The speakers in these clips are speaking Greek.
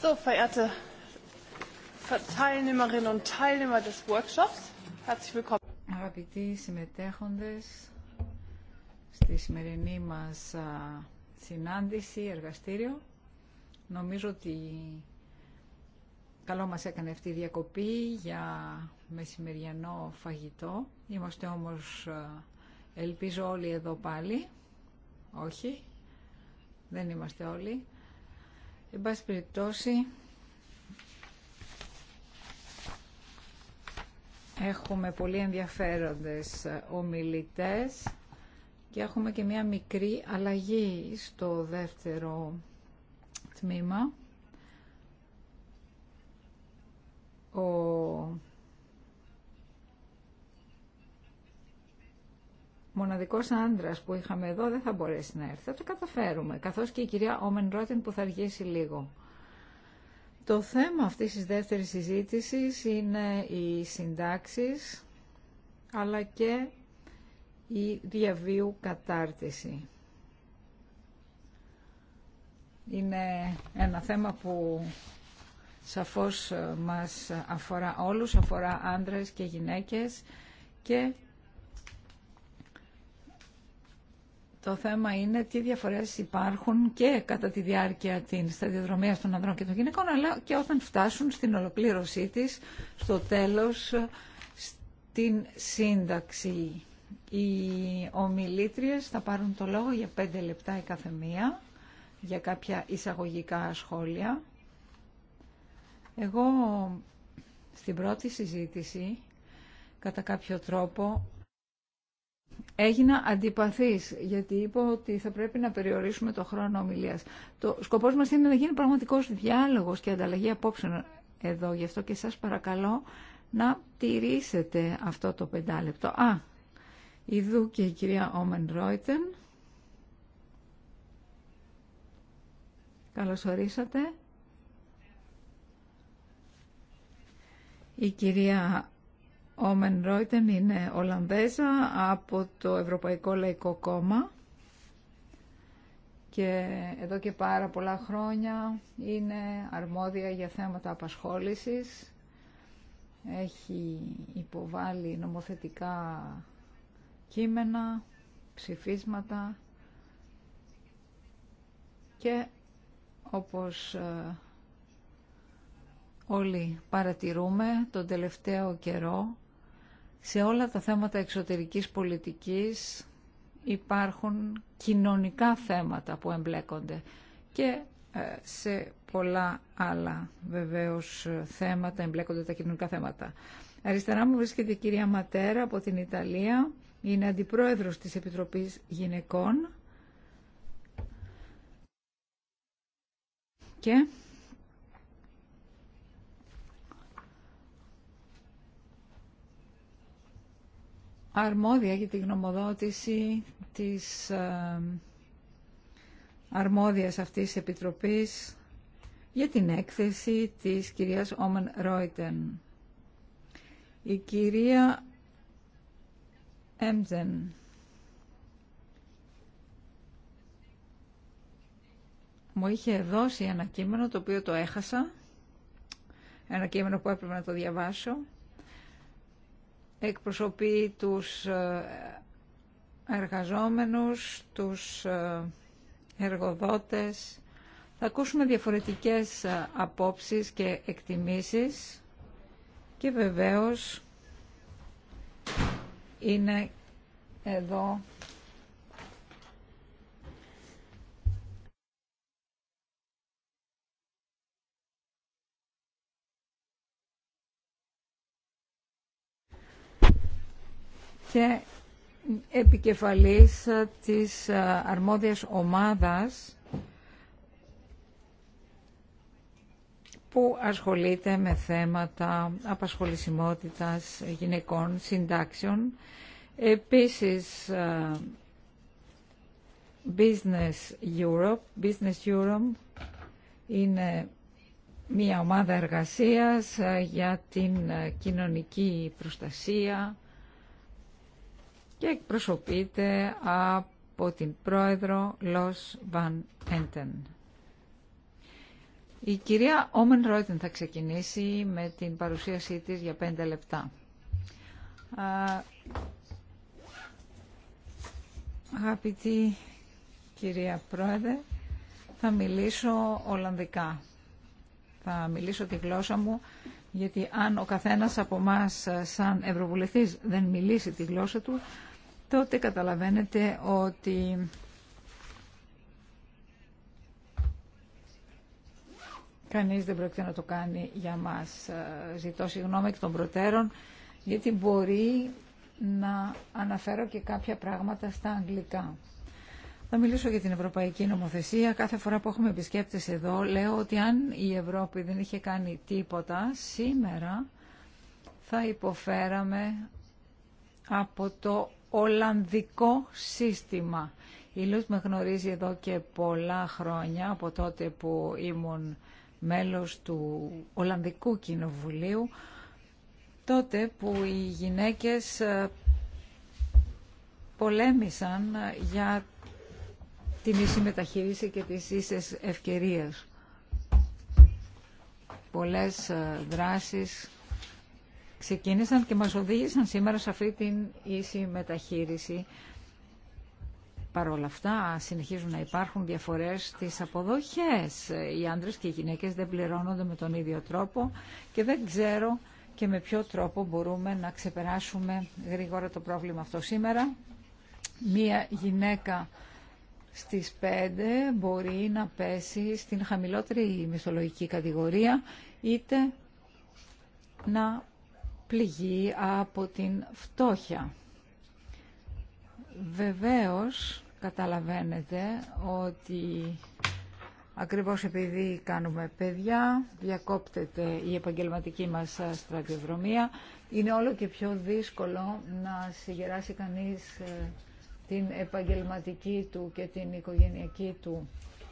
So, Αγαπητοί συμμετέχοντες στη σημερινή μας συνάντηση, εργαστήριο, νομίζω ότι καλό μας έκανε αυτή η διακοπή για μεσημεριανό φαγητό. Είμαστε όμως, ελπίζω όλοι εδώ πάλι. Όχι, δεν είμαστε όλοι. Εν πάση περιπτώσει, έχουμε πολύ ενδιαφέροντες ομιλητές και έχουμε και μια μικρή αλλαγή στο δεύτερο τμήμα. Ο μοναδικός άντρας που είχαμε εδώ δεν θα μπορέσει να έρθει. Θα το καταφέρουμε, καθώς και η κυρία Όμεν που θα αργήσει λίγο. Το θέμα αυτής της δεύτερης συζήτησης είναι οι συντάξεις, αλλά και η διαβίου κατάρτιση. Είναι ένα θέμα που σαφώς ε, μας αφορά όλους, αφορά άντρες και γυναίκες και Το θέμα είναι τι διαφορές υπάρχουν και κατά τη διάρκεια της σταδιοδρομίας των ανδρών και των γυναικών, αλλά και όταν φτάσουν στην ολοκλήρωσή της, στο τέλος, στην σύνταξη. Οι ομιλήτριες θα πάρουν το λόγο για πέντε λεπτά η καθεμία, για κάποια εισαγωγικά σχόλια. Εγώ στην πρώτη συζήτηση, κατά κάποιο τρόπο, έγινα αντιπαθής, γιατί είπα ότι θα πρέπει να περιορίσουμε το χρόνο ομιλίας. Το σκοπός μας είναι να γίνει πραγματικός διάλογος και ανταλλαγή απόψεων εδώ, γι' αυτό και σας παρακαλώ να τηρήσετε αυτό το πεντάλεπτο. Α, ειδού και η κυρία Όμεν Ρόιτεν. Καλώς ορίσατε. Η κυρία ο Μεν Ρόιτεν είναι Ολλανδέζα από το Ευρωπαϊκό Λαϊκό Κόμμα και εδώ και πάρα πολλά χρόνια είναι αρμόδια για θέματα απασχόλησης. Έχει υποβάλει νομοθετικά κείμενα, ψηφίσματα και όπως ε, όλοι παρατηρούμε τον τελευταίο καιρό σε όλα τα θέματα εξωτερικής πολιτικής υπάρχουν κοινωνικά θέματα που εμπλέκονται και ε, σε πολλά άλλα βεβαίως ε, θέματα εμπλέκονται τα κοινωνικά θέματα. Αριστερά μου βρίσκεται η κυρία Ματέρα από την Ιταλία, είναι αντιπρόεδρος της Επιτροπής Γυναικών και αρμόδια για τη γνωμοδότηση της ε, αρμόδιας αυτής της Επιτροπής για την έκθεση της κυρίας Όμεν Ρόιτεν. Η κυρία Έμτζεν. Μου είχε δώσει ένα κείμενο το οποίο το έχασα, ένα κείμενο που έπρεπε να το διαβάσω εκπροσωπεί τους ε, εργαζόμενους, τους ε, εργοδότες. Θα ακούσουμε διαφορετικές ε, απόψεις και εκτιμήσεις και βεβαίως είναι εδώ και επικεφαλής της ε, αρμόδιας ομάδας που ασχολείται με θέματα απασχολησιμότητας γυναικών συντάξεων. Επίσης, ε, Business Europe, Business Europe είναι μια ομάδα εργασίας ε, για την κοινωνική προστασία και εκπροσωπείται από την πρόεδρο Λος Βαν Έντεν. Η κυρία Όμεν Ρόιτεν θα ξεκινήσει με την παρουσίασή της για πέντε λεπτά. Αγαπητή κυρία Πρόεδρε, θα μιλήσω Ολλανδικά. Θα μιλήσω τη γλώσσα μου, γιατί αν ο καθένας από μας σαν Ευρωβουλευτής δεν μιλήσει τη γλώσσα του, τότε καταλαβαίνετε ότι κανείς δεν πρόκειται να το κάνει για μας. Ε, ζητώ συγγνώμη εκ των προτέρων, γιατί μπορεί να αναφέρω και κάποια πράγματα στα αγγλικά. Θα μιλήσω για την Ευρωπαϊκή Νομοθεσία. Κάθε φορά που έχουμε επισκέπτες εδώ, λέω ότι αν η Ευρώπη δεν είχε κάνει τίποτα, σήμερα θα υποφέραμε από το Ολλανδικό σύστημα. Η Λούς με γνωρίζει εδώ και πολλά χρόνια από τότε που ήμουν μέλος του Ολλανδικού Κοινοβουλίου τότε που οι γυναίκες ε, πολέμησαν για την ίση μεταχείριση και τις ίσες ευκαιρίες. Πολλές ε, δράσεις ξεκίνησαν και μας οδήγησαν σήμερα σε αυτή την ίση μεταχείριση. Παρ' όλα αυτά συνεχίζουν να υπάρχουν διαφορές στις αποδοχές. Οι άντρες και οι γυναίκες δεν πληρώνονται με τον ίδιο τρόπο και δεν ξέρω και με ποιο τρόπο μπορούμε να ξεπεράσουμε γρήγορα το πρόβλημα αυτό σήμερα. Μία γυναίκα στις 5 μπορεί να πέσει στην χαμηλότερη μισθολογική κατηγορία είτε να πληγεί από την φτώχεια. Βεβαίως, καταλαβαίνετε ότι ακριβώς επειδή κάνουμε παιδιά, διακόπτεται η επαγγελματική μας στρατιοδρομία, είναι όλο και πιο δύσκολο να συγκεράσει κανείς ε, την επαγγελματική του και την οικογενειακή του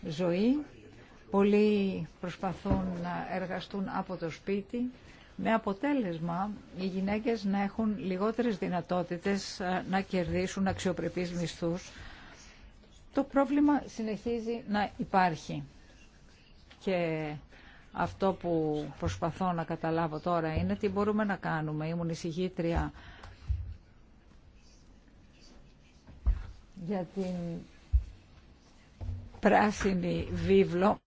ζωή. Πολλοί προσπαθούν να εργαστούν από το σπίτι με αποτέλεσμα οι γυναίκες να έχουν λιγότερες δυνατότητες ε, να κερδίσουν αξιοπρεπείς μισθούς. Το πρόβλημα συνεχίζει να υπάρχει. Και αυτό που προσπαθώ να καταλάβω τώρα είναι τι μπορούμε να κάνουμε. Ήμουν εισηγήτρια για την πράσινη βίβλο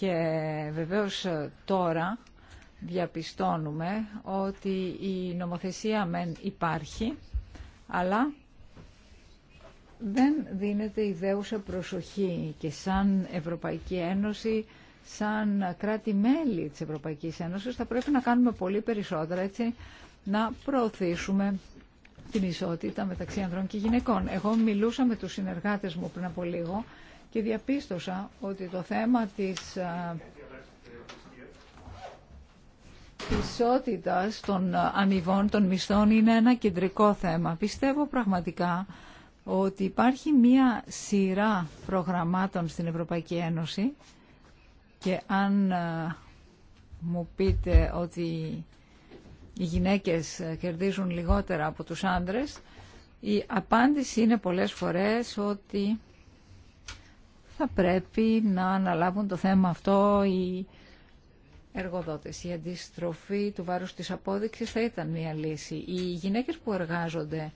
Και βεβαίως ε, τώρα διαπιστώνουμε ότι η νομοθεσία μεν υπάρχει, αλλά δεν δίνεται ιδέουσα προσοχή και σαν Ευρωπαϊκή Ένωση, σαν κράτη-μέλη της Ευρωπαϊκής Ένωσης θα πρέπει να κάνουμε πολύ περισσότερα έτσι να προωθήσουμε την ισότητα μεταξύ ανδρών και γυναικών. Εγώ μιλούσα με τους συνεργάτες μου πριν από λίγο και διαπίστωσα ότι το θέμα της ισότητας των αμοιβών των μισθών είναι ένα κεντρικό θέμα. Πιστεύω πραγματικά ότι υπάρχει μία σειρά προγραμμάτων στην Ευρωπαϊκή Ένωση και αν μου πείτε ότι οι γυναίκες κερδίζουν λιγότερα από τους άντρες, η απάντηση είναι πολλές φορές ότι θα πρέπει να αναλάβουν το θέμα αυτό οι εργοδότες. Η αντιστροφή του βάρους της απόδειξης θα ήταν μια λύση. Οι γυναίκες που εργάζονται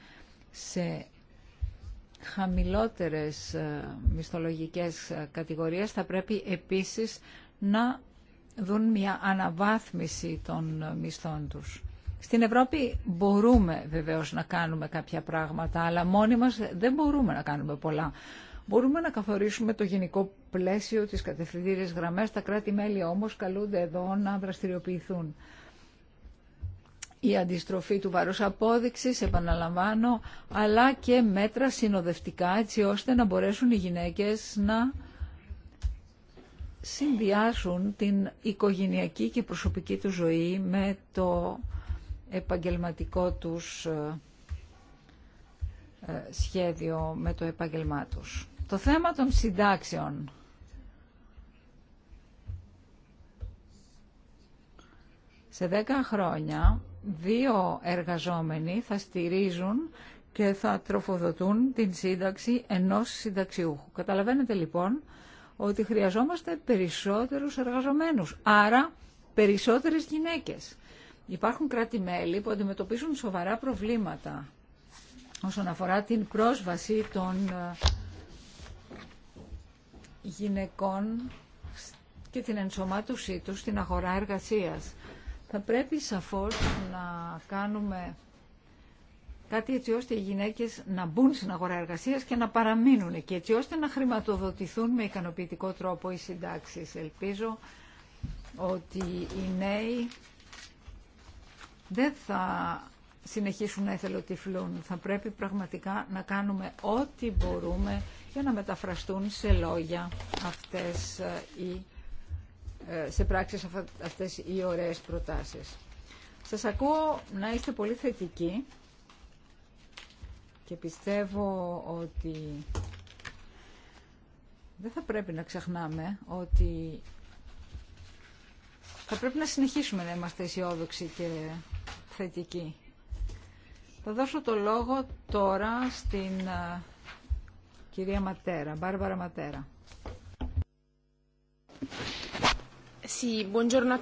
σε χαμηλότερες ε, μισθολογικές ε, κατηγορίες θα πρέπει επίσης να δουν μια αναβάθμιση των ε, μισθών τους. Στην Ευρώπη μπορούμε βεβαίως να κάνουμε κάποια πράγματα, αλλά μόνοι μας δεν μπορούμε να κάνουμε πολλά. Μπορούμε να καθορίσουμε το γενικό πλαίσιο, της κατευθυντήριας γραμμές, τα κράτη-μέλη όμως καλούνται εδώ να δραστηριοποιηθούν. Η αντιστροφή του βάρους απόδειξης, επαναλαμβάνω, αλλά και μέτρα συνοδευτικά έτσι ώστε να μπορέσουν οι γυναίκες να συνδυάσουν την οικογενειακή και προσωπική του ζωή με το επαγγελματικό τους ε, ε, σχέδιο, με το επάγγελμά τους. Το θέμα των συντάξεων. Σε 10 χρόνια δύο εργαζόμενοι θα στηρίζουν και θα τροφοδοτούν την σύνταξη ενός συνταξιούχου. Καταλαβαίνετε λοιπόν ότι χρειαζόμαστε περισσότερους εργαζομένους, άρα περισσότερες γυναίκες. Υπάρχουν κράτη-μέλη που αντιμετωπίζουν σοβαρά προβλήματα όσον αφορά την πρόσβαση των ε, γυναικών και την ενσωμάτωσή τους στην αγορά εργασίας. Θα πρέπει σαφώς να κάνουμε κάτι έτσι ώστε οι γυναίκες να μπουν στην αγορά εργασίας και να παραμείνουν και έτσι ώστε να χρηματοδοτηθούν με ικανοποιητικό τρόπο οι συντάξεις. Ελπίζω ότι οι νέοι δεν θα συνεχίσουν να εθελοτυφλούν. Θα πρέπει πραγματικά να κάνουμε ό,τι μπορούμε για να μεταφραστούν σε λόγια αυτές ε, οι, ε, σε πράξεις αυτές οι ωραίες προτάσεις. Σας ακούω να είστε πολύ θετικοί και πιστεύω ότι δεν θα πρέπει να ξεχνάμε ότι θα πρέπει να συνεχίσουμε να είμαστε αισιόδοξοι και θετικοί. Θα δώσω το λόγο τώρα στην ε, Κυρία Ματέρα, Μπάρβαρα Ματέρα. Sì, buongiorno a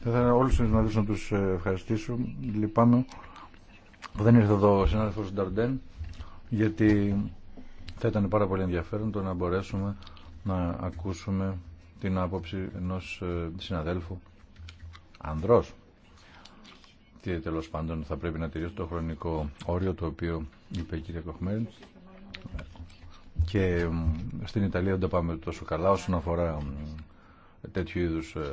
Θα ήθελα όλους τους συναδέλφους να τους ε, ευχαριστήσω. Λυπάμαι που δεν ήρθε εδώ ο συνάδελφος Νταρντέν, γιατί θα ήταν πάρα πολύ ενδιαφέρον το να μπορέσουμε να ακούσουμε την άποψη ενός ε, συναδέλφου ανδρός και τέλο πάντων θα πρέπει να τηρήσω το χρονικό όριο το οποίο είπε η κυρία Κοχμέρη. Και στην Ιταλία δεν τα πάμε τόσο καλά όσον αφορά τέτοιου είδου ε,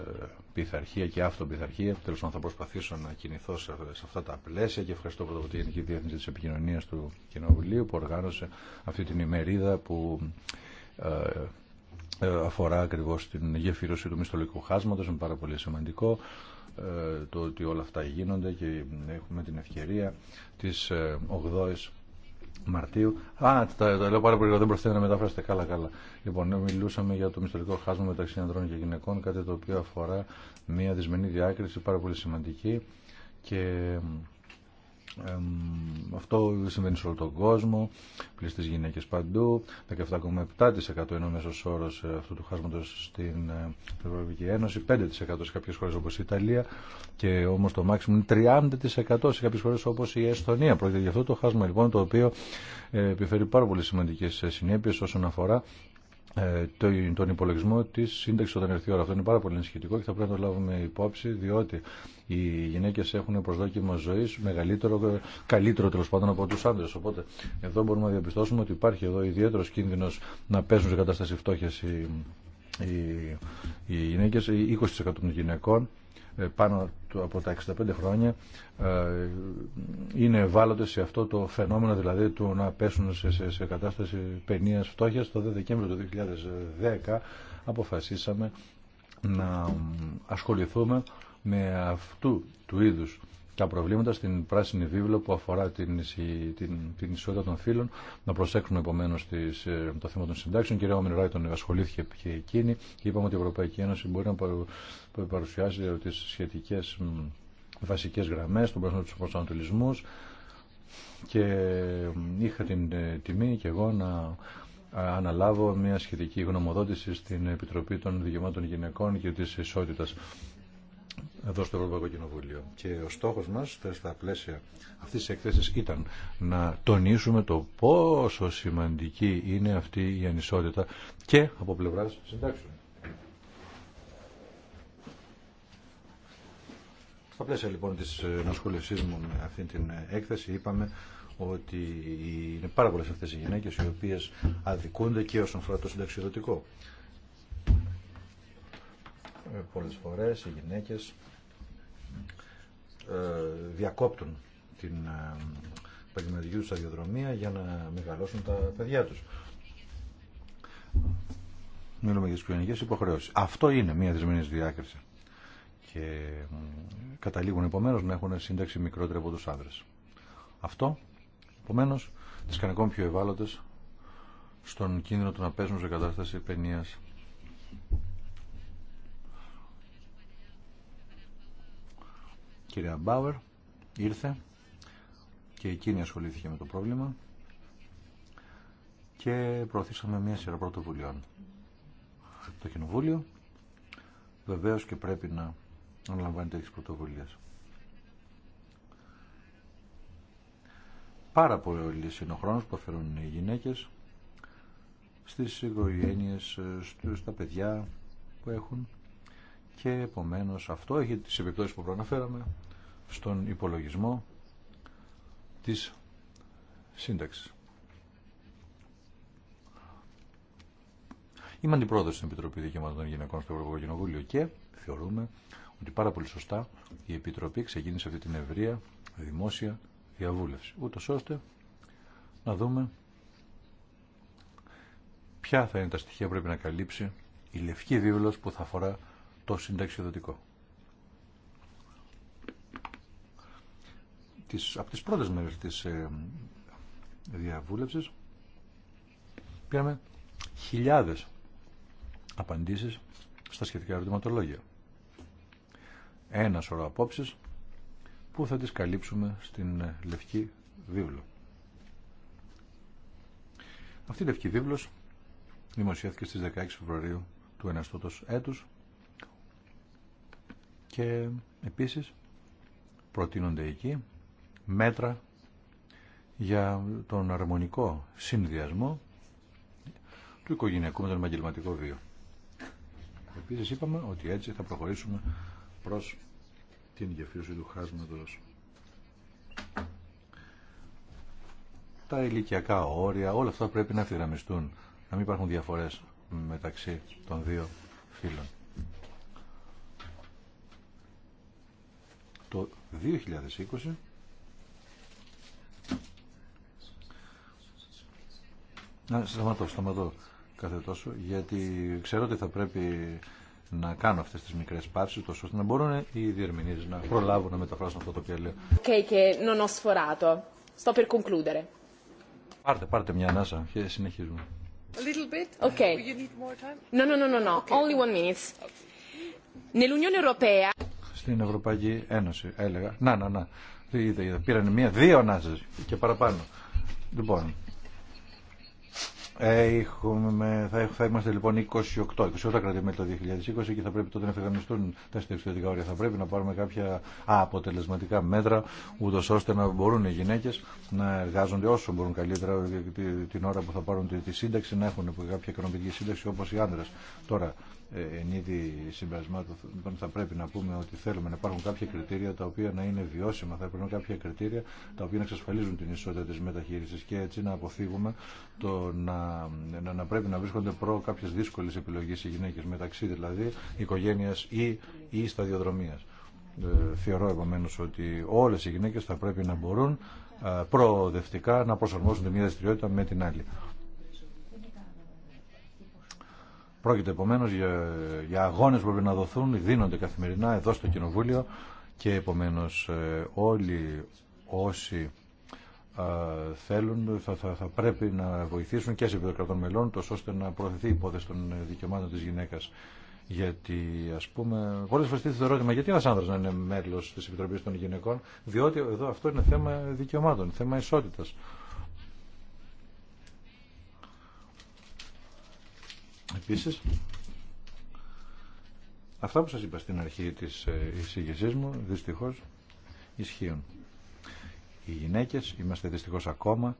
πειθαρχία και αυτοπειθαρχία Τέλο πάντων θα προσπαθήσω να κινηθώ σε αυτά τα πλαίσια και ευχαριστώ πρώτα από τη Γενική Διεύθυνση τη Επικοινωνία του Κοινοβουλίου που οργάνωσε αυτή την ημερίδα που ε, ε, αφορά ακριβώ την γεφύρωση του μισθολογικού χάσματο. είναι πάρα πολύ σημαντικό. Ε, το ότι όλα αυτά γίνονται και έχουμε την ευκαιρία της 8ης ε, Μαρτίου. Α, τα, τα λέω πάρα πολύ, δεν προσθέτω να μεταφράσετε. Καλά, καλά. Λοιπόν, μιλούσαμε για το μυστορικό χάσμα μεταξύ ανδρών και γυναικών, κάτι το οποίο αφορά μια δυσμενή διάκριση πάρα πολύ σημαντική και αυτό συμβαίνει σε όλο τον κόσμο, πλήστε γυναίκε παντού. 17,7% είναι ο μέσο όρο ε, αυτού του χάσματο στην ε, Ευρωπαϊκή Ένωση, 5% σε κάποιε χώρε όπω η Ιταλία και όμω το μάξιμο είναι 30% σε κάποιε χώρε όπω η Εστονία. Πρόκειται για αυτό το χάσμα λοιπόν το οποίο ε, επιφέρει πάρα πολύ σημαντικέ συνέπειε όσον αφορά ε, τον υπολογισμό τη σύνταξη όταν έρθει η ώρα. Αυτό είναι πάρα πολύ ενισχυτικό και θα πρέπει να το λάβουμε υπόψη, διότι οι γυναίκε έχουν προσδόκιμο ζωή μεγαλύτερο, καλύτερο τέλο πάντων από του άντρε. Οπότε εδώ μπορούμε να διαπιστώσουμε ότι υπάρχει εδώ ιδιαίτερο κίνδυνο να πέσουν σε κατάσταση φτώχεια οι, οι, οι γυναίκε, 20% των γυναικών ε, πάνω από τα 65 χρόνια ε, είναι ευάλωτες σε αυτό το φαινόμενο δηλαδή του να πέσουν σε, σε, κατάσταση παινίας φτώχειας. Το Δεκέμβριο του 2010 αποφασίσαμε να ασχοληθούμε με αυτού του είδους τα προβλήματα στην πράσινη βίβλο που αφορά την, την, την ισότητα των φύλων. Να προσέξουμε επομένω ε, το θέμα των συντάξεων. Κυρία Όμιν Ράιτον ασχολήθηκε και εκείνη. Είπαμε ότι η Ευρωπαϊκή Ένωση μπορεί να παρουσιάσει τι σχετικέ βασικέ γραμμέ, των προσανατολισμού. Και είχα την ε, τιμή και εγώ να ε, αναλάβω μια σχετική γνωμοδότηση στην Επιτροπή των Δικαιωμάτων Γυναικών και της Ισότητας εδώ στο Ευρωπαϊκό Κοινοβούλιο. Και ο στόχο μα, στα πλαίσια αυτή τη εκθέση ήταν να τονίσουμε το πόσο σημαντική είναι αυτή η ανισότητα και από πλευρά συντάξεων. Στα πλαίσια λοιπόν τη ε, ενασχόλησή μου με αυτή την ε, έκθεση είπαμε ότι είναι πάρα πολλέ αυτέ οι γυναίκε, οι οποίε αδικούνται και όσον αφορά το συνταξιδοτικό. Ε, πολλές φορές οι γυναίκες ε, διακόπτουν την ε, επαγγελματική του αδειοδρομία για να μεγαλώσουν τα παιδιά τους. Μιλούμε για τις υποχρεώσεις. Αυτό είναι μια δυσμενής διάκριση. Και καταλήγουν επομένως να έχουν σύνταξη μικρότερη από τους άνδρες. Αυτό, επομένως, τις κάνει ακόμη πιο ευάλωτες στον κίνδυνο του να πέσουν σε κατάσταση παινίας. κυρία Μπάουερ ήρθε και εκείνη ασχολήθηκε με το πρόβλημα και προωθήσαμε μια σειρά πρωτοβουλειών. Το Κοινοβούλιο βεβαίως και πρέπει να αναλαμβάνει τέτοιες πρωτοβουλίες. Πάρα πολύ είναι ο χρόνος που αφαιρούν οι γυναίκες στις οικογένειε στα παιδιά που έχουν και επομένως αυτό έχει τις επιπτώσεις που προαναφέραμε στον υπολογισμό της σύνταξης. Είμαι αντιπρόεδρος στην Επιτροπή Δικαιωμάτων των Γυναικών στο Ευρωπαϊκό Κοινοβούλιο και θεωρούμε ότι πάρα πολύ σωστά η Επιτροπή ξεκίνησε αυτή την ευρεία δημόσια διαβούλευση. Ούτω ώστε να δούμε ποια θα είναι τα στοιχεία που πρέπει να καλύψει η λευκή βίβλος που θα αφορά το συνταξιοδοτικό. από τις πρώτες μέρες της ε, διαβούλευσης πήραμε χιλιάδες απαντήσεις στα σχετικά ερωτηματολόγια. Ένα σωρό απόψεις που θα τις καλύψουμε στην ε, Λευκή Βίβλο. Αυτή η Λευκή Βίβλος δημοσιεύθηκε στις 16 Φεβρουαρίου του εναστότος έτους και επίσης προτείνονται εκεί μέτρα για τον αρμονικό συνδυασμό του οικογενειακού με τον επαγγελματικό βίο. Επίσης είπαμε ότι έτσι θα προχωρήσουμε προς την γεφύρωση του χάσματος. Τα ηλικιακά όρια, όλα αυτά πρέπει να αφιγραμμιστούν, να μην υπάρχουν διαφορές μεταξύ των δύο φύλων. Το 2020 Να σταματώ, σταματώ κάθε τόσο, γιατί ξέρω ότι θα πρέπει να κάνω αυτές τις μικρές πάυσεις, τόσο ώστε να μπορούν οι διερμηνείς να προλάβουν να μεταφράσουν αυτό το οποίο λέω. non ho sforato. Sto per concludere. Πάρτε, πάρτε μια ανάσα και συνεχίζουμε. A little bit? Oh, you need more time? No, no, no, no, no. Okay. Only one minute. Nell'Unione Europea... Στην Ευρωπαϊκή Ένωση, έλεγα. Να, να, να. Πήραν μία, δύο ανάσες και παραπάνω. Λοιπόν, Έχουμε, θα, θα είμαστε λοιπόν 28, 28 μέλη το 2020 και θα πρέπει τότε να φεγανιστούν τα στεξιωτικά όρια. Θα πρέπει να πάρουμε κάποια αποτελεσματικά μέτρα, ούτω ώστε να μπορούν οι γυναίκε να εργάζονται όσο μπορούν καλύτερα την ώρα που θα πάρουν τη σύνταξη, να έχουν κάποια οικονομική σύνταξη όπω οι άντρε. Τώρα, ε, εν είδη συμπερασμάτων λοιπόν, θα πρέπει να πούμε ότι θέλουμε να υπάρχουν κάποια κριτήρια τα οποία να είναι βιώσιμα, θα πρέπει κάποια κριτήρια τα οποία να εξασφαλίζουν την ισότητα της μεταχείρισης και έτσι να αποφύγουμε το να, να, πρέπει να βρίσκονται προ κάποιες δύσκολες επιλογές οι γυναίκες μεταξύ δηλαδή οικογένειας ή, ή σταδιοδρομίας. Ε, θεωρώ επομένω ότι όλες οι γυναίκες θα πρέπει να μπορούν ε, προοδευτικά να προσαρμόσουν τη μία δραστηριότητα με την άλλη. Πρόκειται επομένω, για, για αγώνες που πρέπει να δοθούν, δίνονται καθημερινά εδώ στο Κοινοβούλιο και επομένως ε, όλοι όσοι ε, θέλουν θα, θα, πρέπει να βοηθήσουν και σε επίπεδο κρατών μελών τόσο ώστε να προωθηθεί η υπόθεση των δικαιωμάτων τη γυναίκα. Γιατί, α πούμε, πολλέ φορέ τίθεται το ερώτημα γιατί ένα άνδρα να είναι μέλο τη Επιτροπή των Γυναικών, διότι εδώ αυτό είναι θέμα δικαιωμάτων, θέμα ισότητα. Επίσης, αυτά που σας είπα στην αρχή της ε, εισήγησής μου, δυστυχώς, ισχύουν. Οι γυναίκες είμαστε δυστυχώς ακόμα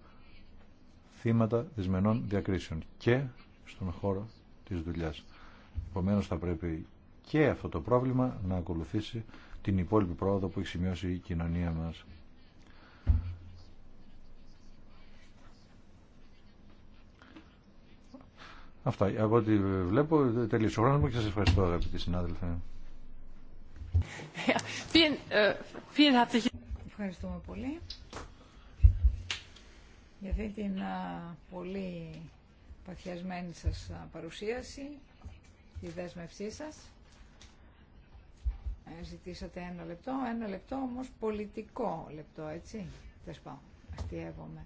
θύματα δυσμενών διακρίσεων και στον χώρο της δουλειάς. Επομένω θα πρέπει και αυτό το πρόβλημα να ακολουθήσει την υπόλοιπη πρόοδο που έχει σημειώσει η κοινωνία μας. Αυτά. Από ό,τι βλέπω τελείωσε ο χρόνο μου και σα ευχαριστώ αγαπητοί συνάδελφοι. Ε, Ευχαριστούμε πολύ για αυτή την πολύ παθιασμένη σας παρουσίαση, τη δέσμευσή σας. Ε, ζητήσατε ένα λεπτό, ένα λεπτό όμως πολιτικό λεπτό, έτσι. Δεν σπάω, αστείευομαι.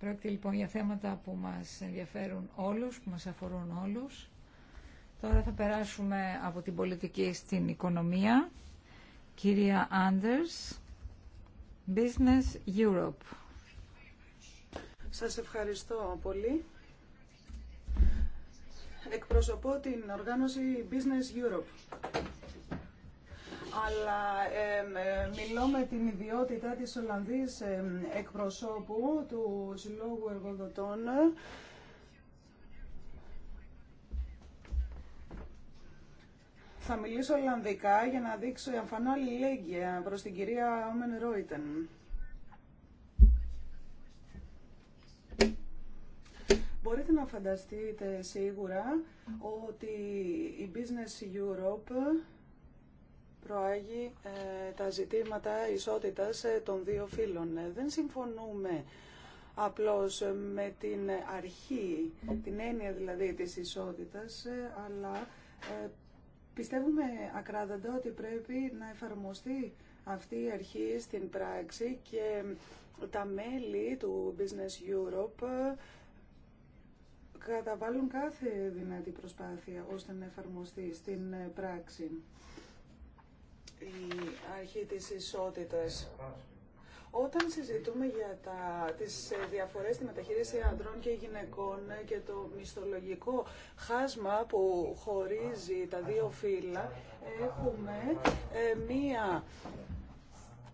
Πρόκειται λοιπόν για θέματα που μας ενδιαφέρουν όλους, που μας αφορούν όλους. Τώρα θα περάσουμε από την πολιτική στην οικονομία. Κυρία Άντερς, Business Europe. Σας ευχαριστώ πολύ. Εκπροσωπώ την οργάνωση Business Europe αλλά μιλώ με την ιδιότητα της Ολλανδής εκπροσώπου του Συλλόγου Εργοδοτών Θα μιλήσω Ολλανδικά για να δείξω εμφανώ αλληλέγγυα προς την κυρία Όμεν Ρόιτεν. Μπορείτε να φανταστείτε σίγουρα ότι η Business Europe προάγει ε, τα ζητήματα ισότητας ε, των δύο φύλων. Ε, δεν συμφωνούμε απλώς με την αρχή, την έννοια δηλαδή της ισότητας, αλλά πιστεύουμε ακράδαντα ότι πρέπει να εφαρμοστεί αυτή η αρχή στην πράξη και τα μέλη του Business Europe καταβάλουν κάθε δυνατή προσπάθεια ώστε να εφαρμοστεί στην πράξη η αρχή της ισότητας. Όταν συζητούμε για τα, τις ε, διαφορές στη μεταχείριση ανδρών και γυναικών ε, και το μισθολογικό χάσμα που χωρίζει τα δύο φύλλα, έχουμε ε, μία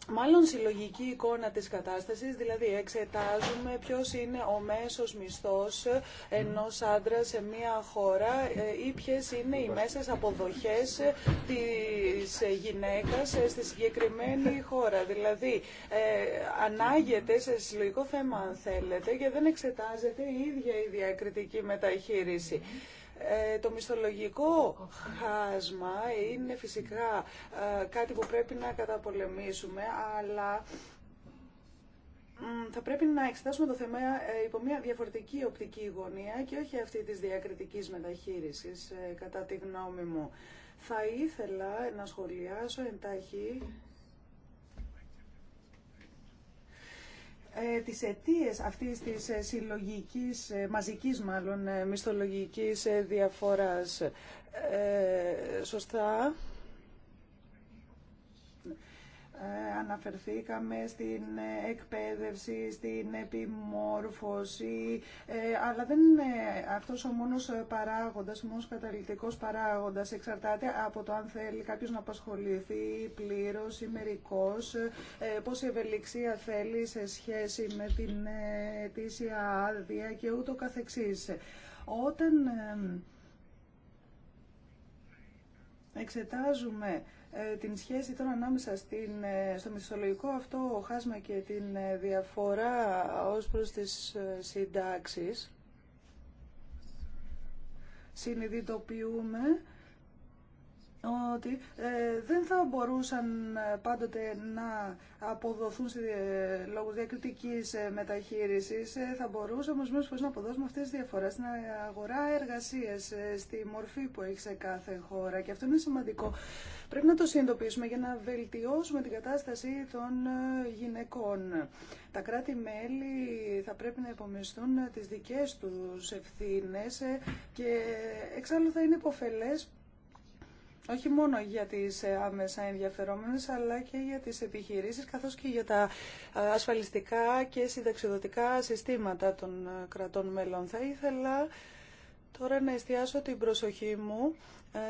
μάλλον συλλογική εικόνα της κατάστασης, δηλαδή εξετάζουμε ποιος είναι ο μέσος μισθός ενός άντρα σε μία χώρα ε, ή ποιες είναι οι μέσες αποδοχές της γυναίκας στη συγκεκριμένη χώρα. Δηλαδή, ε, ανάγεται σε συλλογικό θέμα αν θέλετε και δεν εξετάζεται η ίδια η διακριτική μεταχείριση. Ε, το μισθολογικό χάσμα είναι φυσικά ε, κάτι που πρέπει να καταπολεμήσουμε, αλλά θα πρέπει να εξετάσουμε το θέμα ε, υπό μια διαφορετική οπτική γωνία και όχι αυτή της διακριτικής μεταχείρισης, κατά τη γνώμη μου. Θα ήθελα να σχολιάσω εντάχει Ε, τις αιτίες αυτής της ε, συλλογικής, ε, μαζικής μάλλον, μισθολογικής διαφοράς. σωστά ε, αναφερθήκαμε στην εκπαίδευση, στην επιμόρφωση, ε, αλλά δεν είναι αυτός ο μόνος ε, παράγοντας, ο μόνος καταλητικός παράγοντας. Εξαρτάται από το αν θέλει κάποιος να απασχοληθεί πλήρως ή μερικώς, πόση ευελιξία θέλει σε σχέση με την αιτήσια άδεια και ούτω καθεξής. Όταν εξετάζουμε ε, την σχέση τώρα ανάμεσα στην, ε, στο μυθολογικό αυτό χάσμα και την ε, διαφορά ως προς τις συντάξεις. Συνειδητοποιούμε ότι ε, δεν θα μπορούσαν ε, πάντοτε να αποδοθούν σε ε, λόγους διακριτικής μεταχείρισης. Θα μπορούσαμε όμως φορές να αποδώσουμε αυτές τις διαφορές στην αγορά εργασίες στη μορφή που έχει σε κάθε χώρα. Και αυτό είναι σημαντικό. Πρέπει να το συνειδητοποιήσουμε για να βελτιώσουμε την κατάσταση των γυναικών. Τα κράτη-μέλη θα πρέπει να υπομισθούν τις δικές τους ευθύνες και εξάλλου θα είναι υποφελές όχι μόνο για τις ε, άμεσα ενδιαφερόμενες, αλλά και για τις επιχειρήσεις, καθώς και για τα ε, ασφαλιστικά και συνταξιοδοτικά συστήματα των ε, κρατών μέλων. Θα ήθελα τώρα να εστιάσω την προσοχή μου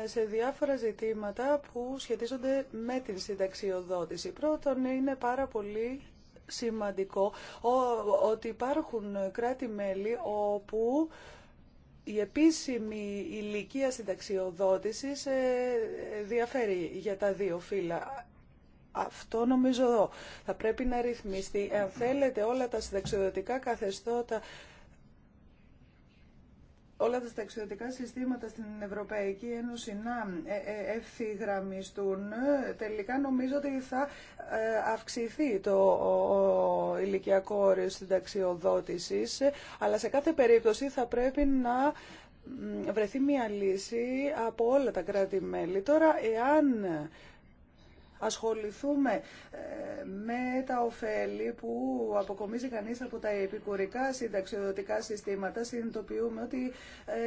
σε διάφορα ζητήματα που σχετίζονται με την συνταξιοδότηση. Πρώτον, είναι πάρα πολύ σημαντικό ότι υπάρχουν κράτη-μέλη όπου η επίσημη ηλικία συνταξιοδότησης ε, ε, διαφέρει για τα δύο φύλλα. Αυτό νομίζω εδώ θα πρέπει να ρυθμιστεί. Εάν θέλετε όλα τα συνταξιοδοτικά καθεστώτα όλα τα ταξιδιωτικά συστήματα στην Ευρωπαϊκή Ένωση να ε, ε, ευθυγραμμιστούν, ε, τελικά νομίζω ότι θα αυξηθεί το ηλικιακό όριο ταξιοδότηση, αλλά σε κάθε περίπτωση θα πρέπει να βρεθεί μια λύση από όλα τα κράτη-μέλη. Τώρα, εάν ασχοληθούμε ε, με τα ωφέλη που αποκομίζει κανείς από τα επικουρικά συνταξιοδοτικά συστήματα, συνειδητοποιούμε ότι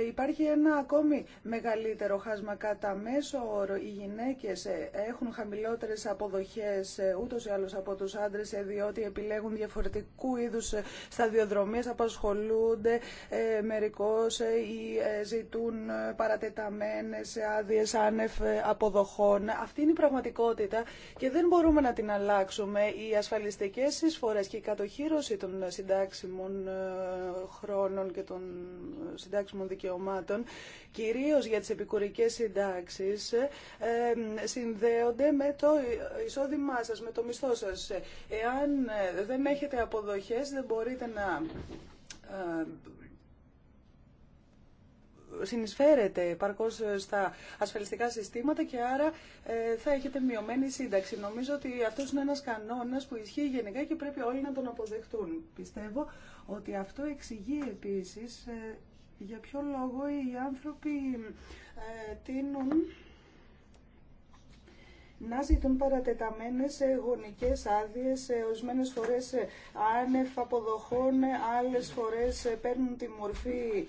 ε, υπάρχει ένα ακόμη μεγαλύτερο χάσμα. Κατά μέσο όρο οι γυναίκες ε, έχουν χαμηλότερες αποδοχές ούτως ή άλλως από τους άντρες διότι επιλέγουν διαφορετικού είδους σταδιοδρομίες, απασχολούνται μερικώς ή ζητούν παρατεταμένες άδειες άνευ αποδοχών. Αυτή είναι η πραγματικότητα και δεν μπορούμε να την αλλάξουμε. Οι ασφαλιστικές εισφορές και η κατοχήρωση των συντάξιμων ε, χρόνων και των ε, συντάξιμων δικαιωμάτων, κυρίως για τις επικουρικές συντάξεις, ε, συνδέονται με το εισόδημά σας, με το μισθό σας. Εάν δεν έχετε αποδοχές, δεν μπορείτε να συνεισφέρεται παρκώς στα ασφαλιστικά συστήματα και άρα ε, θα έχετε μειωμένη σύνταξη. Νομίζω ότι αυτός είναι ένας κανόνας που ισχύει γενικά και πρέπει όλοι να τον αποδεχτούν. Πιστεύω ότι αυτό εξηγεί επίσης ε, για ποιο λόγο οι άνθρωποι ε, τίνουν να ζητούν παρατεταμένες ε, γονικές άδειες, ε, ορισμένες φορές ε, άνευ αποδοχών, άλλες φορές παίρνουν τη μορφή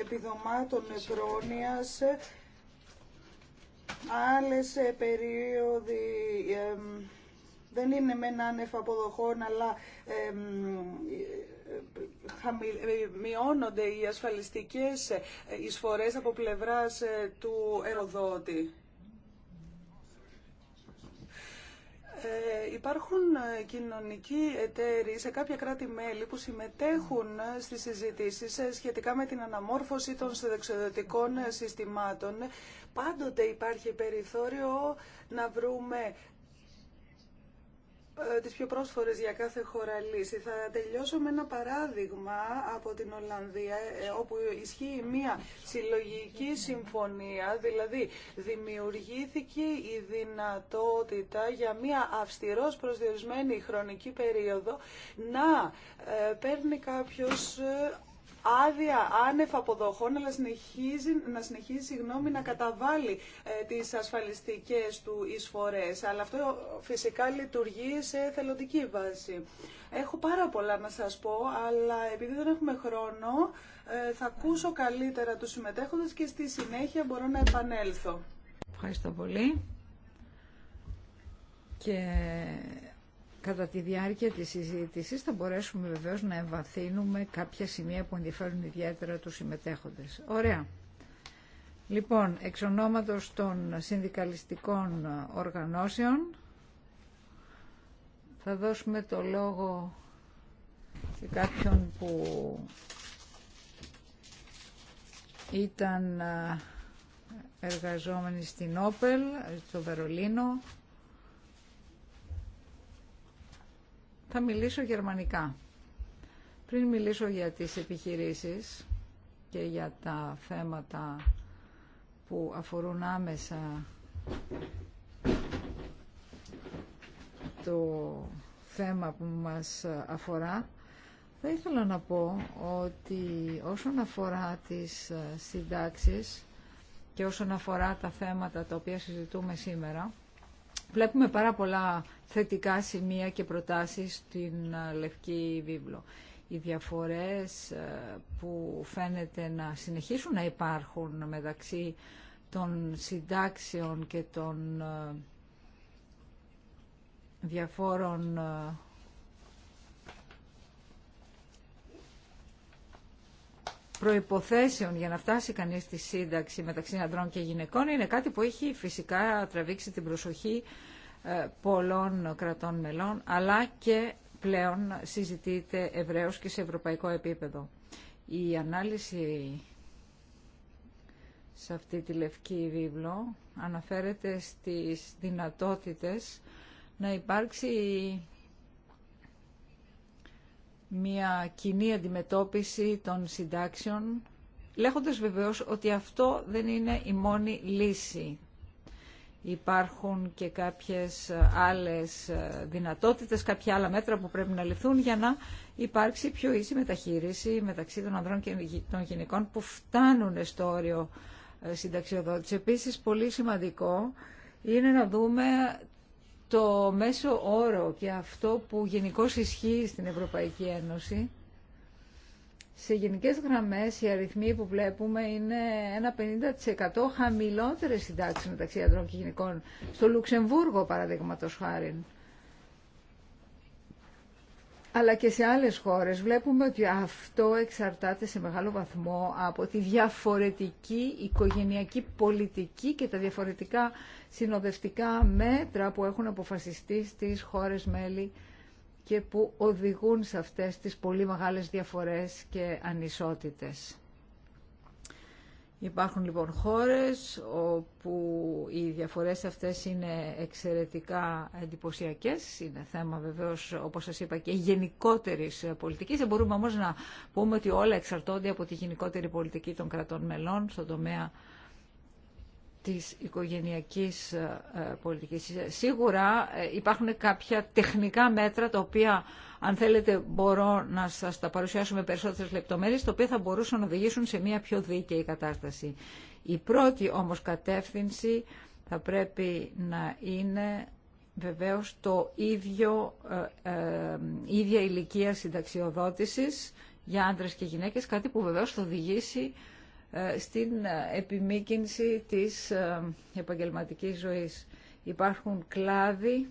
επιδομάτων πρόνοιας, άλλες περίοδοι δεν είναι μεν ένα άνευ αποδοχών, αλλά μειώνονται οι ασφαλιστικές εισφορές από πλευράς του ερωδότη. Ε, υπάρχουν ε, κοινωνικοί εταίροι σε κάποια κράτη-μέλη που συμμετέχουν ε, στις συζητήσεις σχετικά με την αναμόρφωση των συνδεξιδοτικών συστημάτων. Πάντοτε υπάρχει περιθώριο να βρούμε ε, τις πιο πρόσφορες για κάθε χώρα λύση. Θα τελειώσω με ένα παράδειγμα από την Ολλανδία, ε, όπου ισχύει μία συλλογική συμφωνία, δηλαδή δημιουργήθηκε η δυνατότητα για μία αυστηρός προσδιορισμένη χρονική περίοδο να ε, παίρνει κάποιος άδεια άνευ αποδοχών, αλλά συνεχίζει, να συνεχίζει συγγνώμη, να καταβάλει ε, τις ασφαλιστικές του εισφορές. Αλλά αυτό φυσικά λειτουργεί σε θελοντική βάση. Έχω πάρα πολλά να σας πω, αλλά επειδή δεν έχουμε χρόνο, ε, θα ακούσω καλύτερα τους συμμετέχοντες και στη συνέχεια μπορώ να επανέλθω. Ευχαριστώ πολύ. Και Κατά τη διάρκεια της συζήτησης θα μπορέσουμε βεβαίως να εμβαθύνουμε κάποια σημεία που ενδιαφέρουν ιδιαίτερα τους συμμετέχοντες. Ωραία. Λοιπόν, εξ ονόματος των συνδικαλιστικών οργανώσεων θα δώσουμε το λόγο σε κάποιον που ήταν ε, εργαζόμενοι στην Όπελ, στο Βερολίνο, Θα μιλήσω γερμανικά. Πριν μιλήσω για τις επιχειρήσεις και για τα θέματα που αφορούν άμεσα το θέμα που μας αφορά, θα ήθελα να πω ότι όσον αφορά τις συντάξεις και όσον αφορά τα θέματα τα οποία συζητούμε σήμερα, βλέπουμε πάρα πολλά θετικά σημεία και προτάσεις στην ε, Λευκή Βίβλο. Οι διαφορές ε, που φαίνεται να συνεχίσουν να υπάρχουν μεταξύ των συντάξεων και των ε, διαφόρων προϋποθέσεων για να φτάσει κανείς στη σύνταξη μεταξύ ανδρών και γυναικών είναι κάτι που έχει φυσικά τραβήξει την προσοχή ε, πολλών κρατών μελών, αλλά και πλέον συζητείται ευρέως και σε ευρωπαϊκό επίπεδο. Η ανάλυση σε αυτή τη λευκή βίβλο αναφέρεται στις δυνατότητες να υπάρξει μια κοινή αντιμετώπιση των συντάξεων, λέγοντας βεβαίως ότι αυτό δεν είναι η μόνη λύση υπάρχουν και κάποιες άλλες δυνατότητες, κάποια άλλα μέτρα που πρέπει να ληφθούν για να υπάρξει πιο ίση μεταχείριση μεταξύ των ανδρών και των γυναικών που φτάνουν στο όριο ε, συνταξιοδότηση. Επίσης, πολύ σημαντικό είναι να δούμε το μέσο όρο και αυτό που γενικώ ισχύει στην Ευρωπαϊκή Ένωση σε γενικές γραμμές οι αριθμοί που βλέπουμε είναι ένα 50% χαμηλότερες συντάξεις μεταξύ ανδρών και γυναικών. Στο Λουξεμβούργο παραδείγματος χάρη. Αλλά και σε άλλες χώρες βλέπουμε ότι αυτό εξαρτάται σε μεγάλο βαθμό από τη διαφορετική οικογενειακή πολιτική και τα διαφορετικά συνοδευτικά μέτρα που έχουν αποφασιστεί στις χώρες μέλη και που οδηγούν σε αυτές τις πολύ μεγάλες διαφορές και ανισότητες. Υπάρχουν λοιπόν χώρες όπου οι διαφορές αυτές είναι εξαιρετικά εντυπωσιακέ. Είναι θέμα βεβαίως, όπως σας είπα, και γενικότερης πολιτικής. Δεν μπορούμε όμως να πούμε ότι όλα εξαρτώνται από τη γενικότερη πολιτική των κρατών μελών στον τομέα της οικογενειακής ε, ε, πολιτικής. Σίγουρα ε, υπάρχουν κάποια τεχνικά μέτρα τα οποία αν θέλετε μπορώ να σας τα παρουσιάσω με περισσότερες λεπτομέρειες τα οποία θα μπορούσαν να οδηγήσουν σε μια πιο δίκαιη κατάσταση. Η πρώτη όμως κατεύθυνση θα πρέπει να είναι βεβαίως το ίδιο, ε, ίδια ηλικία συνταξιοδότησης για άντρες και γυναίκες, κάτι που βεβαίως θα οδηγήσει ε, στην ε, επιμήκυνση της ε, επαγγελματικής ζωής. Υπάρχουν κλάδοι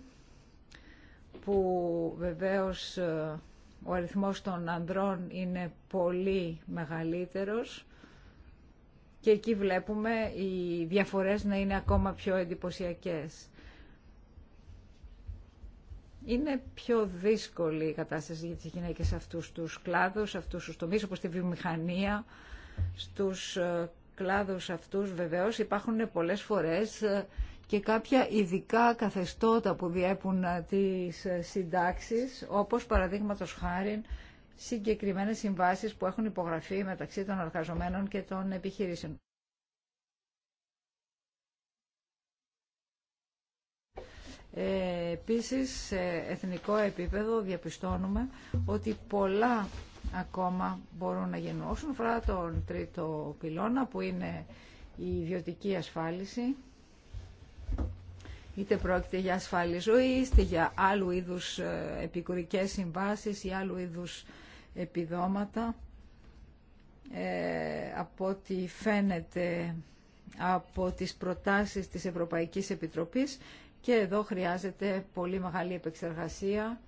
που βεβαίως ο αριθμός των ανδρών είναι πολύ μεγαλύτερος και εκεί βλέπουμε οι διαφορές να είναι ακόμα πιο εντυπωσιακές. Είναι πιο δύσκολη η κατάσταση για τις γυναίκες σε αυτούς τους κλάδους, σε αυτούς τους τομείς, όπως τη βιομηχανία, στους ε, κλάδους αυτούς βεβαίως υπάρχουν πολλές φορές ε, και κάποια ειδικά καθεστώτα που διέπουν ε, τις συντάξεις, όπως παραδείγματος χάρη συγκεκριμένες συμβάσεις που έχουν υπογραφεί μεταξύ των εργαζομένων και των επιχειρήσεων. Ε, επίσης, σε εθνικό επίπεδο διαπιστώνουμε ότι πολλά ακόμα μπορούν να γίνουν. Όσον τον τρίτο πυλώνα που είναι η ιδιωτική ασφάλιση, είτε πρόκειται για ασφάλεια ζωή, είτε για άλλου είδους ε, επικουρικές συμβάσεις ή άλλου είδους επιδόματα. Ε, από ό,τι φαίνεται από τις προτάσεις της Ευρωπαϊκής Επιτροπής και εδώ χρειάζεται πολύ μεγάλη επεξεργασία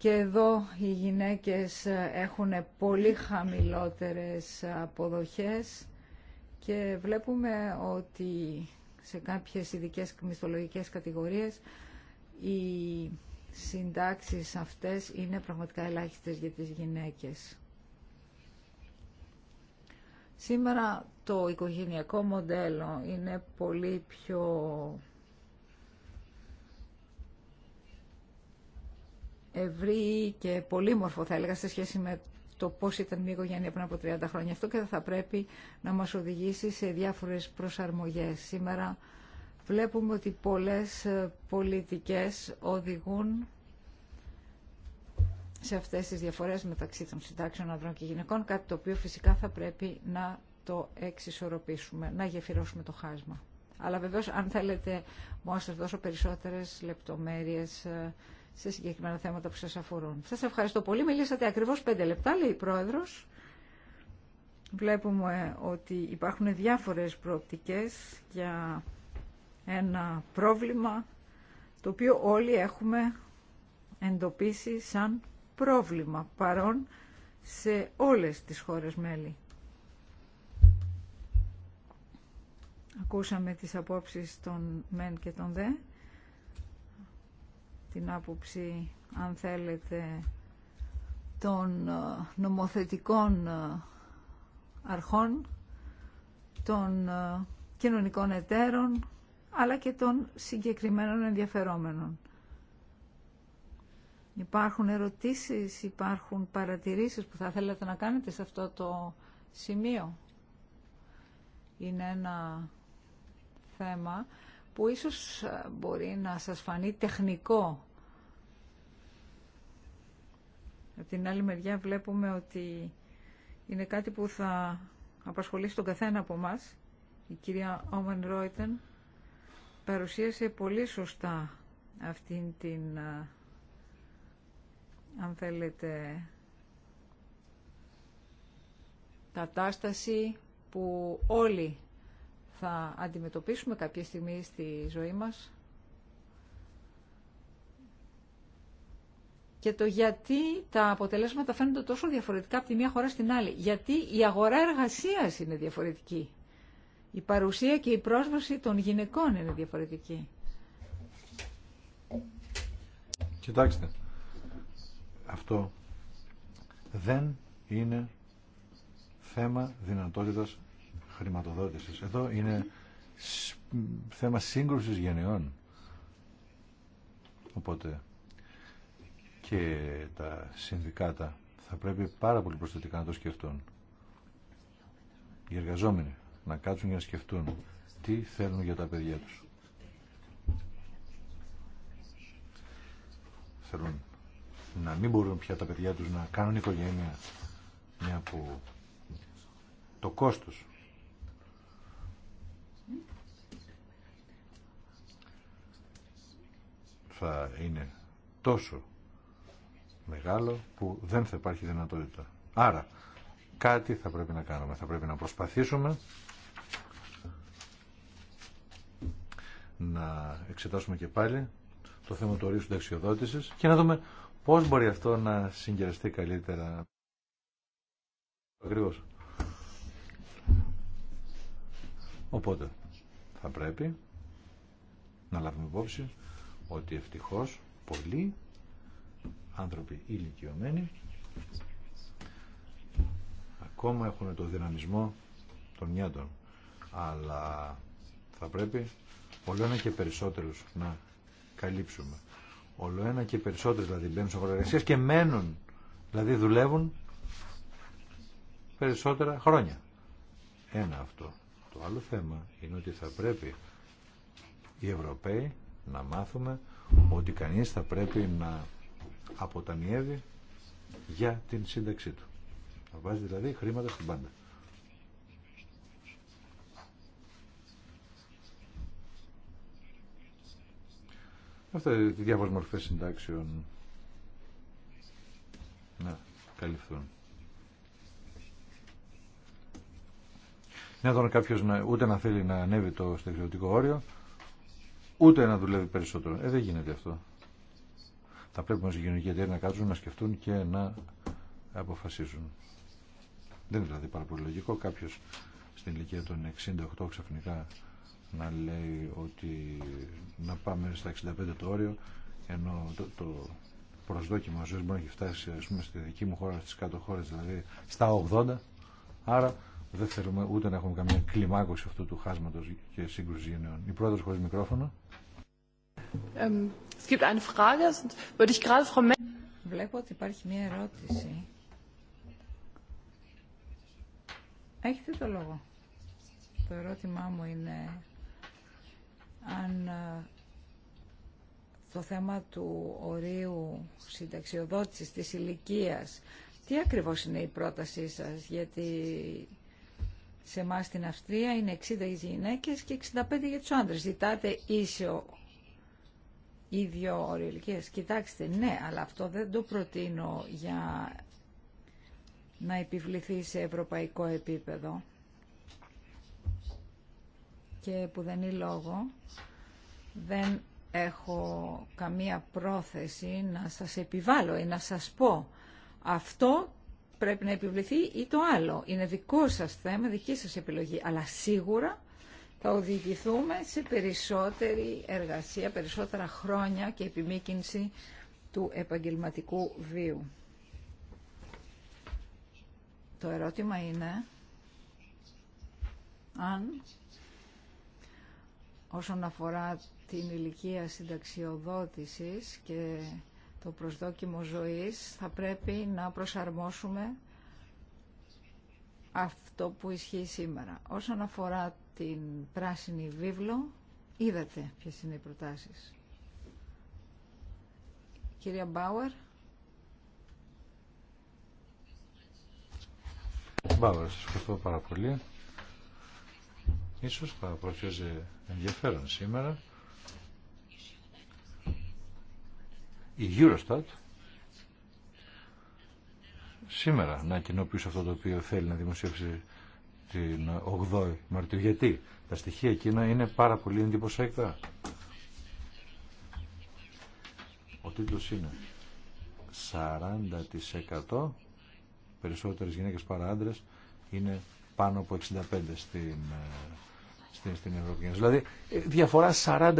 και εδώ οι γυναίκες έχουν πολύ χαμηλότερες αποδοχές και βλέπουμε ότι σε κάποιες ειδικέ μισθολογικές κατηγορίες οι συντάξεις αυτές είναι πραγματικά ελάχιστες για τις γυναίκες. Σήμερα το οικογενειακό μοντέλο είναι πολύ πιο ευρύ και πολύμορφο θα έλεγα σε σχέση με το πώς ήταν η οικογένεια πριν από 30 χρόνια. Αυτό και θα πρέπει να μας οδηγήσει σε διάφορες προσαρμογές. Σήμερα βλέπουμε ότι πολλές ε, πολιτικές οδηγούν σε αυτές τις διαφορές μεταξύ των συντάξεων ανδρών και γυναικών, κάτι το οποίο φυσικά θα πρέπει να το εξισορροπήσουμε, να γεφυρώσουμε το χάσμα. Αλλά βεβαίως αν θέλετε μου να σας δώσω περισσότερες λεπτομέρειες ε, σε συγκεκριμένα θέματα που σας αφορούν. Σας ευχαριστώ πολύ. Μιλήσατε ακριβώς πέντε λεπτά, λέει η Πρόεδρος. Βλέπουμε ότι υπάρχουν διάφορες προοπτικές για ένα πρόβλημα το οποίο όλοι έχουμε εντοπίσει σαν πρόβλημα παρόν σε όλες τις χώρες μέλη. Ακούσαμε τις απόψεις των μεν και των δε την άποψη, αν θέλετε, των ε, νομοθετικών ε, αρχών, των ε, κοινωνικών εταίρων, αλλά και των συγκεκριμένων ενδιαφερόμενων. Υπάρχουν ερωτήσεις, υπάρχουν παρατηρήσεις που θα θέλετε να κάνετε σε αυτό το σημείο. Είναι ένα θέμα που ίσως ε, μπορεί να σας φανεί τεχνικό. Από την άλλη μεριά βλέπουμε ότι είναι κάτι που θα απασχολήσει τον καθένα από μας. Η κυρία Όμεν Ρόιτεν παρουσίασε πολύ σωστά αυτήν την, ε, αν θέλετε, κατάσταση που όλοι θα αντιμετωπίσουμε κάποια στιγμή στη ζωή μας και το γιατί τα αποτελέσματα φαίνονται τόσο διαφορετικά από τη μία χώρα στην άλλη. Γιατί η αγορά εργασίας είναι διαφορετική. Η παρουσία και η πρόσβαση των γυναικών είναι διαφορετική. Κοιτάξτε, αυτό δεν είναι θέμα δυνατότητας χρηματοδότησης. Εδώ είναι θέμα σύγκρουσης γενεών. Οπότε και τα συνδικάτα θα πρέπει πάρα πολύ προσθετικά να το σκεφτούν. Οι εργαζόμενοι να κάτσουν για να σκεφτούν τι θέλουν για τα παιδιά τους. Θέλουν να μην μπορούν πια τα παιδιά τους να κάνουν οικογένεια μια που το κόστος θα είναι τόσο μεγάλο που δεν θα υπάρχει δυνατότητα. Άρα κάτι θα πρέπει να κάνουμε. Θα πρέπει να προσπαθήσουμε να εξετάσουμε και πάλι το θέμα του ορίου συνταξιοδότησης και να δούμε πώς μπορεί αυτό να συγκεραστεί καλύτερα. Ακριβώς. Οπότε θα πρέπει να λάβουμε υπόψη ότι ευτυχώς πολλοί άνθρωποι ηλικιωμένοι ακόμα έχουν το δυναμισμό των νιάτων αλλά θα πρέπει όλο ένα και περισσότερους να καλύψουμε όλο ένα και περισσότερους δηλαδή μπαίνουν σε και μένουν δηλαδή δουλεύουν περισσότερα χρόνια ένα αυτό το άλλο θέμα είναι ότι θα πρέπει οι Ευρωπαίοι να μάθουμε ότι κανείς θα πρέπει να αποταμιεύει για την σύνταξή του. Να βάζει δηλαδή χρήματα στην πάντα. Αυτά οι διάφορες μορφές συντάξεων να καλυφθούν. δω να κάποιο ούτε να θέλει να ανέβει το στεξιωτικό όριο, ούτε να δουλεύει περισσότερο. Ε, δεν γίνεται αυτό. Θα πρέπει μας οι κοινωνικοί εταίροι να κάτσουν, να σκεφτούν και να αποφασίζουν. Δεν είναι δηλαδή πάρα πολύ λογικό κάποιο στην ηλικία των 68 ξαφνικά να λέει ότι να πάμε στα 65 το όριο, ενώ το, το προσδόκιμα ζωή μπορεί να έχει φτάσει ας πούμε, στη δική μου χώρα, στις κάτω χώρες, δηλαδή στα 80. Άρα δεν θέλουμε ούτε να έχουμε καμία κλιμάκωση αυτού του χάσματος και σύγκρουση γενναιών. Η πρόεδρος χωρίς μικρόφωνο. Βλέπω ότι υπάρχει μια ερώτηση. Έχετε το λόγο. Το ερώτημά μου είναι αν ε, το θέμα του ορίου συνταξιοδότησης της ηλικίας τι ακριβώς είναι η πρότασή σας γιατί σε εμά στην Αυστρία είναι 60 για τι και 65 για του άντρε. Ζητάτε ίσιο ίδιο όριο ηλικίας. Κοιτάξτε, ναι, αλλά αυτό δεν το προτείνω για να επιβληθεί σε ευρωπαϊκό επίπεδο και που δεν είναι λόγο δεν έχω καμία πρόθεση να σας επιβάλλω ή να σας πω αυτό πρέπει να επιβληθεί ή το άλλο. Είναι δικό σας θέμα, δική σας επιλογή. Αλλά σίγουρα θα οδηγηθούμε σε περισσότερη εργασία, περισσότερα χρόνια και επιμήκυνση του επαγγελματικού βίου. Το ερώτημα είναι αν όσον αφορά την ηλικία συνταξιοδότησης και το προσδόκιμο ζωής θα πρέπει να προσαρμόσουμε αυτό που ισχύει σήμερα. Όσον αφορά την πράσινη βίβλο, είδατε ποιες είναι οι προτάσεις. Κυρία Μπάουερ. Μπάουερ, σας ευχαριστώ πάρα πολύ. Ίσως θα ενδιαφέρον σήμερα η Eurostat σήμερα να κοινοποιήσει αυτό το οποίο θέλει να δημοσιεύσει την 8η Μαρτίου. Γιατί τα στοιχεία εκείνα είναι πάρα πολύ εντυπωσιακά. Ο τίτλος είναι 40% περισσότερες γυναίκες παρά άντρες είναι πάνω από 65 ε, στην, στην, στην Ευρωπαϊκή Δηλαδή, ε, διαφορά 40%.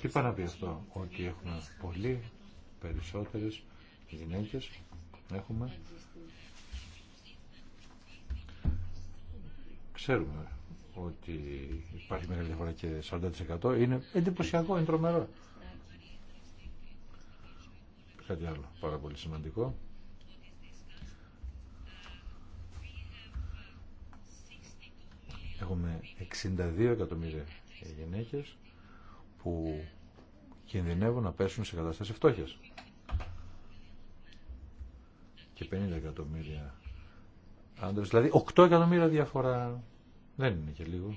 Τι πάει να πει αυτό, ότι έχουμε πολύ περισσότερες γυναίκες έχουμε ξέρουμε ότι υπάρχει μεγάλη διαφορά και 40% είναι εντυπωσιακό, είναι τρομερό κάτι άλλο πάρα πολύ σημαντικό έχουμε 62 εκατομμύρια γυναίκες που κινδυνεύουν να πέσουν σε κατάσταση φτώχειας. Και 50 εκατομμύρια άντρες, δηλαδή 8 εκατομμύρια διαφορά δεν είναι και λίγο.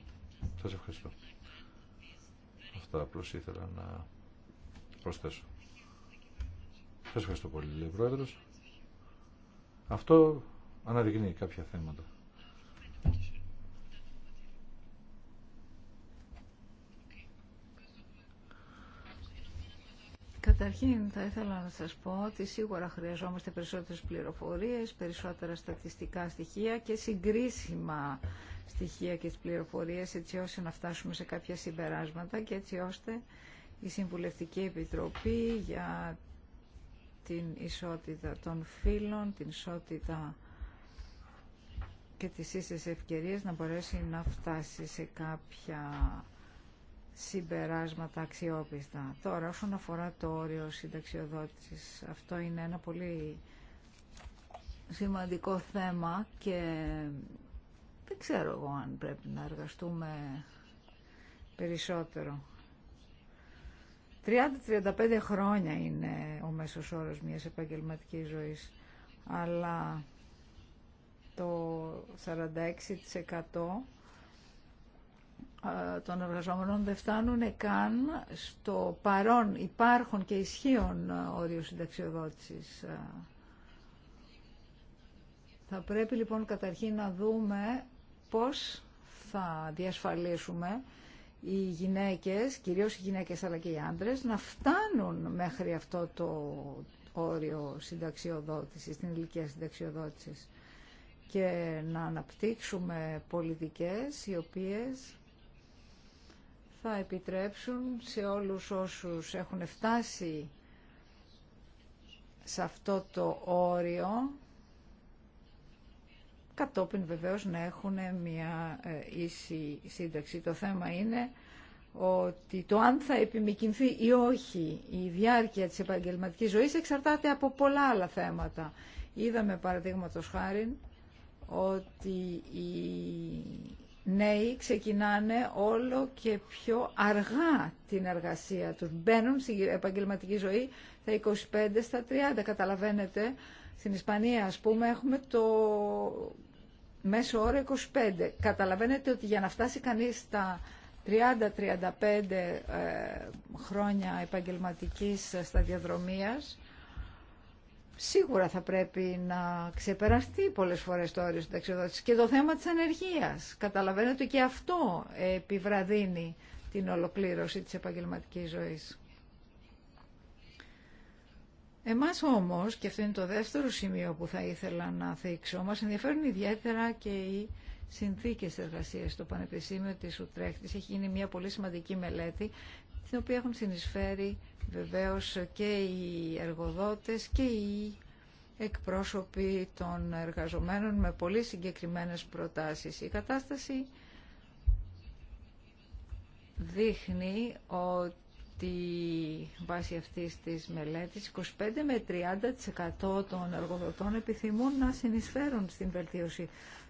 Σας ευχαριστώ. Αυτά απλώ ήθελα να προσθέσω. Σας ευχαριστώ πολύ, λέει Αυτό αναδεικνύει κάποια θέματα. Καταρχήν θα ήθελα να σας πω ότι σίγουρα χρειαζόμαστε περισσότερες πληροφορίες, περισσότερα στατιστικά στοιχεία και συγκρίσιμα στοιχεία και τις πληροφορίες έτσι ώστε να φτάσουμε σε κάποια συμπεράσματα και έτσι ώστε η Συμβουλευτική Επιτροπή για την ισότητα των φύλων, την ισότητα και τις ίσες ευκαιρίες να μπορέσει να φτάσει σε κάποια συμπεράσματα αξιόπιστα. Τώρα, όσον αφορά το όριο συνταξιοδότησης, αυτό είναι ένα πολύ σημαντικό θέμα και δεν ξέρω εγώ αν πρέπει να εργαστούμε περισσότερο. 30-35 χρόνια είναι ο μέσος όρος μιας επαγγελματικής ζωής, αλλά το 46% των εργαζόμενων δεν φτάνουν καν στο παρόν υπάρχουν και ισχύον όριο συνταξιοδότησης. Θα πρέπει λοιπόν καταρχήν να δούμε πώς θα διασφαλίσουμε οι γυναίκες, κυρίως οι γυναίκες αλλά και οι άντρες, να φτάνουν μέχρι αυτό το όριο συνταξιοδότησης, την ηλικία συνταξιοδότησης και να αναπτύξουμε πολιτικές οι οποίες θα επιτρέψουν σε όλους όσους έχουν φτάσει σε αυτό το όριο κατόπιν βεβαίως να έχουν μια ε, ίση σύνταξη. Το θέμα είναι ότι το αν θα επιμηκυνθεί ή όχι η διάρκεια της επαγγελματικής ζωής εξαρτάται από πολλά άλλα θέματα. Είδαμε παραδείγματο χάρη ότι η διαρκεια της επαγγελματικης ζωης εξαρταται απο πολλα αλλα θεματα ειδαμε παραδειγματος χαρη οτι η νέοι ξεκινάνε όλο και πιο αργά την εργασία τους. Μπαίνουν στην επαγγελματική ζωή στα 25, στα 30. Καταλαβαίνετε, στην Ισπανία ας πούμε έχουμε το μέσο όρο 25. Καταλαβαίνετε ότι για να φτάσει κανείς στα 30-35 ε, χρόνια επαγγελματικής ε, σταδιαδρομίας σίγουρα θα πρέπει να ξεπεραστεί πολλές φορές το όριο συνταξιοδότηση και το θέμα της ανεργίας. Καταλαβαίνετε ότι και αυτό επιβραδύνει την ολοκλήρωση της επαγγελματικής ζωής. Εμάς όμως, και αυτό είναι το δεύτερο σημείο που θα ήθελα να θίξω, μας ενδιαφέρουν ιδιαίτερα και οι συνθήκες εργασίας στο Πανεπιστήμιο της Ουτρέχτης. Έχει γίνει μια πολύ σημαντική μελέτη, την οποία έχουν συνεισφέρει Βεβαίως και οι εργοδότες και οι εκπρόσωποι των εργαζομένων με πολύ συγκεκριμένες προτάσεις. Η κατάσταση δείχνει ότι βάσει αυτής της μελέτης 25 με 30% των εργοδοτών επιθυμούν να συνεισφέρουν στην βελτίωση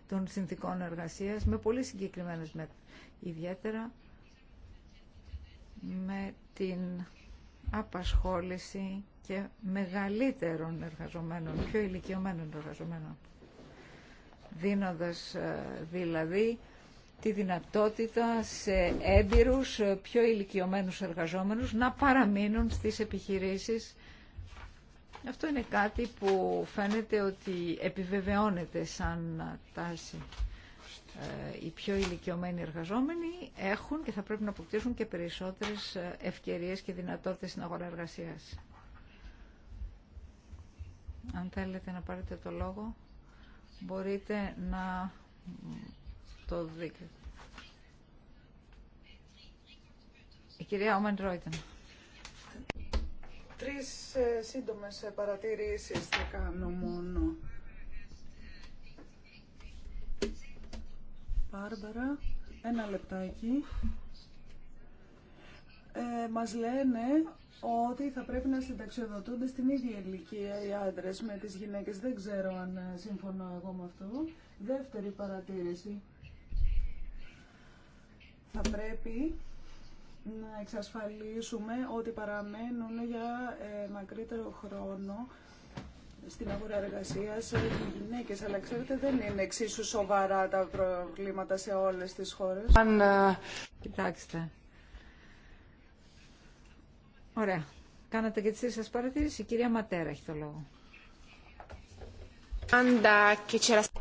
των συνθήκων εργασίας με πολύ συγκεκριμένες μέτρες. Ιδιαίτερα με την απασχόληση και μεγαλύτερων εργαζομένων, πιο ηλικιωμένων εργαζομένων. Δίνοντας ε, δηλαδή τη δυνατότητα σε έμπειρους, ε, πιο ηλικιωμένους εργαζόμενους να παραμείνουν στις επιχειρήσεις. Αυτό είναι κάτι που φαίνεται ότι επιβεβαιώνεται σαν τάση οι πιο ηλικιωμένοι εργαζόμενοι έχουν και θα πρέπει να αποκτήσουν και περισσότερες ε, ευκαιρίες και δυνατότητες στην αγορά εργασίας. Αν θέλετε να πάρετε το λόγο, μπορείτε να το δείτε. Η κυρία Όμεν Ρόιτεν. Τρεις ε, σύντομες ε, παρατηρήσεις θα κάνω μόνο. Μπάρμπαρα, ένα λεπτάκι. Ε, μας λένε ότι θα πρέπει να συνταξιοδοτούνται στην ίδια ηλικία οι άντρες με τις γυναίκες. Δεν ξέρω αν ε, συμφωνώ εγώ με αυτό. Δεύτερη παρατήρηση. Θα πρέπει να εξασφαλίσουμε ότι παραμένουν για ε, μακρύτερο χρόνο στην αγορά εργασία. Ε, οι γυναίκες, αλλά ξέρετε δεν είναι εξίσου σοβαρά τα προβλήματα σε όλε τι χώρε. Αν, ε, κοιτάξτε. Ωραία. Κάνατε και τις σα παρατήρηση. Η κυρία Ματέρα έχει το λόγο.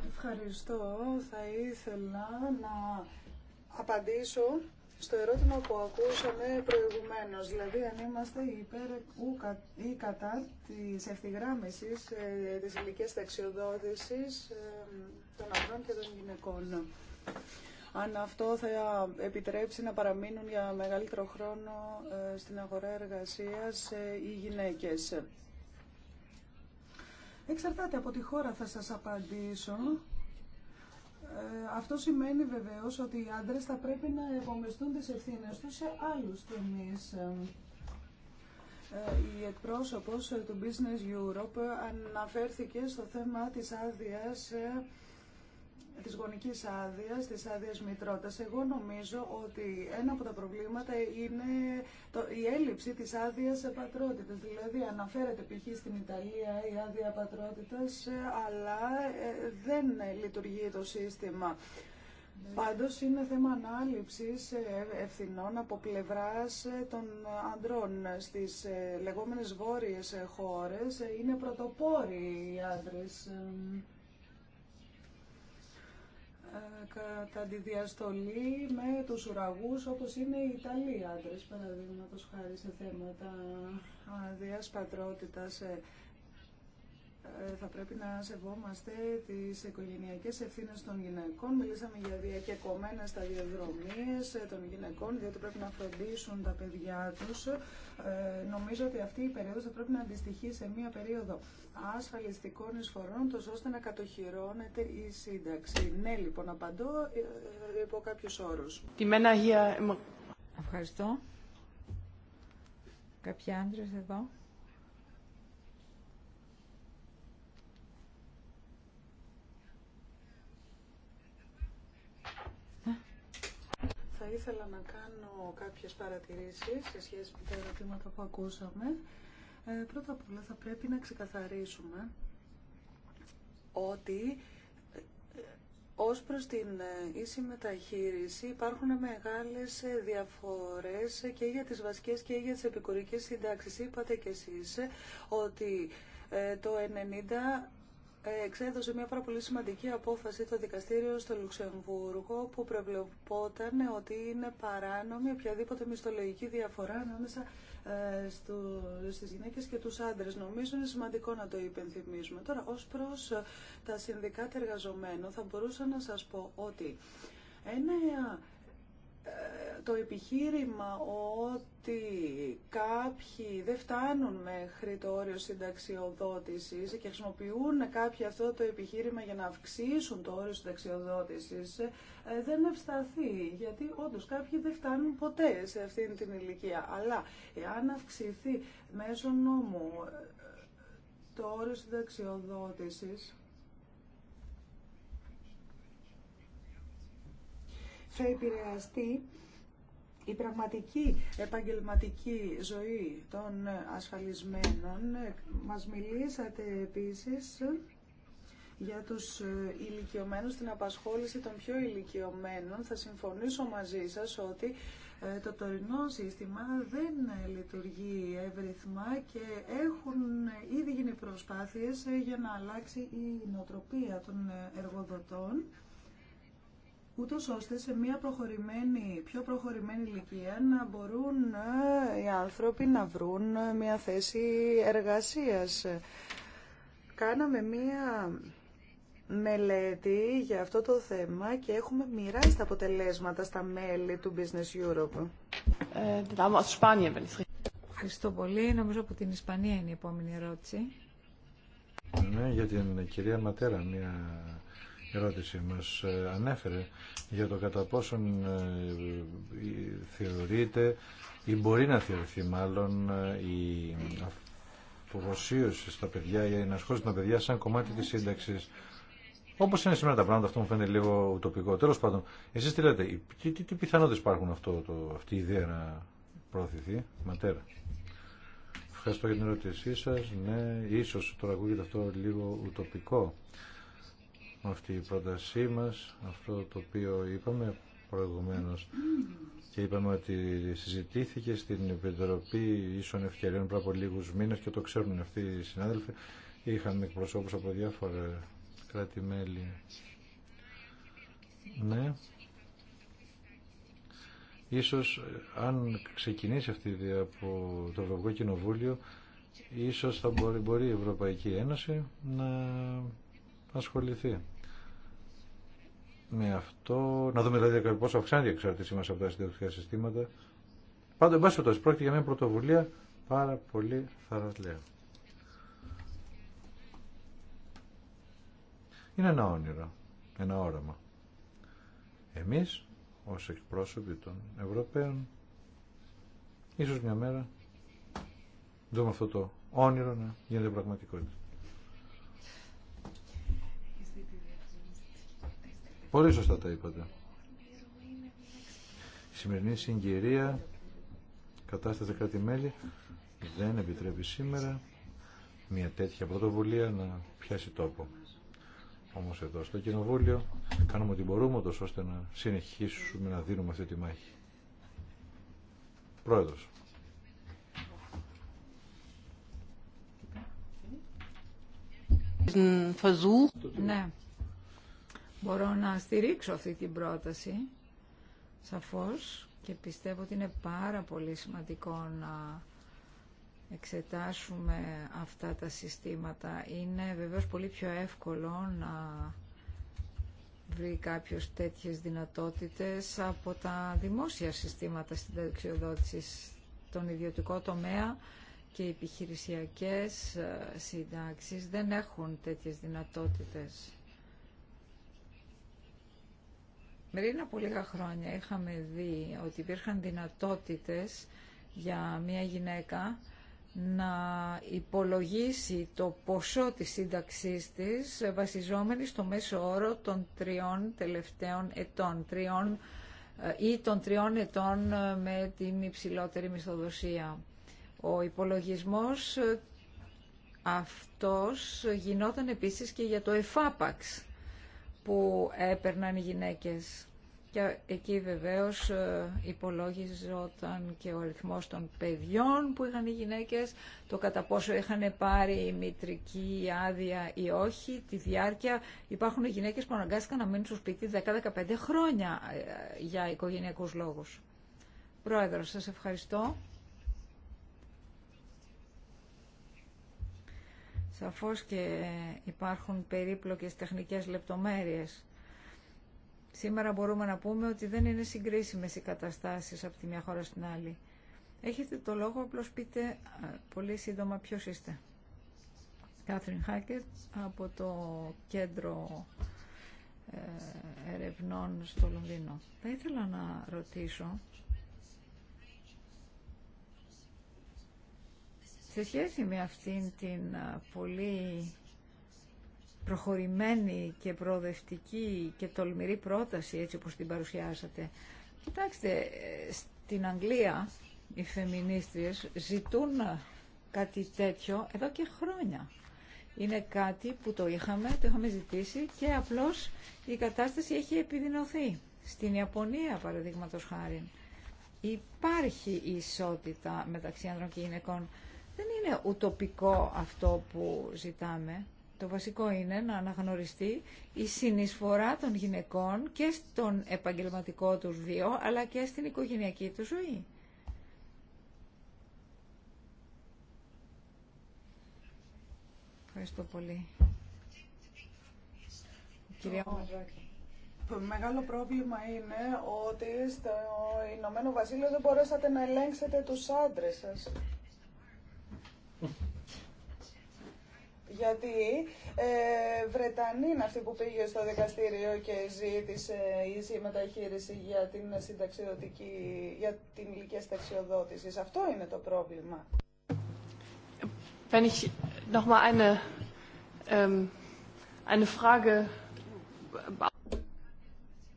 Ευχαριστώ. Θα ήθελα να απαντήσω στο ερώτημα που ακούσαμε προηγουμένως, δηλαδή αν είμαστε υπέρ ή κατά τη ευθυγράμμιση της ε, ταξιοδότηση ε, των ανδρών και των γυναικών. Αν αυτό θα επιτρέψει να παραμείνουν για μεγαλύτερο χρόνο ε, στην αγορά εργασίας οι γυναίκες. Εξαρτάται από τη χώρα θα σας απαντήσω. Ε, αυτό σημαίνει βεβαίω ότι οι άντρε θα πρέπει να επομεστούν τις ευθύνες του σε άλλους τομεί. Ε, ε, η εκπρόσωπος του Business Europe αναφέρθηκε στο θέμα της άδειας της γονικής άδειας, της άδειας μητρότητας. Εγώ νομίζω ότι ένα από τα προβλήματα είναι η έλλειψη της άδειας πατρότητας. Δηλαδή αναφέρεται π.χ. στην Ιταλία η άδεια πατρότητας, αλλά ε, δεν λειτουργεί το σύστημα. Πάντως είναι θέμα ανάληψη ε, ευθυνών από πλευρά ε, των ανδρών στις λεγόμενες βόρειε χώρες. Είναι πρωτοπόροι οι άντρε κατά τη διαστολή με τους ουραγούς όπως είναι οι Ιταλοί άντρες παραδείγματος χάρη σε θέματα διασπατρότητας ε, θα πρέπει να σεβόμαστε τις οικογενειακές ευθύνε των γυναικών. Μιλήσαμε για στα σταδιοδρομίες ε, των γυναικών, διότι πρέπει να φροντίσουν τα παιδιά τους. Ε, νομίζω ότι αυτή η περίοδος θα πρέπει να αντιστοιχεί σε μία περίοδο ασφαλιστικών εισφορών, τόσο ώστε να κατοχυρώνεται η σύνταξη. Ναι, λοιπόν, απαντώ υπό κάποιους όρου. Ευχαριστώ. Κάποιοι άντρε εδώ. θα ήθελα να κάνω κάποιες παρατηρήσεις σε σχέση με τα ερωτήματα που ακούσαμε. Ε, πρώτα απ' όλα θα πρέπει να ξεκαθαρίσουμε ότι ε, ως προς την ε, ίση μεταχείριση υπάρχουν μεγάλες ε, διαφορές και για τις βασικές και για τις επικουρικές συντάξεις. Είπατε κι εσείς ότι το 90 ε, εξέδωσε μια πάρα πολύ σημαντική απόφαση το δικαστήριο στο Λουξεμβούργο που προβλεπόταν ότι είναι παράνομη οποιαδήποτε μισθολογική διαφορά ανάμεσα ε, στις γυναίκες και τους άντρες. Νομίζω είναι σημαντικό να το υπενθυμίσουμε. Τώρα, ως προς ε, τα συνδικάτα εργαζομένων θα μπορούσα να σας πω ότι ένα το επιχείρημα ότι κάποιοι δεν φτάνουν μέχρι το όριο συνταξιοδότησης και χρησιμοποιούν κάποιοι αυτό το επιχείρημα για να αυξήσουν το όριο συνταξιοδότησης ε, δεν ευσταθεί, γιατί όντως κάποιοι δεν φτάνουν ποτέ σε αυτήν την ηλικία. Αλλά εάν αυξηθεί μέσω νόμου ε, το όριο συνταξιοδότησης, θα επηρεαστεί η πραγματική επαγγελματική ζωή των ασφαλισμένων. Μας μιλήσατε επίσης για τους ε, ηλικιωμένους, την απασχόληση των πιο ηλικιωμένων. Θα συμφωνήσω μαζί σας ότι ε, το τωρινό σύστημα δεν λειτουργεί εύρυθμα και έχουν ήδη γίνει προσπάθειες ε, για να αλλάξει η νοοτροπία των εργοδοτών ούτω ώστε σε μια προχωρημένη, πιο προχωρημένη ηλικία να μπορούν ε, οι άνθρωποι να βρουν μια θέση εργασίας. Κάναμε μια μελέτη για αυτό το θέμα και έχουμε μοιράσει τα αποτελέσματα στα μέλη του Business Europe. Ε, Ευχαριστώ πολύ. Νομίζω από την Ισπανία είναι η επόμενη ερώτηση. Ναι, για την κυρία Ματέρα, μια ερώτηση μας ε, ανέφερε για το κατά πόσον ε, θεωρείται ή μπορεί να θεωρηθεί μάλλον ε, η αποδοσίωση στα παιδιά ή η ενασχόληση τα παιδιά σαν κομμάτι της σύνταξης. Όπως είναι σήμερα τα πράγματα, αυτό μου φαίνεται λίγο ουτοπικό. Τέλος πάντων, εσείς τι λέτε, τι, τι, πιθανότητες υπάρχουν αυτό, το, αυτή η ιδέα να προωθηθεί, ματέρα. Ευχαριστώ για την ερώτησή σας. Ναι, ίσως τώρα ακούγεται αυτό λίγο ουτοπικό αυτή η πρότασή μας, αυτό το οποίο είπαμε προηγουμένως και είπαμε ότι συζητήθηκε στην Επιτροπή Ίσων Ευκαιριών πριν από λίγους μήνες και το ξέρουν αυτοί οι συνάδελφοι. Είχαμε εκπροσώπους από διάφορα κράτη-μέλη. Ναι. Ίσως αν ξεκινήσει αυτή η από το Ευρωπαϊκό Κοινοβούλιο ίσως θα μπορεί, μπορεί η Ευρωπαϊκή Ένωση να ασχοληθεί με αυτό, να δούμε δηλαδή πώς αυξάνεται η εξάρτησή μα από τα συντηρητικά συστήματα. Πάντω, εν πάση πρόκειται για μια πρωτοβουλία πάρα πολύ θαραλέα. Είναι ένα όνειρο, ένα όραμα. Εμείς, ως εκπρόσωποι των Ευρωπαίων, ίσως μια μέρα δούμε αυτό το όνειρο να γίνεται πραγματικότητα. Πολύ σωστά τα είπατε. Η σημερινή συγκυρία, κάτι κράτη-μέλη, δεν επιτρέπει σήμερα μια τέτοια πρωτοβουλία να πιάσει τόπο. Όμως εδώ στο Κοινοβούλιο κάνουμε ό,τι μπορούμε ώστε να συνεχίσουμε να δίνουμε αυτή τη μάχη. Πρόεδρος. Ναι. Μπορώ να στηρίξω αυτή την πρόταση, σαφώς, και πιστεύω ότι είναι πάρα πολύ σημαντικό να εξετάσουμε αυτά τα συστήματα. Είναι βεβαίως πολύ πιο εύκολο να βρει κάποιος τέτοιες δυνατότητες από τα δημόσια συστήματα συνταξιοδότηση τον ιδιωτικό τομέα και οι επιχειρησιακές ε, συντάξεις δεν έχουν τέτοιες δυνατότητες. μερινά από λίγα χρόνια είχαμε δει ότι υπήρχαν δυνατότητες για μια γυναίκα να υπολογίσει το ποσό της σύνταξής της βασιζόμενη στο μέσο όρο των τριών τελευταίων ετών τριών, ε, ή των τριών ετών ε, με την υψηλότερη μισθοδοσία. Ο υπολογισμός ε, αυτός γινόταν επίσης και για το εφάπαξ που έπαιρναν οι γυναίκες. Και εκεί βεβαίως ε, όταν και ο αριθμός των παιδιών που είχαν οι γυναίκες, το κατά πόσο είχαν πάρει η μητρική άδεια ή όχι, τη διάρκεια. Υπάρχουν γυναίκες που αναγκάστηκαν να μείνουν στο σπίτι 10-15 χρόνια ε, για οικογενειακούς λόγους. Πρόεδρο, σας ευχαριστώ. Σαφώς και υπάρχουν περίπλοκες τεχνικές λεπτομέρειες. Σήμερα μπορούμε να πούμε ότι δεν είναι συγκρίσιμες οι καταστάσεις από τη μια χώρα στην άλλη. Έχετε το λόγο, απλώς πείτε πολύ σύντομα ποιος είστε. Κάθριν Χάκετ από το κέντρο ε, ερευνών στο Λονδίνο. Θα ήθελα να ρωτήσω Σε σχέση με αυτήν την πολύ προχωρημένη και προοδευτική και τολμηρή πρόταση έτσι όπως την παρουσιάσατε. Κοιτάξτε, ε, στην Αγγλία οι φεμινίστριες ζητούν κάτι τέτοιο εδώ και χρόνια. Είναι κάτι που το είχαμε, το είχαμε ζητήσει και απλώς η κατάσταση έχει επιδεινωθεί. Στην Ιαπωνία, παραδείγματος χάρη, υπάρχει ισότητα μεταξύ άνδρων και γυναικών δεν είναι ουτοπικό αυτό που ζητάμε. Το βασικό είναι να αναγνωριστεί η συνεισφορά των γυναικών και στον επαγγελματικό τους βίο, αλλά και στην οικογενειακή του ζωή. Ευχαριστώ πολύ. Κυρία το μεγάλο πρόβλημα είναι ότι στο Ηνωμένο Βασίλειο δεν μπορέσατε να ελέγξετε τους άντρες σας. Γιατί ε, Βρετανή είναι αυτή που πήγε στο δικαστήριο και ζήτησε ίση μεταχείριση για την, για την ηλικία συνταξιοδότηση. Αυτό είναι το πρόβλημα. Wenn ich noch mal eine, ähm,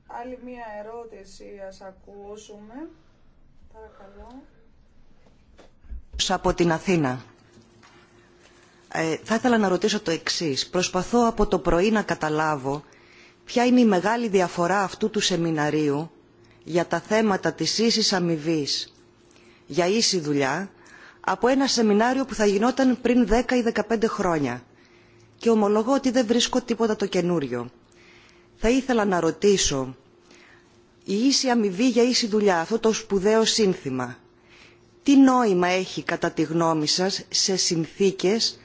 Άλλη μία ερώτηση ας ακούσουμε. Παρακαλώ. Από την Αθήνα ε, θα ήθελα να ρωτήσω το εξή. Προσπαθώ από το πρωί να καταλάβω ποια είναι η μεγάλη διαφορά αυτού του σεμιναρίου για τα θέματα της ίσης αμοιβή για ίση δουλειά από ένα σεμινάριο που θα γινόταν πριν 10 ή 15 χρόνια. Και ομολογώ ότι δεν βρίσκω τίποτα το καινούριο. Θα ήθελα να ρωτήσω η ίση αμοιβή για ίση δουλειά, αυτό το σπουδαίο σύνθημα, τι νόημα έχει κατά τη γνώμη σας σε συνθήκες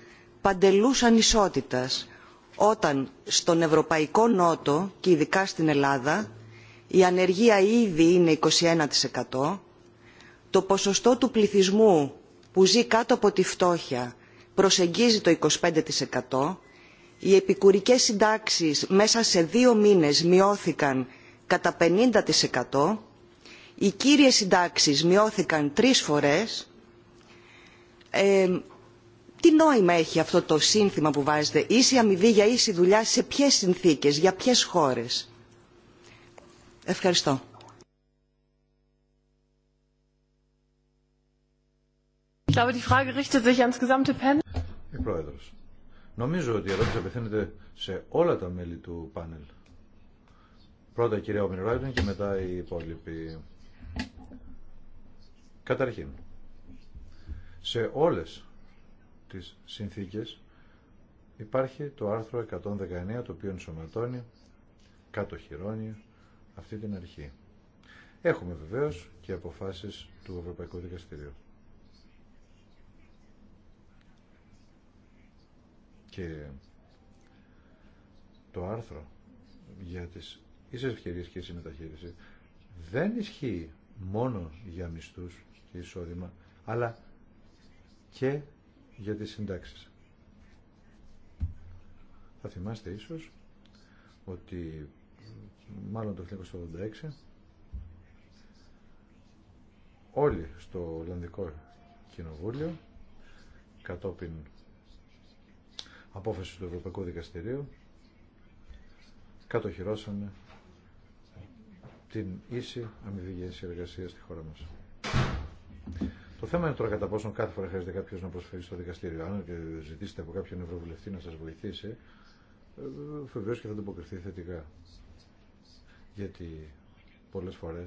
παντελούς ανισότητας όταν στον ευρωπαϊκό νότο και ειδικά στην Ελλάδα η ανεργία ήδη είναι 21%, το ποσοστό του πληθυσμού που ζει κάτω από τη φτώχεια προσεγγίζει το 25%, οι επικουρικές συντάξεις μέσα σε δύο μήνες μειώθηκαν κατά 50%, οι κύριες συντάξεις μειώθηκαν τρεις φορές, ε, τι νόημα έχει αυτό το σύνθημα που βάζετε ίση αμοιβή για ίση δουλειά σε ποιες συνθήκες, για ποιες χώρες. Ευχαριστώ. Η Πρόεδρος. Νομίζω ότι η ερώτηση απευθύνεται σε όλα τα μέλη του πάνελ. Πρώτα η κυρία Ομινράιντον και μετά οι υπόλοιποι. Καταρχήν, σε όλες τις συνθήκες υπάρχει το άρθρο 119 το οποίο ενσωματώνει, κατοχυρώνει αυτή την αρχή. Έχουμε βεβαίως και αποφάσεις του Ευρωπαϊκού Δικαστηρίου. Και το άρθρο για τις ίσες ευκαιρίες και συμμεταχείριση δεν ισχύει μόνο για μισθούς και εισόδημα, αλλά και για τις συντάξεις. Θα θυμάστε ίσως ότι μάλλον το 1986 όλοι στο Ολλανδικό Κοινοβούλιο κατόπιν απόφασης του Ευρωπαϊκού Δικαστηρίου κατοχυρώσαμε την ίση αμοιβή εργασία στη χώρα μας θέμα είναι τώρα κατά πόσο κάθε φορά χρειάζεται κάποιο να προσφέρει στο δικαστήριο. Αν ζητήσετε από κάποιον ευρωβουλευτή να σα βοηθήσει, ε, βεβαίω και θα το αποκριθεί θετικά. Γιατί πολλέ φορέ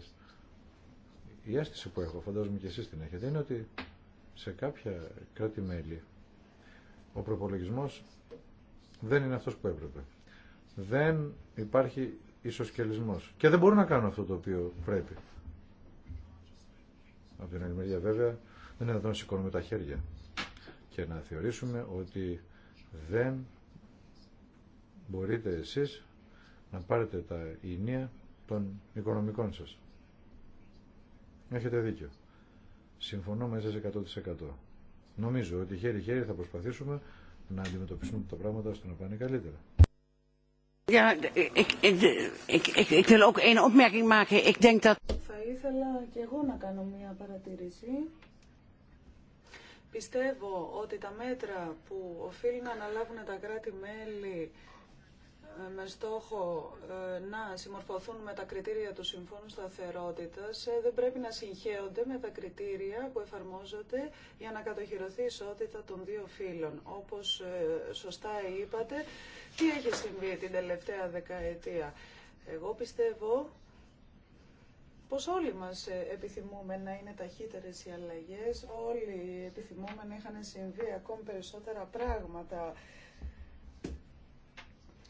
η αίσθηση που έχω, φαντάζομαι και εσεί την έχετε, είναι ότι σε κάποια κράτη-μέλη ο προπολογισμό δεν είναι αυτό που έπρεπε. Δεν υπάρχει ισοσκελισμό. Και δεν μπορούν να κάνουν αυτό το οποίο πρέπει. Από την άλλη μεριά βέβαια δεν είναι να να σηκώνουμε τα χέρια και να θεωρήσουμε ότι δεν μπορείτε εσείς να πάρετε τα ηνία των οικονομικών σας. Έχετε δίκιο. Συμφωνώ μέσα σε 100%. Νομίζω ότι χέρι-χέρι θα προσπαθήσουμε να αντιμετωπίσουμε τα πράγματα ώστε να πάνε καλύτερα. Θα ήθελα και εγώ να κάνω μια παρατήρηση. Πιστεύω ότι τα μέτρα που οφείλουν να αναλάβουν τα κράτη-μέλη ε, με στόχο ε, να συμμορφωθούν με τα κριτήρια του Συμφώνου Σταθερότητας ε, δεν πρέπει να συγχέονται με τα κριτήρια που εφαρμόζονται για να κατοχυρωθεί η ισότητα των δύο φύλων. Όπως σωστά είπατε, τι έχει συμβεί την τελευταία δεκαετία. Εγώ πιστεύω πως όλοι μας ε, επιθυμούμε να είναι ταχύτερες οι αλλαγές, όλοι επιθυμούμε να είχαν συμβεί ακόμη περισσότερα πράγματα.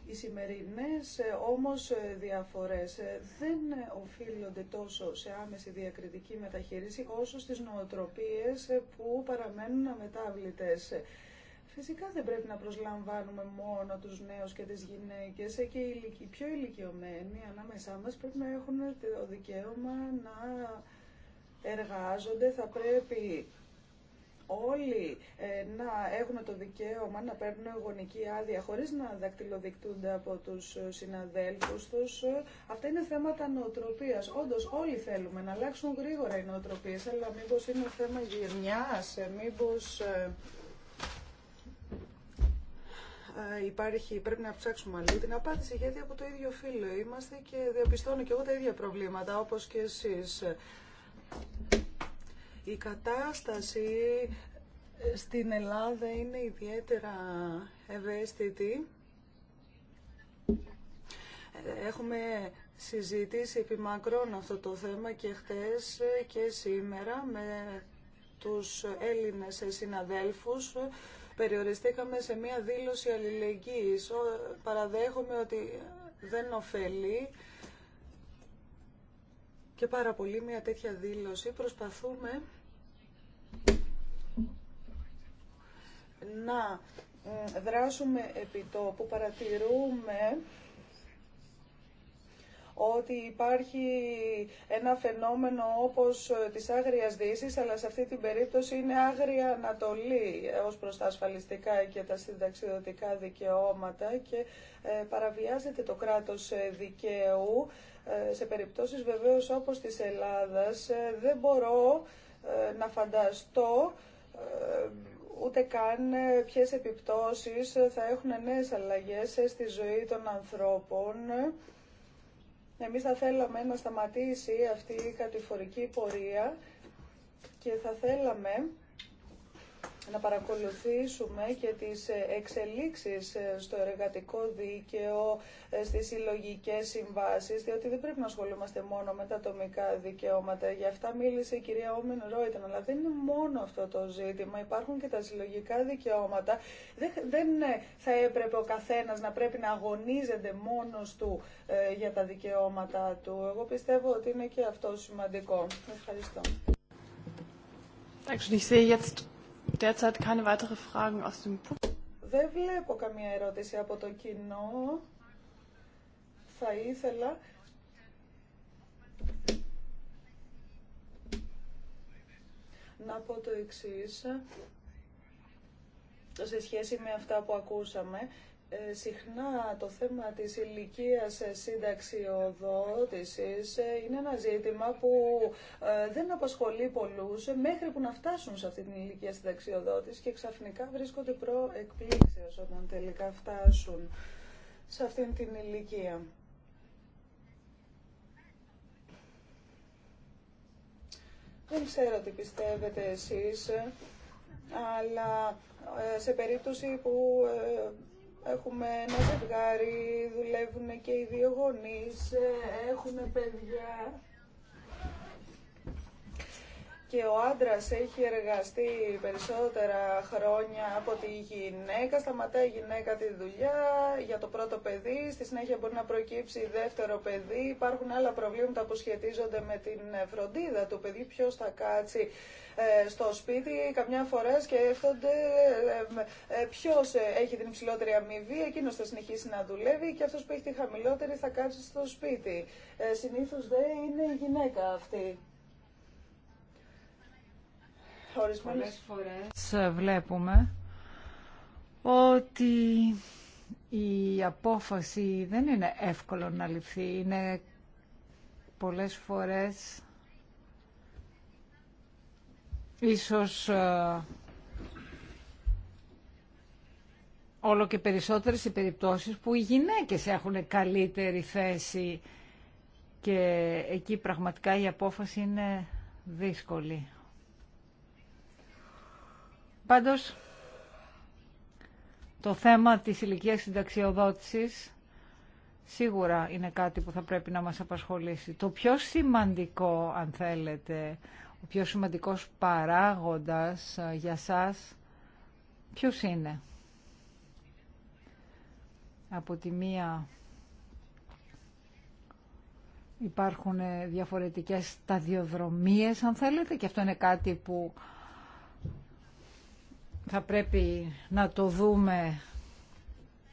Οι σημερινές ε, όμως ε, διαφορές δεν οφείλονται τόσο σε άμεση διακριτική μεταχείριση όσο στις νοοτροπίες που παραμένουν αμετάβλητες. Φυσικά δεν πρέπει να προσλαμβάνουμε μόνο τους νέους και τις γυναίκες και οι πιο ηλικιωμένοι ανάμεσά μας πρέπει να έχουν το δικαίωμα να εργάζονται. Θα πρέπει όλοι ε, να έχουν το δικαίωμα να παίρνουν γονική άδεια χωρίς να δακτυλοδεικτούνται από τους συναδέλφους τους. Αυτά είναι θέματα νοοτροπίας. Όντως όλοι θέλουμε να αλλάξουν γρήγορα οι νοοτροπίες, αλλά μήπως είναι θέμα γυρνιάς, ε, μήπως... Ε, ε, υπάρχει, πρέπει να ψάξουμε αλλού την απάντηση, γιατί από το ίδιο φίλο είμαστε και διαπιστώνω και εγώ τα ίδια προβλήματα, όπως και εσείς. Η κατάσταση ε, στην Ελλάδα είναι ιδιαίτερα ευαίσθητη. Έχουμε συζητήσει επί αυτό το θέμα και χτες και σήμερα με τους Έλληνες συναδέλφους περιοριστήκαμε σε μία δήλωση αλληλεγγύης. Παραδέχομαι ότι δεν ωφελεί και πάρα πολύ μία τέτοια δήλωση. Προσπαθούμε να ε, δράσουμε επί που παρατηρούμε ότι υπάρχει ένα φαινόμενο όπως ε, της άγριας δύσης, αλλά σε αυτή την περίπτωση είναι άγρια ανατολή ε, ως προς τα ασφαλιστικά και τα συνταξιδοτικά δικαιώματα και ε, παραβιάζεται το κράτος δικαίου σε περιπτώσεις βεβαίως όπως της Ελλάδας. Δεν μπορώ να φανταστώ ούτε καν ποιες επιπτώσεις θα έχουν νέες αλλαγές στη ζωή των ανθρώπων εμείς θα θέλαμε να σταματήσει αυτή η κατηφορική πορεία και θα θέλαμε να παρακολουθήσουμε και τις ε, εξελίξεις ε, στο εργατικό δίκαιο, ε, στις συλλογικέ συμβάσεις, διότι δεν πρέπει να ασχολούμαστε μόνο με τα ατομικά δικαιώματα. Γι' αυτά μίλησε η κυρία Όμιν Ρόιτεν, αλλά δεν είναι μόνο αυτό το ζήτημα. Υπάρχουν και τα συλλογικά δικαιώματα. Δεν θα έπρεπε ο καθένας να πρέπει να αγωνίζεται μόνος του για τα δικαιώματα του. Εγώ πιστεύω ότι είναι και αυτό σημαντικό. Ευχαριστώ. Δεν βλέπω καμία ερώτηση από το κοινό. Θα ήθελα... Να πω το εξής, σε σχέση με αυτά που ακούσαμε, ε, συχνά το θέμα της ηλικία ε, συνταξιοδότησης ε, είναι ένα ζήτημα που δεν απασχολεί πολλούς μέχρι που να φτάσουν σε αυτή την ηλικία συνταξιοδότηση και ξαφνικά βρίσκονται προ εκπλήξεως όταν τελικά φτάσουν σε αυτήν την ηλικία. Δεν ξέρω τι πιστεύετε εσείς, αλλά σε περίπτωση που Έχουμε ένα ζευγάρι, δουλεύουν και οι δύο γονείς, ε, έχουν παιδιά και ο άντρας έχει εργαστεί περισσότερα χρόνια από τη γυναίκα, σταματάει η γυναίκα τη δουλειά για το πρώτο παιδί, στη συνέχεια μπορεί να προκύψει δεύτερο παιδί, υπάρχουν άλλα προβλήματα που σχετίζονται με την φροντίδα του παιδί, ποιος θα κάτσει ε, στο σπίτι, καμιά φορά σκέφτονται ε, ε, ποιο έχει την υψηλότερη αμοιβή, εκείνος θα συνεχίσει να δουλεύει και αυτός που έχει τη χαμηλότερη θα κάτσει στο σπίτι. Συνήθως δεν είναι η γυναίκα αυτή σε φορές βλέπουμε ότι η απόφαση δεν είναι εύκολο να ληφθεί. Είναι πολλές φορές ίσως ε, όλο και περισσότερες οι περιπτώσεις που οι γυναίκες έχουν καλύτερη θέση και εκεί πραγματικά η απόφαση είναι δύσκολη. Πάντως, το θέμα της ηλικία συνταξιοδότησης σίγουρα είναι κάτι που θα πρέπει να μας απασχολήσει. Το πιο σημαντικό, αν θέλετε, ο πιο σημαντικός παράγοντας ε, για σας, ποιος είναι. Από τη μία υπάρχουν ε, διαφορετικές σταδιοδρομίες, αν θέλετε, και αυτό είναι κάτι που θα πρέπει να το δούμε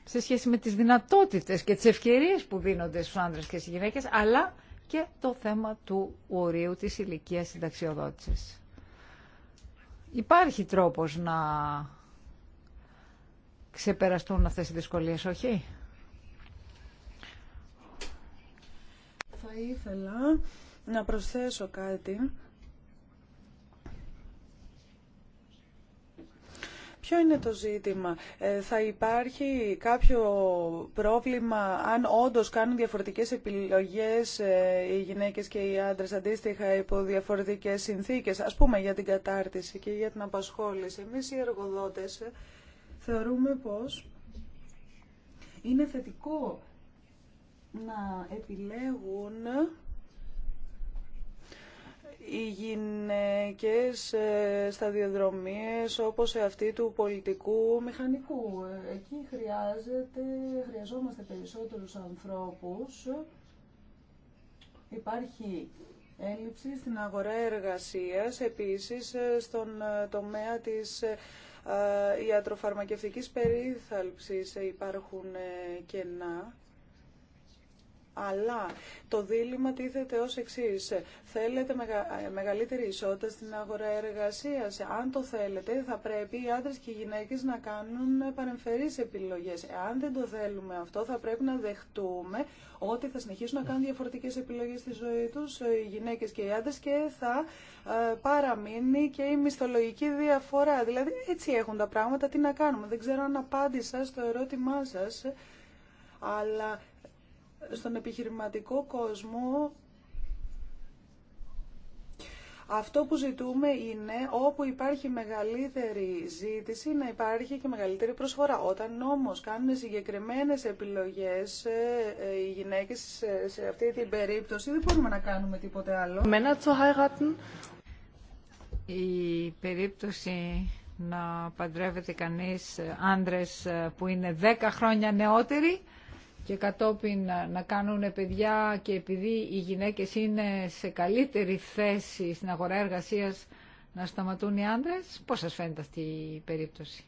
σε σχέση με τις δυνατότητες και τις ευκαιρίες που δίνονται στους άνδρες και στις γυναίκες, αλλά και το θέμα του ορίου της ηλικία συνταξιοδότησης. Υπάρχει τρόπος να ξεπεραστούν αυτές οι δυσκολίες, όχι? Θα ήθελα να προσθέσω κάτι. Ποιο είναι το ζήτημα. Ε, θα υπάρχει κάποιο πρόβλημα αν όντως κάνουν διαφορετικές επιλογές ε, οι γυναίκες και οι άντρες αντίστοιχα υπό διαφορετικές συνθήκες, ας πούμε για την κατάρτιση και για την απασχόληση. Εμείς οι εργοδότες ε, θεωρούμε πως είναι θετικό να επιλέγουν οι γυναίκες σταδιοδρομίες όπως αυτή του πολιτικού μηχανικού. Εκεί χρειάζεται, χρειαζόμαστε περισσότερους ανθρώπους. Υπάρχει έλλειψη στην αγορά εργασίας, επίσης στον τομέα της ε, ιατροφαρμακευτικής περίθαλψης υπάρχουν κενά αλλά το δίλημα τίθεται ως εξή Θέλετε μεγαλύτερη ισότητα στην αγορά εργασίας. Αν το θέλετε, θα πρέπει οι άντρες και οι γυναίκες να κάνουν παρεμφερείς επιλογές. Αν δεν το θέλουμε αυτό, θα πρέπει να δεχτούμε ότι θα συνεχίσουν να κάνουν διαφορετικές επιλογές στη ζωή τους ε, οι γυναίκες και οι άντρες και θα ε, παραμείνει και η μισθολογική διαφορά. Δηλαδή, έτσι έχουν τα πράγματα. Τι να κάνουμε. Δεν ξέρω αν απάντησα στο ερώτημά σας, αλλά στον επιχειρηματικό κόσμο αυτό που ζητούμε είναι όπου υπάρχει μεγαλύτερη ζήτηση να υπάρχει και μεγαλύτερη προσφορά. Όταν όμως κάνουμε συγκεκριμένες επιλογές ε, ε, οι γυναίκες σε αυτή την περίπτωση δεν μπορούμε να κάνουμε τίποτε άλλο. Η περίπτωση να παντρεύεται κανείς άντρες που είναι 10 χρόνια νεότεροι και κατόπιν να κάνουν παιδιά και επειδή οι γυναίκες είναι σε καλύτερη θέση στην αγορά εργασίας να σταματούν οι άντρες. Πώς σας φαίνεται αυτή η περίπτωση.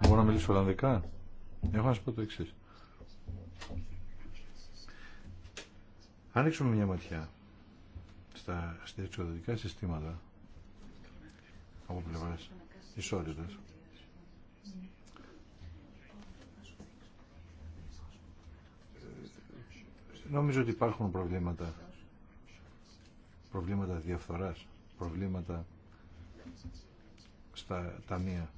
Μπορώ να μιλήσω Ολλανδικά. Έχω να σου πω το εξή. Άνοιξουμε μια ματιά στα εξοδοτικά συστήματα από πλευράς ισότητας. Νομίζω ότι υπάρχουν προβλήματα, προβλήματα διαφθοράς, προβλήματα στα ταμεία.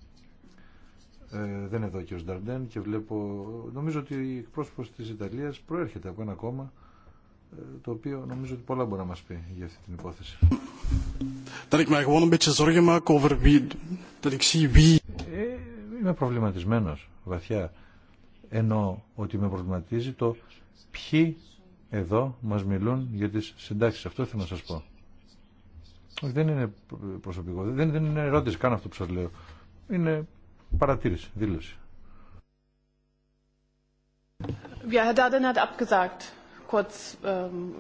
Ε, δεν είναι εδώ και ο Σνταρντέν και βλέπω, νομίζω ότι η εκπρόσωπος της Ιταλίας προέρχεται από ένα κόμμα ε, το οποίο νομίζω ότι πολλά μπορεί να μας πει για αυτή την υπόθεση. είμαι προβληματισμένος βαθιά, ενώ ότι με προβληματίζει το ποιοι εδώ μας μιλούν για τις συντάξεις. Αυτό θέλω να σας πω. Δεν είναι προσωπικό, δεν, είναι ερώτηση καν αυτό που σας λέω. Είναι παρατήρηση, δήλωση. Ja, Herr Dardenne hat abgesagt. Ähm,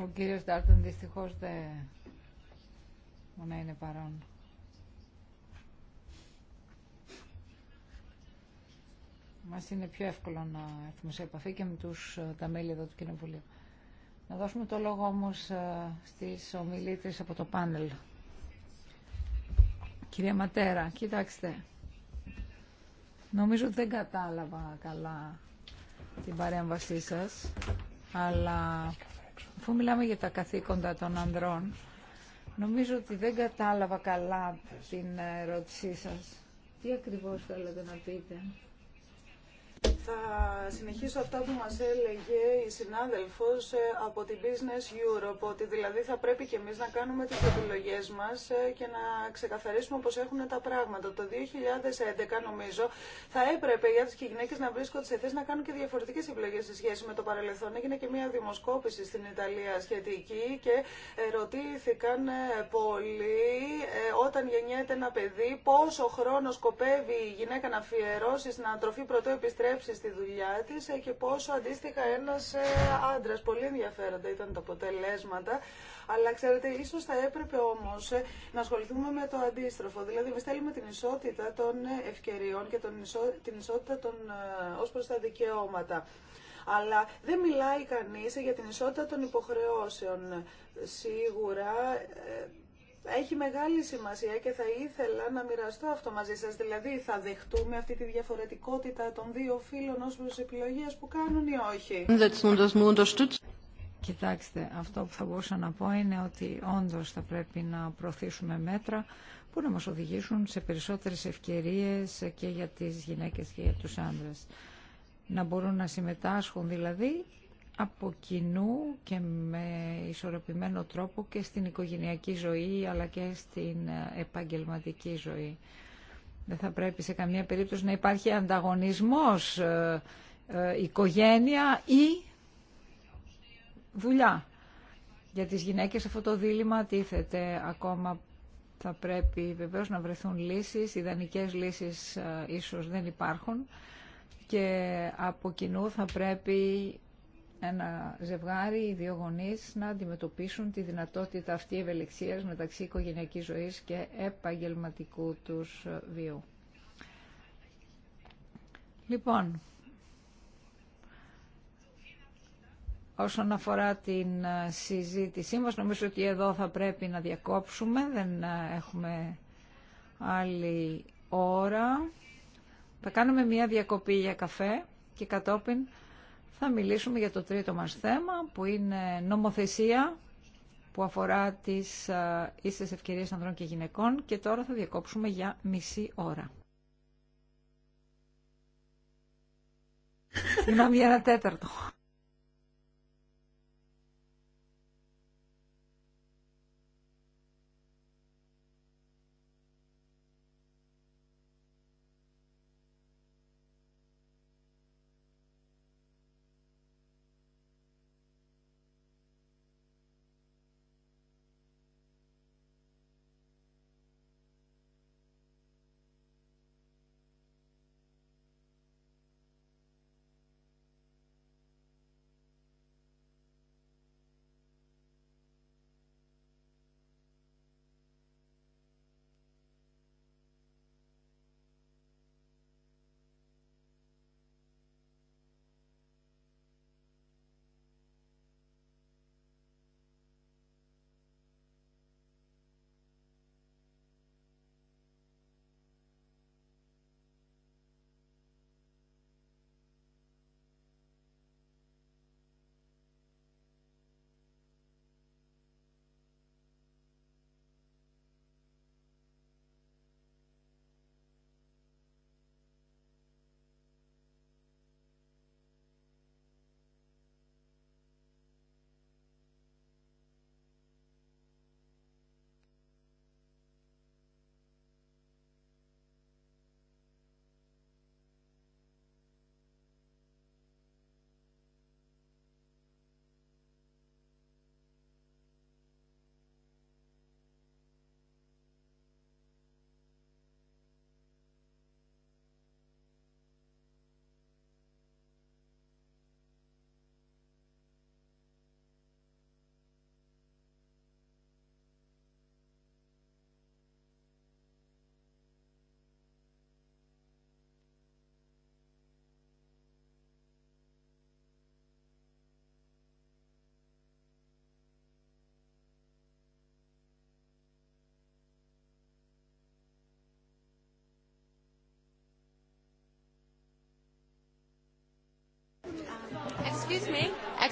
Ο κύριος Ντάρτον δυστυχώς δεν να είναι παρόν. Μας είναι πιο εύκολο να έρθουμε σε επαφή και με τους, ε, τα μέλη εδώ του Κοινοβουλίου. Να δώσουμε το λόγο όμως ε, στις ομιλήτρες από το πάνελ. Κυρία Ματέρα, κοιτάξτε. Νομίζω ότι δεν κατάλαβα καλά την παρέμβασή σας, αλλά αφού μιλάμε για τα καθήκοντα των ανδρών, νομίζω ότι δεν κατάλαβα καλά την ερώτησή σας. Τι ακριβώς θέλετε να πείτε. Θα συνεχίσω αυτά που μας έλεγε η συνάδελφος ε, από την Business Europe, ότι δηλαδή θα πρέπει και εμείς να κάνουμε τις επιλογές μας ε, και να ξεκαθαρίσουμε πώς έχουν τα πράγματα. Το 2011 νομίζω θα έπρεπε οι άντρες και οι γυναίκες να βρίσκονται σε θέση να κάνουν και διαφορετικές επιλογές σε σχέση με το παρελθόν. Έγινε και μια δημοσκόπηση στην Ιταλία σχετική και ρωτήθηκαν ε, πολλοί όταν γεννιέται ένα παιδί πόσο χρόνο σκοπεύει η γυναίκα να αφιερώσει στην ανατροφή πρωτού επιστρέψει στη δουλειά τη ε, και πόσο αντίστοιχα ένα ε, άντρα. Πολύ ενδιαφέροντα ήταν τα αποτελέσματα. Αλλά ξέρετε, ίσω θα έπρεπε όμω ε, να ασχοληθούμε με το αντίστροφο. Δηλαδή, εμεί θέλουμε την ισότητα των ευκαιριών και τον την ισότητα των, ως τα δικαιώματα. Αλλά δεν μιλάει κανείς για την ισότητα των υποχρεώσεων. Σίγουρα έχει μεγάλη σημασία και θα ήθελα να μοιραστώ αυτό μαζί σας. Δηλαδή θα δεχτούμε αυτή τη διαφορετικότητα των δύο φίλων ως προς επιλογές που κάνουν ή όχι. Κοιτάξτε, αυτό που θα μπορούσα να πω είναι ότι όντως θα πρέπει να προωθήσουμε μέτρα που να μας οδηγήσουν σε περισσότερες ευκαιρίες και για τις γυναίκες και για τους άνδρες. Να μπορούν να συμμετάσχουν δηλαδή από κοινού και με ισορροπημένο τρόπο και στην οικογενειακή ζωή αλλά και στην ε, επαγγελματική ζωή. Δεν θα πρέπει σε καμία περίπτωση να υπάρχει ανταγωνισμός ε, ε, οικογένεια ή δουλειά. Για τις γυναίκες αυτό το δίλημα τίθεται ακόμα θα πρέπει βεβαίως να βρεθούν λύσεις, ιδανικές λύσεις ε, ίσως δεν υπάρχουν και από κοινού θα πρέπει ένα ζευγάρι, οι δύο γονεί να αντιμετωπίσουν τη δυνατότητα αυτή ευελιξία μεταξύ οικογένειακή ζωής και επαγγελματικού τους βίου. Λοιπόν, όσον αφορά την συζήτησή μας, νομίζω ότι εδώ θα πρέπει να διακόψουμε, δεν έχουμε άλλη ώρα. Θα κάνουμε μία διακοπή για καφέ και κατόπιν θα μιλήσουμε για το τρίτο μας θέμα που είναι νομοθεσία που αφορά τις ε, ίσες ευκαιρίες ανδρών και γυναικών και τώρα θα διακόψουμε για μισή ώρα. Συγγνώμη για ένα τέταρτο.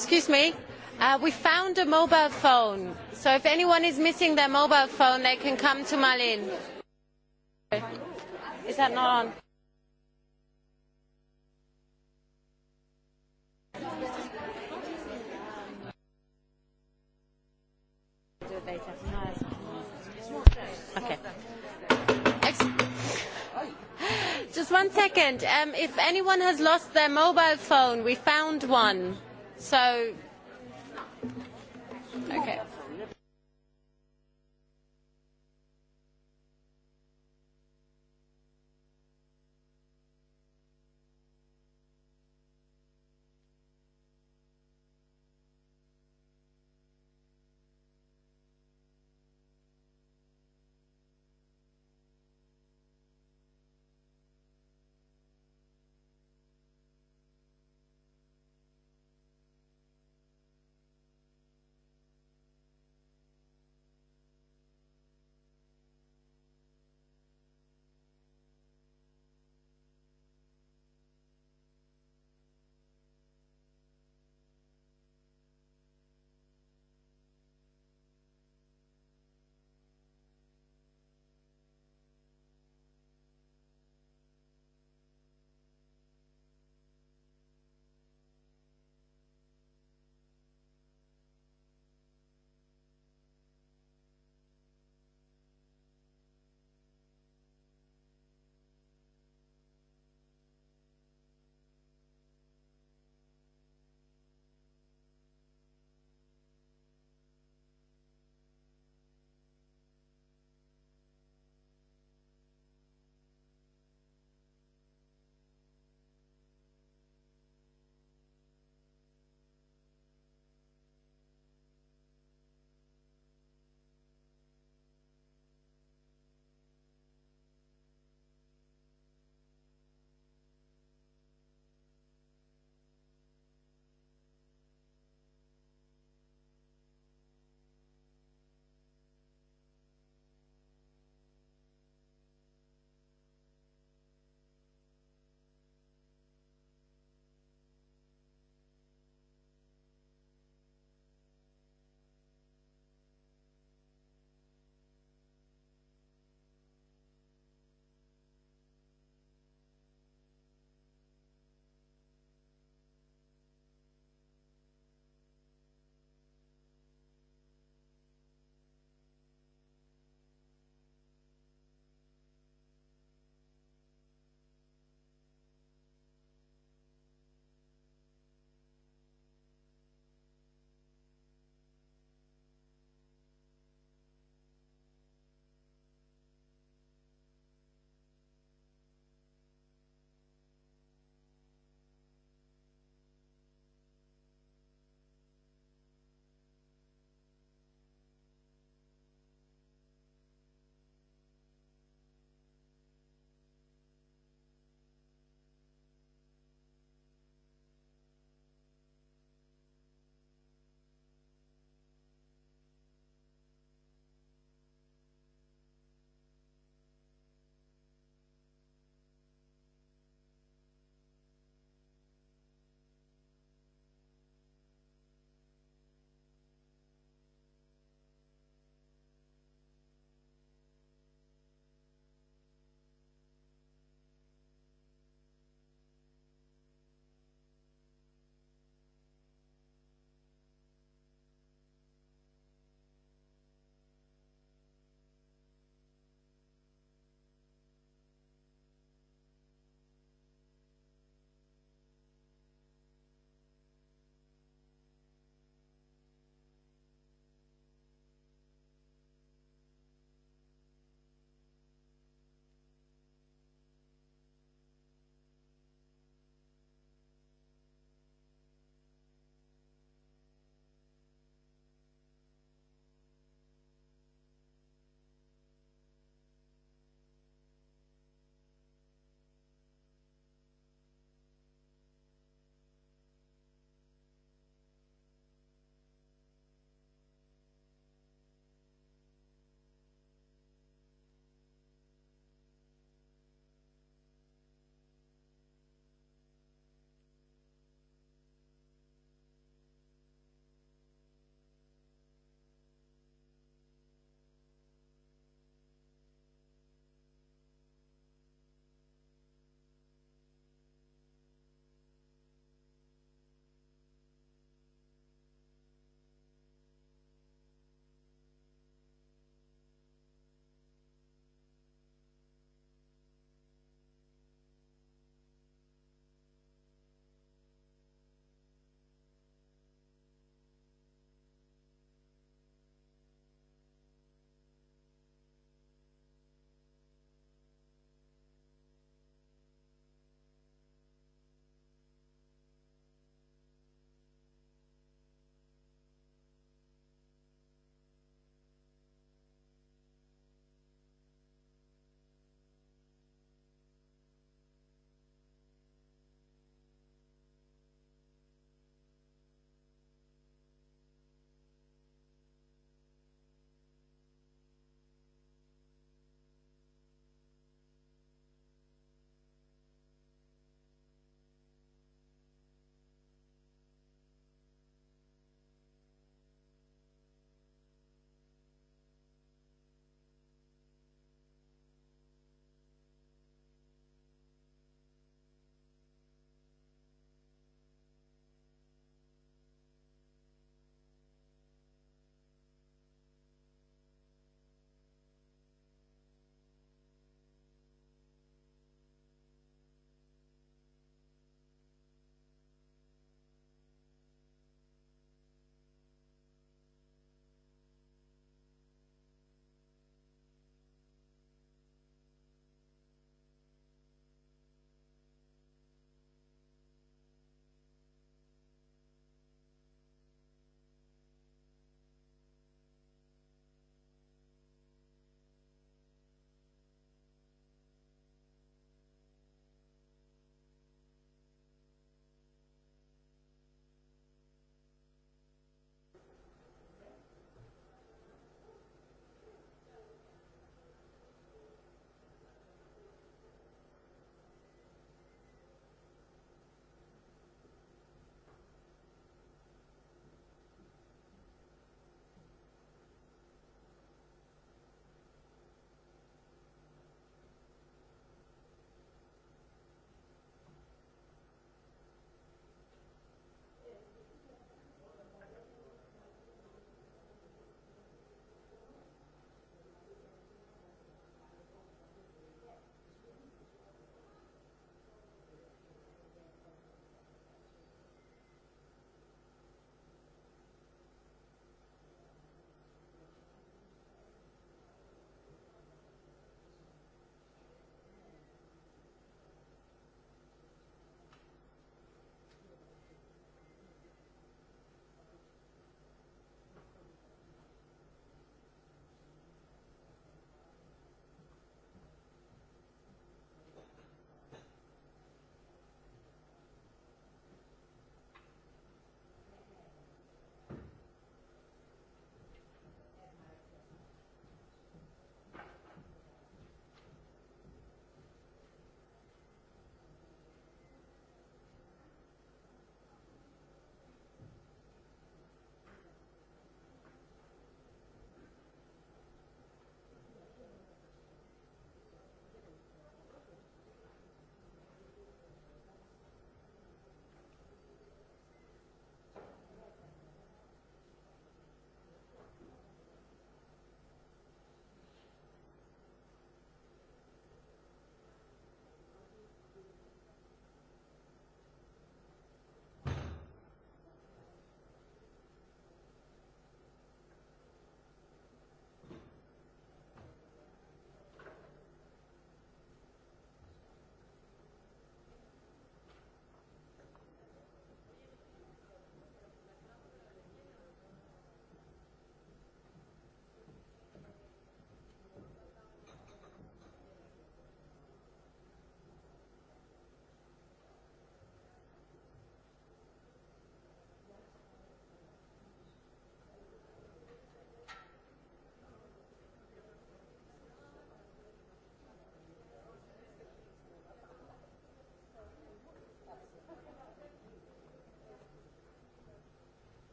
Excuse me. We found a mobile phone. So if anyone is missing their mobile phone, they can come to Malin. Is that not on? Just one second. If anyone has lost their mobile phone, we found one. So, okay.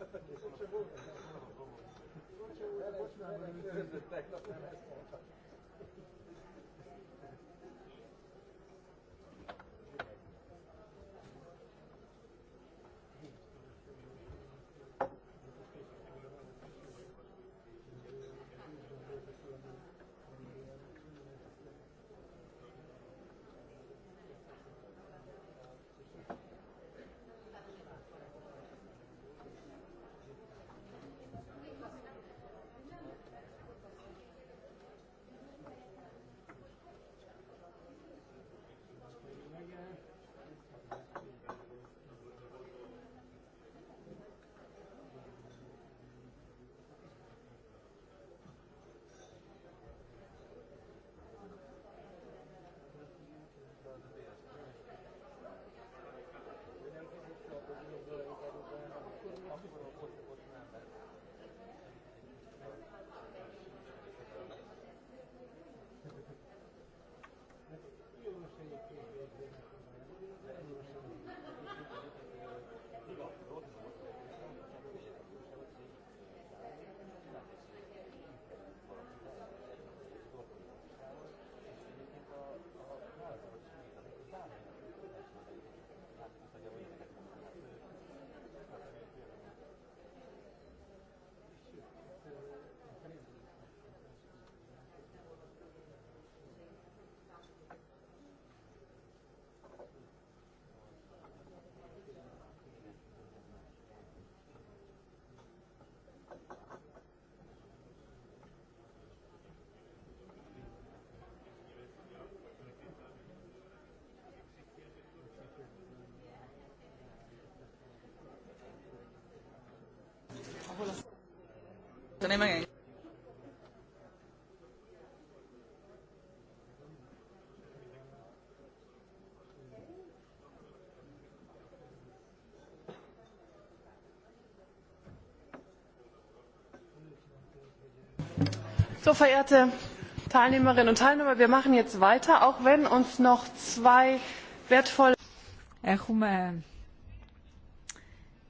Υπότιτλοι AUTHORWAVE So, verehrte Teilnehmerinnen und Teilnehmer, wir machen jetzt weiter, auch wenn uns noch zwei wertvolle. Έχουμε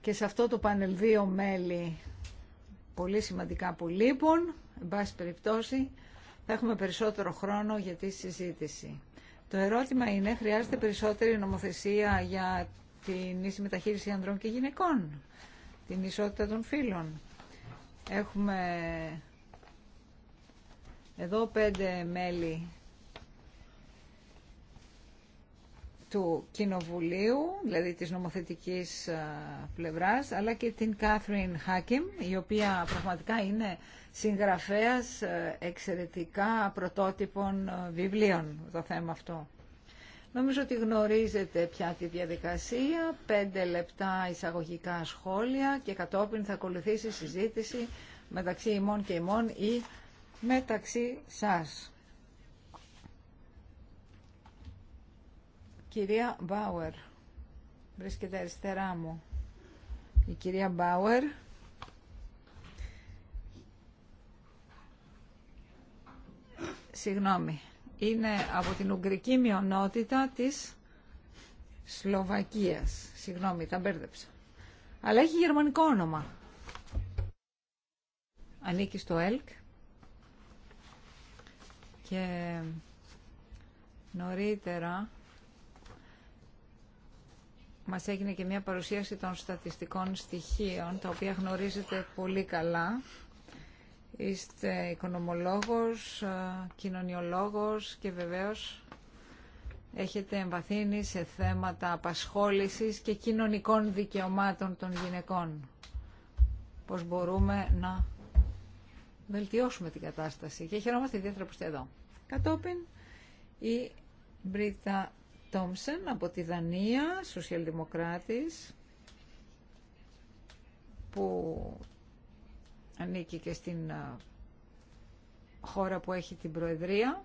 και σε αυτό το πανελ μέλη πολύ σημαντικά που λείπουν. Εν πάση περιπτώσει, θα έχουμε περισσότερο χρόνο για τη συζήτηση. Το ερώτημα είναι, χρειάζεται περισσότερη νομοθεσία για την ίση μεταχείριση ανδρών και γυναικών, την ισότητα των φύλων. Έχουμε εδώ πέντε μέλη του Κοινοβουλίου, δηλαδή της νομοθετικής ε, πλευράς, αλλά και την Κάθριν Χάκιμ, η οποία πραγματικά είναι συγγραφέας ε, εξαιρετικά πρωτότυπων ε, βιβλίων το θέμα αυτό. Νομίζω ότι γνωρίζετε πια τη διαδικασία, πέντε λεπτά εισαγωγικά σχόλια και κατόπιν θα ακολουθήσει συζήτηση μεταξύ ημών και ημών ή μεταξύ σας. Κυρία Μπάουερ, βρίσκεται αριστερά μου. Η κυρία Μπάουερ. Συγγνώμη, είναι από την Ουγγρική μειονότητα της Σλοβακίας. Συγγνώμη, τα μπέρδεψα. Αλλά έχει γερμανικό όνομα. Ανήκει στο ΕΛΚ και νωρίτερα μα έγινε και μια παρουσίαση των στατιστικών στοιχείων, τα οποία γνωρίζετε πολύ καλά. Είστε οικονομολόγος, κοινωνιολόγος και βεβαίως έχετε εμβαθύνει σε θέματα απασχόλησης και κοινωνικών δικαιωμάτων των γυναικών. Πώς μπορούμε να βελτιώσουμε την κατάσταση. Και χαιρόμαστε ιδιαίτερα που είστε εδώ. Κατόπιν η Μπρίτα Τόμσεν από τη Δανία, σοσιαλδημοκράτης, που ανήκει και στην χώρα που έχει την Προεδρία.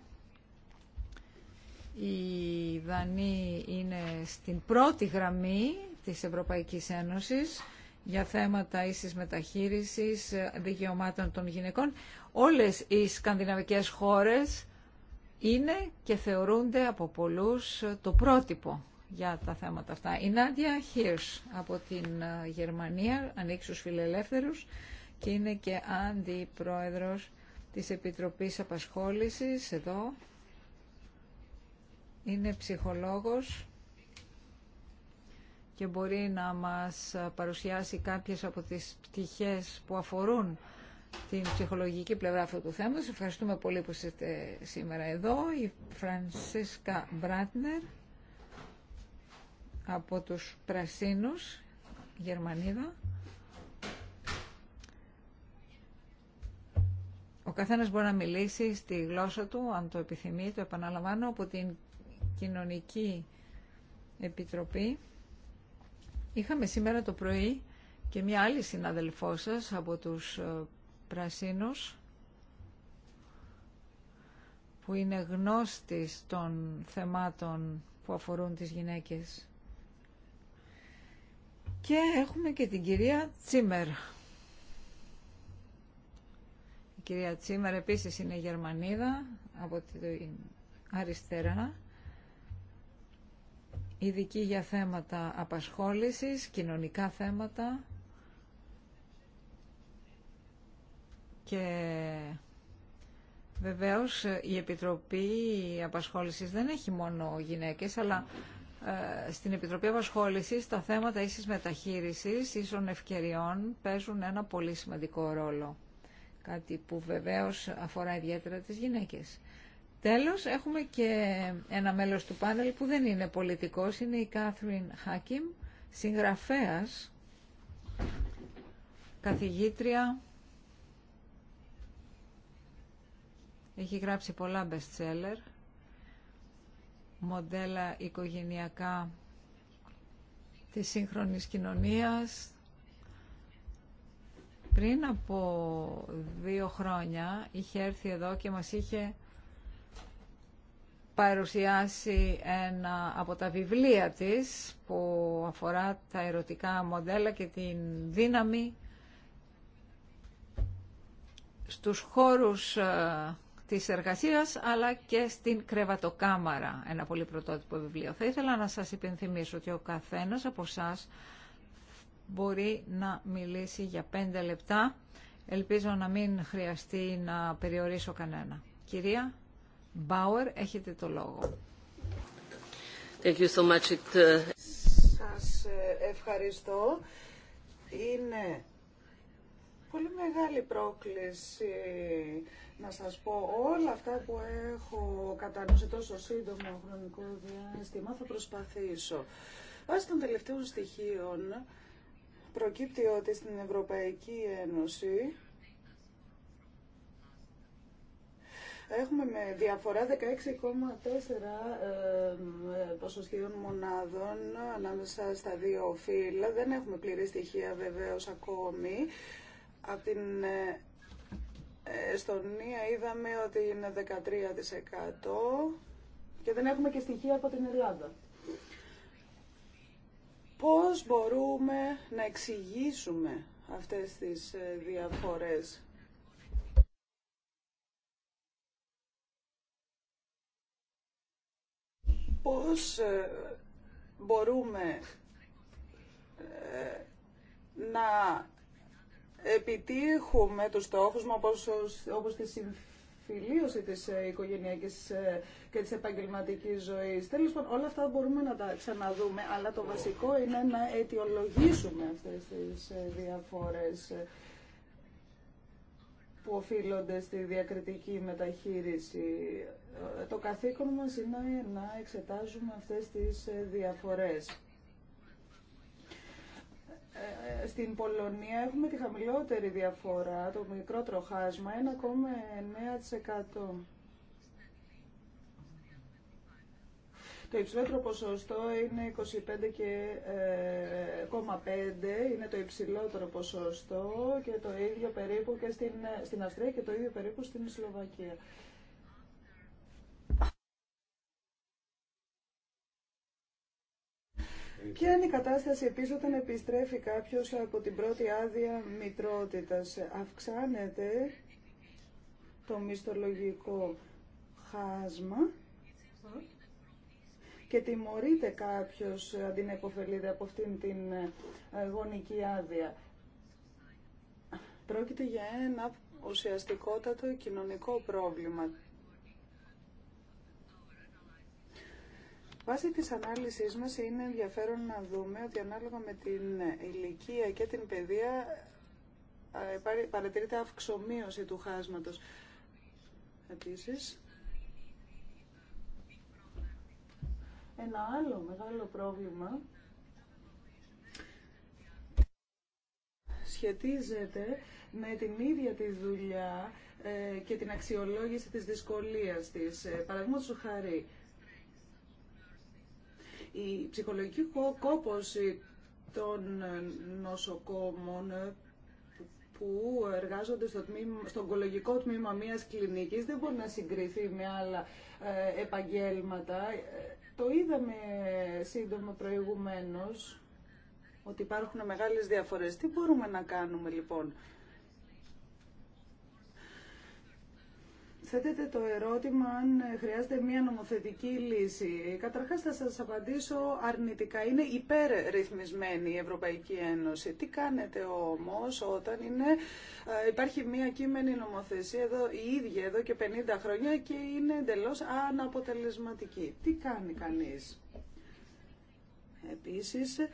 Η Δανή είναι στην πρώτη γραμμή της Ευρωπαϊκής Ένωσης για θέματα ίσης μεταχείρισης δικαιωμάτων των γυναικών. Όλες οι σκανδιναβικές χώρες είναι και θεωρούνται από πολλούς ε, το πρότυπο για τα θέματα αυτά. Η Νάντια Χίρς από την ε, Γερμανία, Ανοίξους φιλελεύθερους και είναι και αντιπρόεδρος της Επιτροπής Απασχόλησης εδώ. Είναι ψυχολόγος και μπορεί να μας ε, παρουσιάσει κάποιες από τις πτυχές που αφορούν την ψυχολογική πλευρά αυτού του θέματος. Ευχαριστούμε πολύ που είστε σήμερα εδώ. Η Φρανσίσκα Μπράτνερ από τους Πρασίνους, Γερμανίδα. Ο καθένας μπορεί να μιλήσει στη γλώσσα του, αν το επιθυμεί, το επαναλαμβάνω, από την Κοινωνική Επιτροπή. Είχαμε σήμερα το πρωί και μια άλλη συναδελφό σας από τους ε, πρασίνους που είναι γνώστης των θεμάτων που αφορούν τις γυναίκες. Και έχουμε και την κυρία Τσίμερ. Η κυρία Τσίμερ επίσης είναι Γερμανίδα από την αριστερά, ειδική για θέματα απασχόλησης, κοινωνικά θέματα Και βεβαίως η Επιτροπή Απασχόλησης δεν έχει μόνο γυναίκες, αλλά ε, στην Επιτροπή Απασχόλησης τα θέματα ίσης μεταχείρισης, ίσων ευκαιριών παίζουν ένα πολύ σημαντικό ρόλο. Κάτι που βεβαίως αφορά ιδιαίτερα τις γυναίκες. Τέλος, έχουμε και ένα μέλος του πάνελ που δεν είναι πολιτικός, είναι η Κάθριν Χάκιμ, συγγραφέας, καθηγήτρια Έχει γράψει πολλά best-seller, μοντέλα οικογενειακά της σύγχρονης κοινωνίας. Πριν από δύο χρόνια είχε έρθει εδώ και μας είχε παρουσιάσει ένα από τα βιβλία της που αφορά τα ερωτικά μοντέλα και την δύναμη στους χώρους ε, της εργασίας αλλά και στην κρεβατοκάμαρα, ένα πολύ πρωτότυπο βιβλίο. Θα ήθελα να σας υπενθυμίσω ότι ο καθένας από εσά μπορεί να μιλήσει για πέντε λεπτά. Ελπίζω να μην χρειαστεί να περιορίσω κανένα. Κυρία Μπάουερ, έχετε το λόγο. Thank you so much. Uh, σας ε, ευχαριστώ. Είναι πολύ μεγάλη πρόκληση να σας πω όλα αυτά που έχω κατά νου σε τόσο σύντομο χρονικό διάστημα. Θα προσπαθήσω. Βάσει των τελευταίων στοιχείων, προκύπτει ότι στην Ευρωπαϊκή Ένωση Έχουμε με διαφορά 16,4 ε, ποσοστίων μονάδων ανάμεσα στα δύο φύλλα. Δεν έχουμε πλήρη στοιχεία βεβαίως ακόμη. Από την ε, ε, στον ΝΙΑ είδαμε ότι είναι 13% και δεν έχουμε και στοιχεία από την Ελλάδα. Πώς μπορούμε να εξηγήσουμε αυτές τις ε, διαφορές. Πώς ε, μπορούμε να επιτύχουμε τους στόχους μας όπως, όπως τη συμφιλίωση της ε, οικογενειακής ε, και της επαγγελματικής ζωής. Τέλος πάντων, όλα αυτά μπορούμε να τα ξαναδούμε, αλλά το βασικό είναι να αιτιολογήσουμε αυτές τις ε, διαφορές που οφείλονται στη διακριτική μεταχείριση. Το καθήκον μας είναι να εξετάζουμε αυτές τις διαφορές στην Πολωνία έχουμε τη χαμηλότερη διαφορά, το μικρότερο χάσμα, 1,9%. Το υψηλότερο ποσοστό είναι 25,5%. και είναι το υψηλότερο ποσοστό και το ίδιο περίπου και στην, στην Αυστρία και το ίδιο περίπου στην Σλοβακία. Ποια είναι η κατάσταση επίσης όταν επιστρέφει κάποιο από την πρώτη άδεια μητρότητα. Αυξάνεται το μισθολογικό χάσμα και τιμωρείται κάποιος αντί να υποφελείται από αυτήν την ε, γονική άδεια. Πρόκειται για ένα ουσιαστικότατο κοινωνικό πρόβλημα. Βάσει της ανάλυσης μας είναι ενδιαφέρον να δούμε ότι ανάλογα με την ηλικία και την παιδεία παρατηρείται αυξομοίωση του χάσματος. Επίσης, ένα άλλο μεγάλο πρόβλημα σχετίζεται με την ίδια τη δουλειά ε, και την αξιολόγηση της δυσκολίας της. Ε, παραδείγματος χάρη, η ψυχολογική κόπωση των νοσοκόμων που εργάζονται στο, τμήμα, στο ογκολογικό τμήμα μιας κλινικής δεν μπορεί να συγκριθεί με άλλα ε, επαγγέλματα. Το είδαμε σύντομα προηγουμένως ότι υπάρχουν μεγάλες διαφορές. Τι μπορούμε να κάνουμε λοιπόν. Θέτετε το ερώτημα αν χρειάζεται μια νομοθετική λύση. Καταρχάς θα σας απαντήσω αρνητικά. Είναι υπερρυθμισμένη η Ευρωπαϊκή Ένωση. Τι κάνετε όμως όταν είναι, υπάρχει μια κείμενη νομοθεσία εδώ, η ίδια εδώ και 50 χρόνια και είναι εντελώς αναποτελεσματική. Τι κάνει κανείς. Επίσης, ε,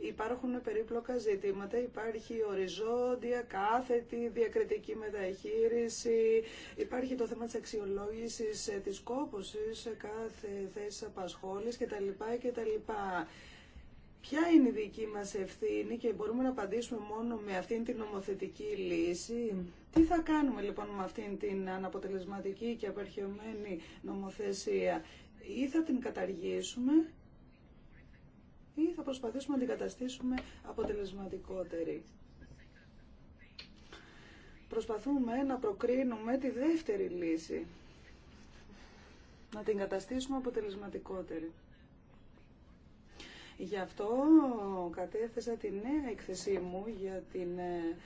υπάρχουν περίπλοκα ζητήματα, υπάρχει οριζόντια, κάθετη, διακριτική μεταχείριση, υπάρχει το θέμα της αξιολόγησης ε, της κόπωσης, κάθε θέση απασχόλης κτλ. κτλ. Ποια είναι η δική μας ευθύνη και μπορούμε να απαντήσουμε μόνο με αυτήν την νομοθετική λύση. Τι θα κάνουμε λοιπόν με αυτήν την αναποτελεσματική και απερχαιωμένη νομοθεσία. Ή θα την καταργήσουμε ή θα προσπαθήσουμε να την καταστήσουμε αποτελεσματικότερη. Προσπαθούμε να προκρίνουμε τη δεύτερη λύση, να την καταστήσουμε αποτελεσματικότερη. Γι' αυτό κατέθεσα τη νέα έκθεσή μου για την ε,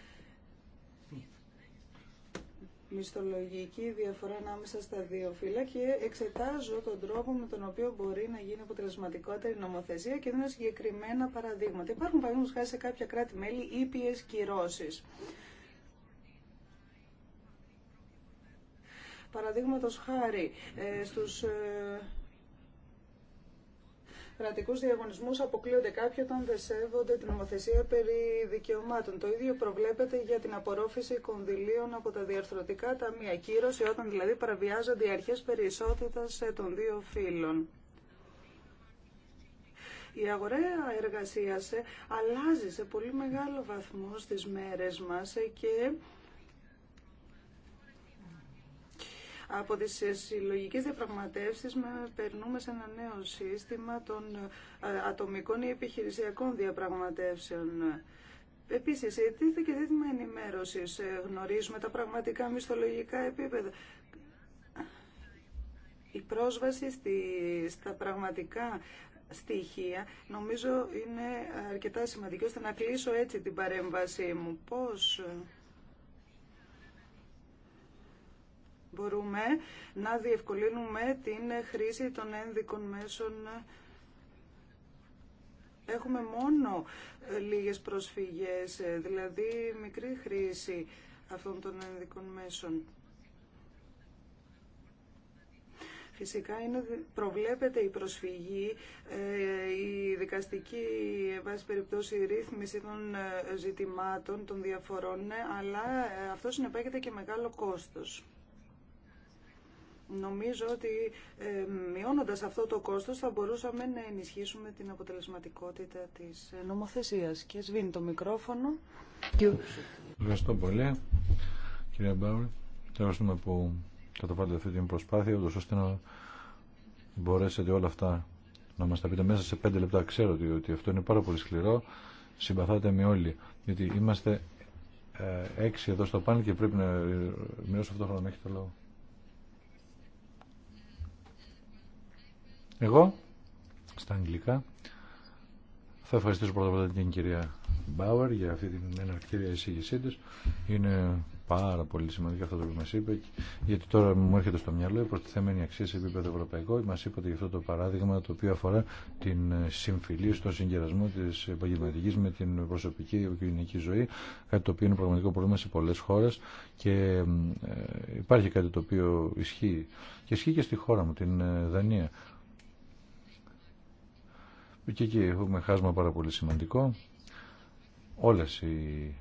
μισθολογική διαφορά ανάμεσα στα δύο φύλλα και εξετάζω τον τρόπο με τον οποίο μπορεί να γίνει αποτελεσματικότερη νομοθεσία και δίνω συγκεκριμένα παραδείγματα. Υπάρχουν παραδείγματος χάρη σε κάποια κράτη-μέλη ήπιε κυρώσει. Παραδείγματο χάρη ε, στους ε, κρατικού διαγωνισμού αποκλείονται κάποιοι όταν δεν σέβονται την νομοθεσία περί δικαιωμάτων. Το ίδιο προβλέπεται για την απορρόφηση κονδυλίων από τα διαρθρωτικά ταμεία. Κύρωση όταν δηλαδή παραβιάζονται οι αρχέ περί ε, των δύο φύλων. Η αγορά εργασίας ε, αλλάζει σε πολύ μεγάλο βαθμό στις μέρες μας ε, και Από τις ε, συλλογικές διαπραγματεύσεις περνούμε σε ένα νέο σύστημα των ε, ατομικών ή επιχειρησιακών διαπραγματεύσεων. Επίσης, τίθεται και δίδυμα ενημέρωσης. Ε, γνωρίζουμε τα πραγματικά μισθολογικά επίπεδα. Η επιχειρησιακων διαπραγματευσεων επισης ετηθηκε και διδυμα ενημερωσης γνωριζουμε τα πραγματικα μισθολογικα επιπεδα η προσβαση στη, στα πραγματικά στοιχεία νομίζω είναι αρκετά σημαντική ώστε να κλείσω έτσι την παρέμβασή μου. Πώς μπορούμε να διευκολύνουμε την χρήση των ένδικων μέσων. Έχουμε μόνο ε, λίγες προσφυγές, ε, δηλαδή μικρή χρήση αυτών των ένδικων μέσων. Φυσικά είναι, προβλέπεται η προσφυγή, ε, η δικαστική βάση περιπτώσει η ρύθμιση των ζητημάτων, των διαφορών, ναι, αλλά αυτό συνεπάγεται και μεγάλο κόστος. Νομίζω ότι ε, μειώνοντας αυτό το κόστος θα μπορούσαμε να ενισχύσουμε την αποτελεσματικότητα της ε, νομοθεσίας. Και σβήνει το μικρόφωνο. Ευχαριστώ πολύ, κυρία Μπάουρ. Ευχαριστούμε που καταβάλλετε αυτή την προσπάθεια, ώστε να μπορέσετε όλα αυτά να μας τα πείτε μέσα σε πέντε λεπτά. Ξέρω ότι αυτό είναι πάρα πολύ σκληρό. Συμπαθάτε με όλοι, γιατί είμαστε ε, έξι εδώ στο πάνελ και πρέπει να μειώσω αυτό το χρόνο. Έχετε λόγο. Εγώ, στα αγγλικά, θα ευχαριστήσω πρώτα απ' την κυρία Μπάουερ για αυτή την εναρκτήρια εισήγησή τη. Είναι πάρα πολύ σημαντικό αυτό το που μα είπε, γιατί τώρα μου έρχεται στο μυαλό η προστιθέμενη αξία σε επίπεδο ευρωπαϊκό. Μα είπατε για αυτό το παράδειγμα το οποίο αφορά την συμφιλή στον συγκερασμό τη επαγγελματική με την προσωπική και κοινωνική ζωή. Κάτι το οποίο είναι πραγματικό πρόβλημα σε πολλέ χώρε και ε, υπάρχει κάτι το οποίο ισχύει. Και ισχύει και στη χώρα μου, την ε, Δανία και εκεί έχουμε χάσμα πάρα πολύ σημαντικό. Όλες οι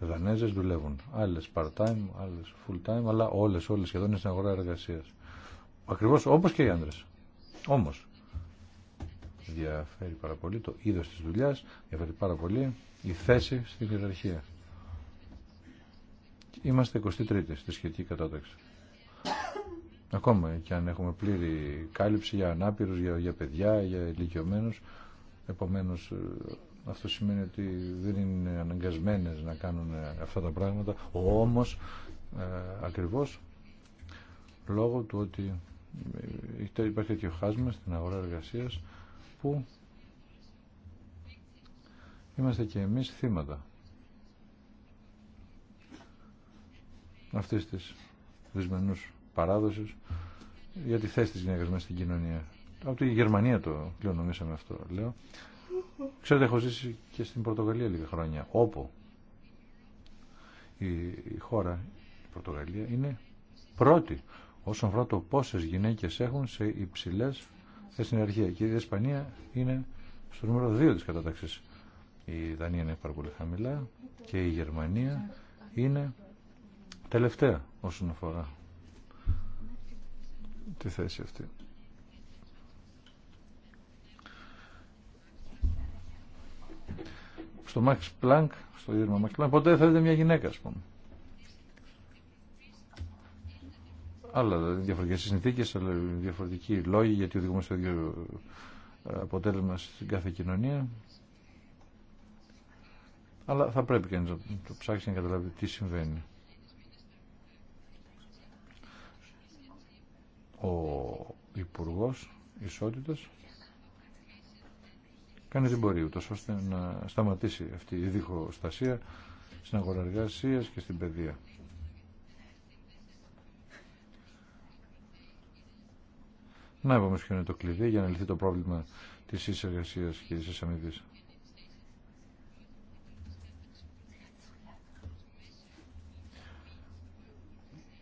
Δανέζες δουλεύουν. Άλλες part-time, άλλες full-time, αλλά όλες, όλες σχεδόν είναι στην αγορά εργασίας. Ακριβώς όπως και οι άντρες. Όμως, διαφέρει πάρα πολύ το είδος της δουλειάς, διαφέρει πάρα πολύ η θέση στην ιεραρχία. Είμαστε 23η στη σχετική κατάταξη. Ακόμα και αν έχουμε πλήρη κάλυψη για ανάπηρους, για, για παιδιά, για ηλικιωμένους, Επομένως ε, αυτό σημαίνει ότι δεν είναι αναγκασμένες να κάνουν ε, αυτά τα πράγματα, όμως ε, ακριβώς λόγω του ότι ε, υπάρχει τέτοιο χάσμα στην αγορά εργασίας που είμαστε και εμείς θύματα αυτής της δυσμενούς παράδοσης για τη θέση της γυναίκας στην κοινωνία από τη Γερμανία το κληρονομήσαμε αυτό, λέω. Ξέρετε, έχω ζήσει και στην Πορτογαλία λίγα χρόνια, όπου η, χώρα, η Πορτογαλία, είναι πρώτη όσον αφορά το πόσες γυναίκες έχουν σε υψηλέ θέσει στην Και η Ισπανία είναι στο νούμερο 2 της κατάταξης. Η Δανία είναι πάρα πολύ χαμηλά και η Γερμανία είναι τελευταία όσον αφορά τη θέση αυτή. στο Max Planck, στο ίδρυμα Max Planck, ποτέ θα δείτε μια γυναίκα, α πούμε. Άλλα διαφορετικέ συνθήκε, αλλά διαφορετικοί λόγοι, γιατί οδηγούμε στο ίδιο ε, αποτέλεσμα στην κάθε κοινωνία. Αλλά θα πρέπει κανεί να το ψάξει να καταλάβει τι συμβαίνει. Ο υπουργό Ισότητας κάνει δεν μπορεί ούτως ώστε να σταματήσει αυτή η διχοστασία στην αγοραργασία και στην παιδεία. Να είπαμε ποιο είναι το κλειδί για να λυθεί το πρόβλημα της ίσης και της ίσης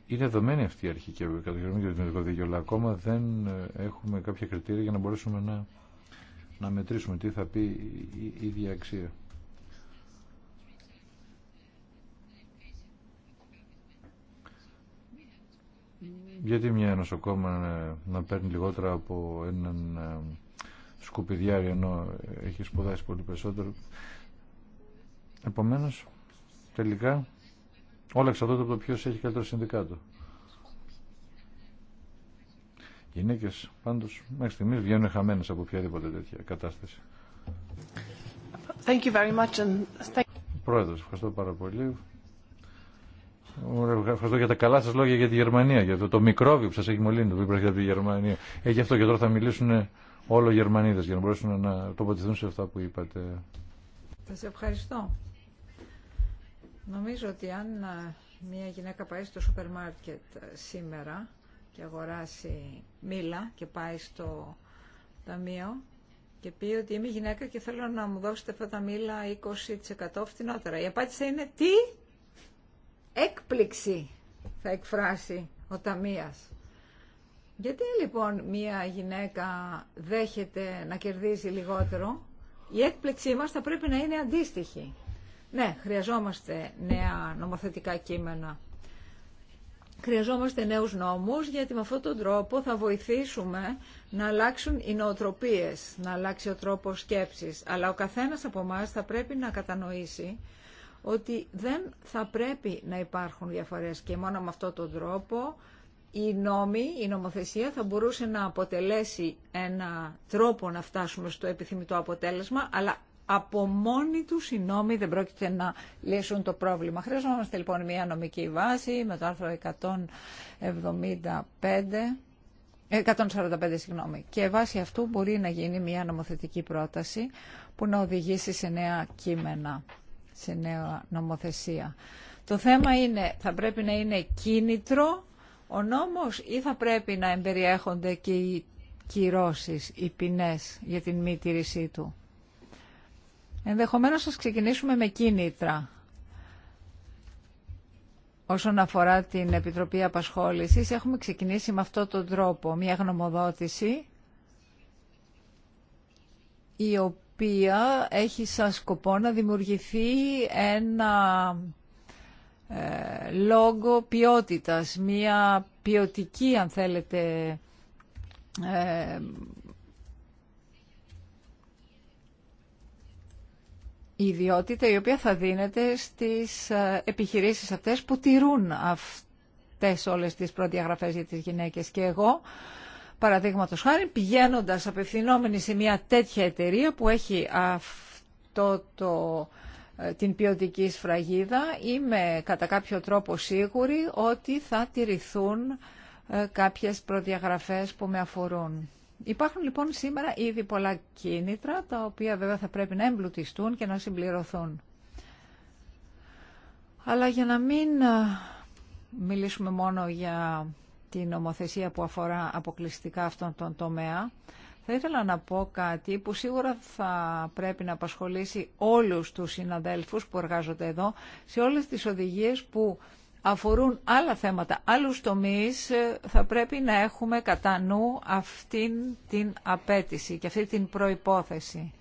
Είναι δεδομένη αυτή η αρχική και κατά το δημοτικό αλλά ακόμα δεν ε, έχουμε κάποια κριτήρια για να μπορέσουμε να να μετρήσουμε τι θα πει η ίδια αξία. Γιατί μια νοσοκόμα να παίρνει λιγότερα από έναν ε, σκουπιδιάρι ενώ έχει σπουδάσει πολύ περισσότερο. Επομένως, τελικά, όλα εξαρτώνται από το ποιος έχει καλύτερο συνδικάτο. Γυναίκε πάντω μέχρι στιγμή βγαίνουν χαμένε από οποιαδήποτε τέτοια κατάσταση. Πρόεδρο, ευχαριστώ πάρα πολύ. Ευχαριστώ για τα καλά σα λόγια για τη Γερμανία, για το, το μικρόβιο που σα έχει μολύνει, το οποίο προέρχεται από τη Γερμανία. Ε, γι' αυτό και τώρα θα μιλήσουν όλο οι Γερμανίδε για να μπορέσουν να τοποθετηθούν σε αυτά που είπατε. Σα ευχαριστώ. Νομίζω ότι αν ε, μια γυναίκα πάει στο σούπερ μάρκετ ε, σήμερα, και αγοράσει μήλα και πάει στο ταμείο και πει ότι είμαι γυναίκα και θέλω να μου δώσετε αυτά τα μήλα 20% φθηνότερα. Η απάντηση είναι τι έκπληξη θα εκφράσει ο ταμείας. Γιατί λοιπόν μία γυναίκα δέχεται να κερδίζει λιγότερο, η έκπληξή μας θα πρέπει να είναι αντίστοιχη. Ναι, χρειαζόμαστε νέα νομοθετικά κείμενα. Χρειαζόμαστε νέους νόμους γιατί με αυτόν τον τρόπο θα βοηθήσουμε να αλλάξουν οι νοοτροπίες, να αλλάξει ο τρόπος σκέψης. Αλλά ο καθένας από εμά θα πρέπει να κατανοήσει ότι δεν θα πρέπει να υπάρχουν διαφορές και μόνο με αυτόν τον τρόπο η νόμη, η νομοθεσία θα μπορούσε να αποτελέσει ένα τρόπο να φτάσουμε στο επιθυμητό αποτέλεσμα, αλλά από μόνοι τους οι νόμοι δεν πρόκειται να λύσουν το πρόβλημα. Χρειαζόμαστε λοιπόν μια νομική βάση με το άρθρο 175 145 Και βάσει αυτού μπορεί να γίνει μια νομοθετική πρόταση που να οδηγήσει σε νέα κείμενα, σε νέα νομοθεσία. Το θέμα είναι, θα πρέπει να είναι κίνητρο ο νόμος ή θα πρέπει να εμπεριέχονται και οι κυρώσεις, οι ποινές για την μη του. Ενδεχομένως θα ξεκινήσουμε με κίνητρα όσον αφορά την Επιτροπή Απασχόλησης. Έχουμε ξεκινήσει με αυτόν τον τρόπο μια γνωμοδότηση η οποία έχει σαν σκοπό να δημιουργηθεί ένα ε, λόγο ποιότητας, μια ποιοτική αν θέλετε ε, Η ιδιότητα η οποία θα δίνεται στις ε, επιχειρήσεις αυτές που τηρούν αυτές όλες τις προδιαγραφές για τις γυναίκες. Και εγώ, παραδείγματο χάρη, πηγαίνοντας απευθυνόμενη σε μια τέτοια εταιρεία που έχει αυτό το ε, την ποιοτική σφραγίδα, είμαι κατά κάποιο τρόπο σίγουρη ότι θα τηρηθούν ε, κάποιες προδιαγραφές που με αφορούν. Υπάρχουν λοιπόν σήμερα ήδη πολλά κίνητρα, τα οποία βέβαια θα πρέπει να εμπλουτιστούν και να συμπληρωθούν. Αλλά για να μην ε, μιλήσουμε μόνο για την νομοθεσία που αφορά αποκλειστικά αυτόν τον τομέα, θα ήθελα να πω κάτι που σίγουρα θα πρέπει να απασχολήσει όλους τους συναδέλφους που εργάζονται εδώ σε όλες τις οδηγίες που αφορούν άλλα θέματα, άλλους τομείς, ε, θα πρέπει να έχουμε κατά νου αυτήν την απέτηση και αυτή την προϋπόθεση.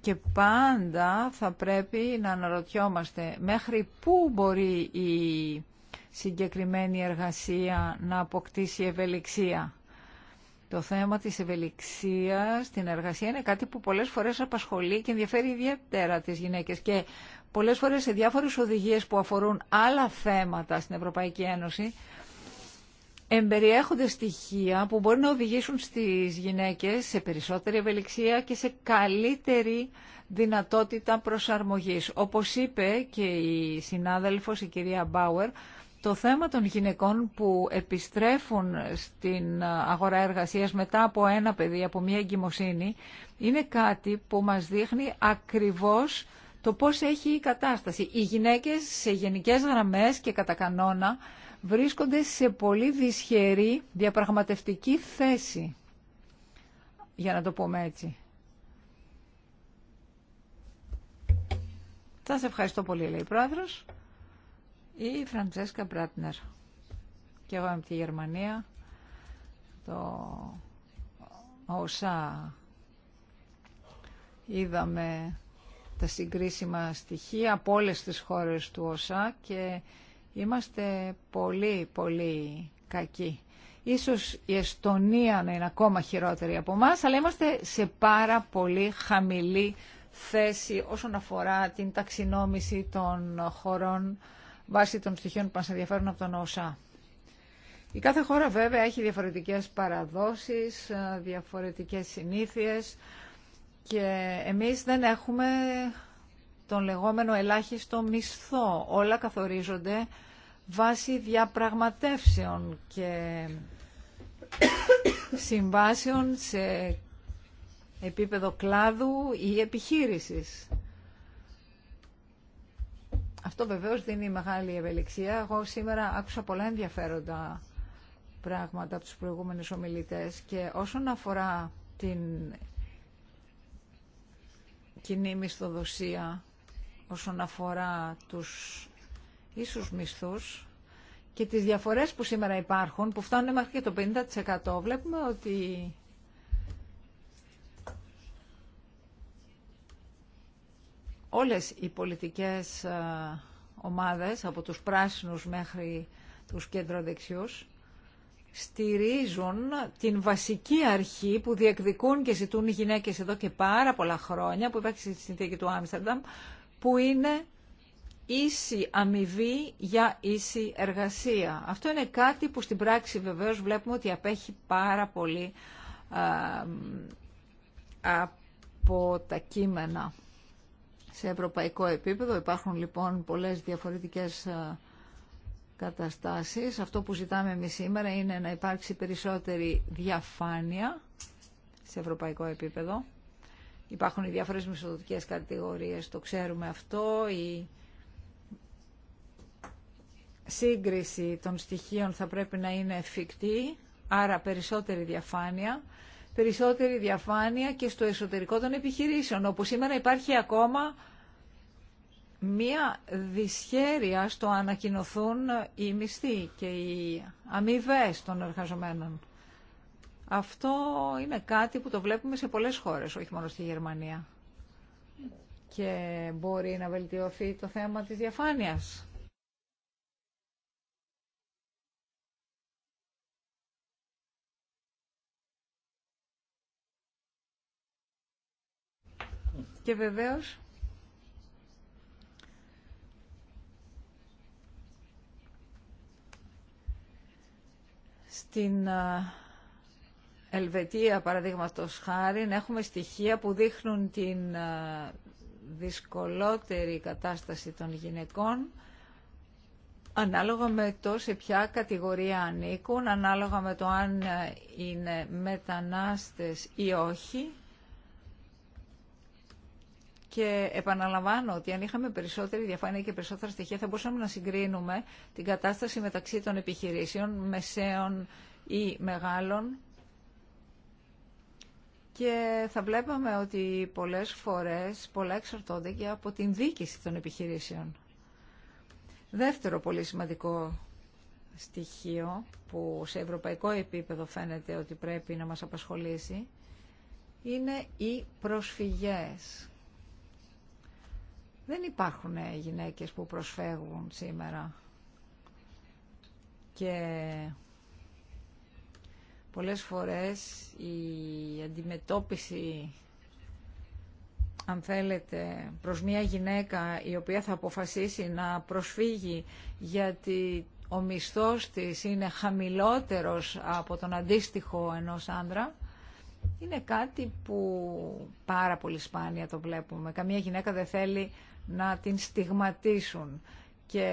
Και πάντα θα πρέπει να αναρωτιόμαστε μέχρι πού μπορεί η συγκεκριμένη εργασία να αποκτήσει ευελιξία. Το θέμα της ευελιξίας στην εργασία είναι κάτι που πολλές φορές απασχολεί και ενδιαφέρει ιδιαίτερα τις γυναίκες και πολλές φορές σε διάφορες οδηγίες που αφορούν άλλα θέματα στην Ευρωπαϊκή Ένωση εμπεριέχονται στοιχεία που μπορεί να οδηγήσουν στις γυναίκες σε περισσότερη ευελιξία και σε καλύτερη δυνατότητα προσαρμογής. Όπως είπε και η συνάδελφος, η κυρία Μπάουερ, το θέμα των γυναικών που επιστρέφουν στην αγορά εργασίας μετά από ένα παιδί, από μια εγκυμοσύνη, είναι κάτι που μας δείχνει ακριβώς το πώς έχει η κατάσταση. Οι γυναίκες σε γενικές γραμμές και κατά κανόνα βρίσκονται σε πολύ δυσχερή διαπραγματευτική θέση, για να το πούμε έτσι. Σας ευχαριστώ πολύ, λέει η Πρόεδρος. Η Φραντζέσκα Μπράτνερ. Και εγώ είμαι από τη Γερμανία. Το όσα είδαμε τα συγκρίσιμα στοιχεία από όλε τι χώρες του ΩΣΑ και είμαστε πολύ πολύ κακοί. Ίσως η Εστονία να είναι ακόμα χειρότερη από εμά, αλλά είμαστε σε πάρα πολύ χαμηλή θέση όσον αφορά την ταξινόμηση των χωρών βάσει των στοιχείων που μας ενδιαφέρουν από τον ΩΣΑ. Η κάθε χώρα βέβαια έχει διαφορετικές παραδόσεις, διαφορετικές συνήθειες, και εμείς δεν έχουμε τον λεγόμενο ελάχιστο μισθό. Όλα καθορίζονται βάσει διαπραγματεύσεων και συμβάσεων σε επίπεδο κλάδου ή επιχείρησης. Αυτό βεβαίως δίνει μεγάλη ευελιξία. Εγώ σήμερα άκουσα πολλά ενδιαφέροντα πράγματα από τους προηγούμενους ομιλητές και όσον αφορά την κοινή μισθοδοσία όσον αφορά τους ίσους μισθούς και τις διαφορές που σήμερα υπάρχουν, που φτάνουν μέχρι και το 50%, βλέπουμε ότι όλες οι πολιτικές ε, ομάδες, από τους πράσινους μέχρι τους κέντροδεξιούς, στηρίζουν την βασική αρχή που διεκδικούν και ζητούν οι γυναίκες εδώ και πάρα πολλά χρόνια, που υπάρχει στη συνθήκη του Άμστερνταμ, που είναι ίση αμοιβή για ίση εργασία. Αυτό είναι κάτι που στην πράξη βεβαίως βλέπουμε ότι απέχει πάρα πολύ από τα κείμενα σε ευρωπαϊκό επίπεδο. Υπάρχουν λοιπόν πολλές διαφορετικές καταστάσεις. Αυτό που ζητάμε εμείς σήμερα είναι να υπάρξει περισσότερη διαφάνεια σε ευρωπαϊκό επίπεδο. Υπάρχουν οι διάφορες μισοδοτικές κατηγορίες, το ξέρουμε αυτό, η σύγκριση των στοιχείων θα πρέπει να είναι εφικτή, άρα περισσότερη διαφάνεια, περισσότερη διαφάνεια και στο εσωτερικό των επιχειρήσεων, όπου σήμερα υπάρχει ακόμα μία δυσχέρεια στο ανακοινωθούν οι μισθοί και οι αμοιβέ των εργαζομένων. Αυτό είναι κάτι που το βλέπουμε σε πολλές χώρες, όχι μόνο στη Γερμανία. Και μπορεί να βελτιωθεί το θέμα της διαφάνειας. Και βεβαίως Στην Ελβετία, παραδείγματος χάρη, έχουμε στοιχεία που δείχνουν την δυσκολότερη κατάσταση των γυναικών ανάλογα με το σε ποια κατηγορία ανήκουν, ανάλογα με το αν ε, είναι μετανάστες ή όχι. Και επαναλαμβάνω ότι αν είχαμε περισσότερη διαφάνεια και περισσότερα στοιχεία θα μπορούσαμε να συγκρίνουμε την κατάσταση μεταξύ των επιχειρήσεων, μεσαίων ή μεγάλων. Και θα βλέπαμε ότι πολλές φορές πολλά εξαρτώνται και από την δίκηση των επιχειρήσεων. Δεύτερο πολύ σημαντικό στοιχείο που σε ευρωπαϊκό επίπεδο φαίνεται ότι πρέπει να μας απασχολήσει είναι οι προσφυγές δεν υπάρχουν ε, γυναίκες που προσφεύγουν σήμερα και πολλές φορές η αντιμετώπιση αν θέλετε, προς μια γυναίκα η οποία θα αποφασίσει να προσφύγει γιατί ο μισθός της είναι χαμηλότερος από τον αντίστοιχο ενός άντρα, είναι κάτι που πάρα πολύ σπάνια το βλέπουμε. Καμία γυναίκα δεν θέλει να την στιγματίσουν. Και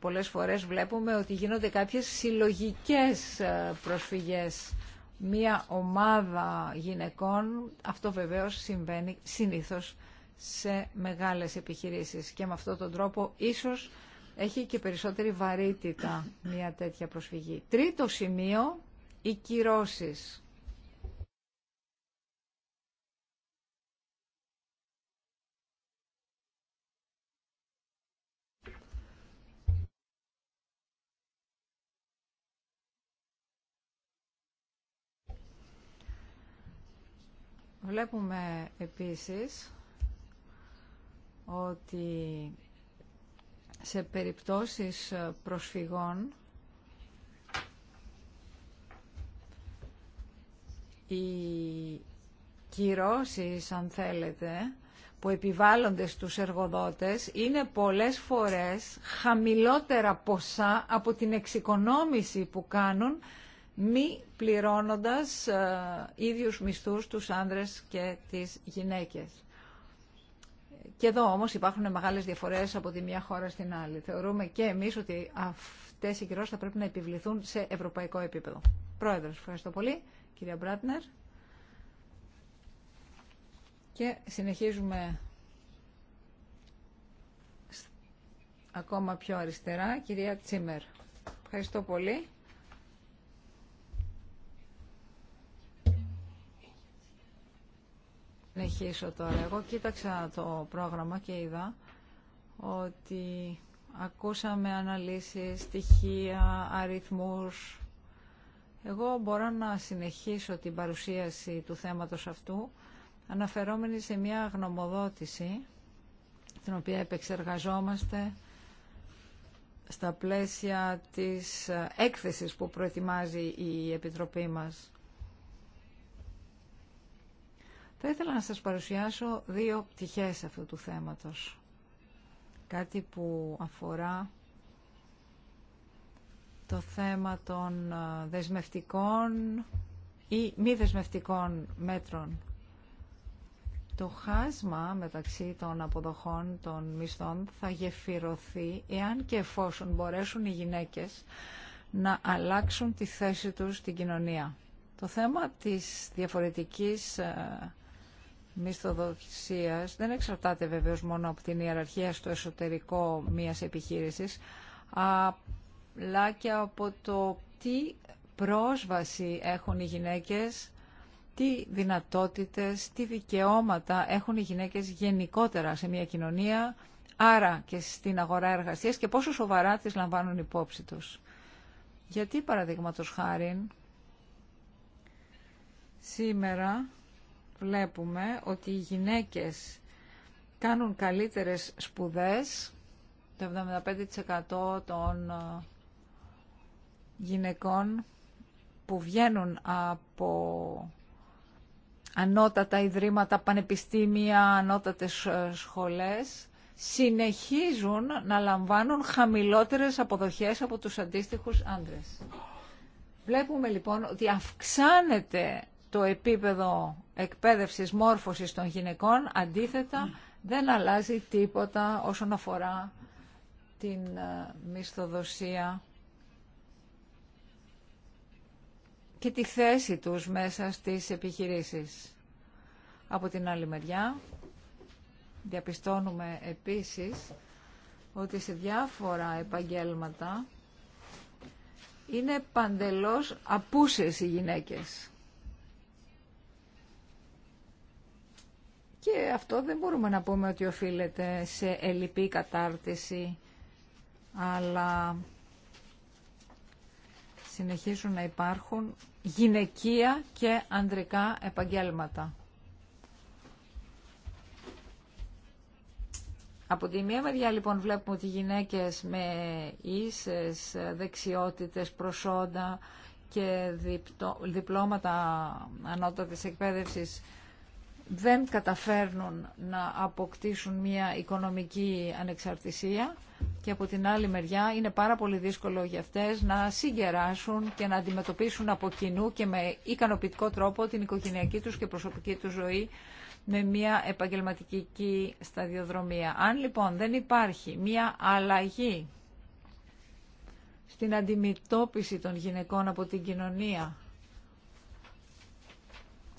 πολλές φορές βλέπουμε ότι γίνονται κάποιες συλλογικές ε, προσφυγές. Μία ομάδα γυναικών, αυτό βεβαίως συμβαίνει συνήθως σε μεγάλες επιχειρήσεις και με αυτόν τον τρόπο ίσως έχει και περισσότερη βαρύτητα μια τέτοια προσφυγή. Τρίτο σημείο, οι κυρώσεις. Βλέπουμε επίσης ότι σε περιπτώσεις προσφυγών οι κυρώσεις, αν θέλετε, που επιβάλλονται στους εργοδότες είναι πολλές φορές χαμηλότερα ποσά από την εξοικονόμηση που κάνουν μη πληρώνοντας ε, ίδιους μισθούς τους άνδρες και τις γυναίκες. Και εδώ όμως υπάρχουν μεγάλες διαφορές από τη μια χώρα στην άλλη. Θεωρούμε και εμείς ότι αυτές οι κυρώσεις θα πρέπει να επιβληθούν σε ευρωπαϊκό επίπεδο. Πρόεδρος, ευχαριστώ πολύ. Κυρία Μπράτνερ. Και συνεχίζουμε ακόμα πιο αριστερά. Κυρία Τσίμερ. Ευχαριστώ πολύ. συνεχίσω τώρα. Εγώ κοίταξα το πρόγραμμα και είδα ότι ακούσαμε αναλύσεις, στοιχεία, αριθμούς. Εγώ μπορώ να συνεχίσω την παρουσίαση του θέματος αυτού αναφερόμενη σε μια γνωμοδότηση την οποία επεξεργαζόμαστε στα πλαίσια της έκθεσης που προετοιμάζει η Επιτροπή μας. Θα ήθελα να σας παρουσιάσω δύο πτυχές αυτού του θέματος. Κάτι που αφορά το θέμα των δεσμευτικών ή μη δεσμευτικών μέτρων. Το χάσμα μεταξύ των αποδοχών των μισθών θα γεφυρωθεί εάν και εφόσον μπορέσουν οι γυναίκες να αλλάξουν τη θέση τους στην κοινωνία. Το θέμα της διαφορετικής μισθοδοξίας δεν εξαρτάται βεβαίως μόνο από την ιεραρχία στο εσωτερικό μιας επιχείρησης, αλλά και από το τι πρόσβαση έχουν οι γυναίκες, τι δυνατότητες, τι δικαιώματα έχουν οι γυναίκες γενικότερα σε μια κοινωνία, άρα και στην αγορά εργασίας και πόσο σοβαρά τις λαμβάνουν υπόψη τους. Γιατί παραδείγματος χάρη σήμερα βλέπουμε ότι οι γυναίκες κάνουν καλύτερες σπουδές, το 75% των ε, γυναικών που βγαίνουν από ανώτατα ιδρύματα, πανεπιστήμια, ανώτατες ε, σχολές, συνεχίζουν να λαμβάνουν χαμηλότερες αποδοχές από τους αντίστοιχους άντρες. Βλέπουμε λοιπόν ότι αυξάνεται το επίπεδο εκπαίδευσης μόρφωσης των γυναικών, αντίθετα mm. δεν αλλάζει τίποτα όσον αφορά την ε, μισθοδοσία και τη θέση τους μέσα στις επιχειρήσεις. Από την άλλη μεριά, διαπιστώνουμε επίσης ότι σε διάφορα επαγγέλματα είναι παντελώς απούσες οι γυναίκες. Και αυτό δεν μπορούμε να πούμε ότι οφείλεται σε ελλειπή κατάρτιση, αλλά συνεχίζουν να υπάρχουν γυναικεία και ανδρικά επαγγέλματα. Από τη μία μεριά λοιπόν βλέπουμε ότι οι γυναίκες με ίσες δεξιότητες, προσόντα και διπλώματα ανώτατης εκπαίδευσης δεν καταφέρνουν να αποκτήσουν μια οικονομική ανεξαρτησία και από την άλλη μεριά είναι πάρα πολύ δύσκολο για αυτές να συγκεράσουν και να αντιμετωπίσουν από κοινού και με ικανοποιητικό τρόπο την οικογενειακή τους και προσωπική τους ζωή με μια επαγγελματική σταδιοδρομία. Αν λοιπόν δεν υπάρχει μια αλλαγή στην αντιμετώπιση των γυναικών από την κοινωνία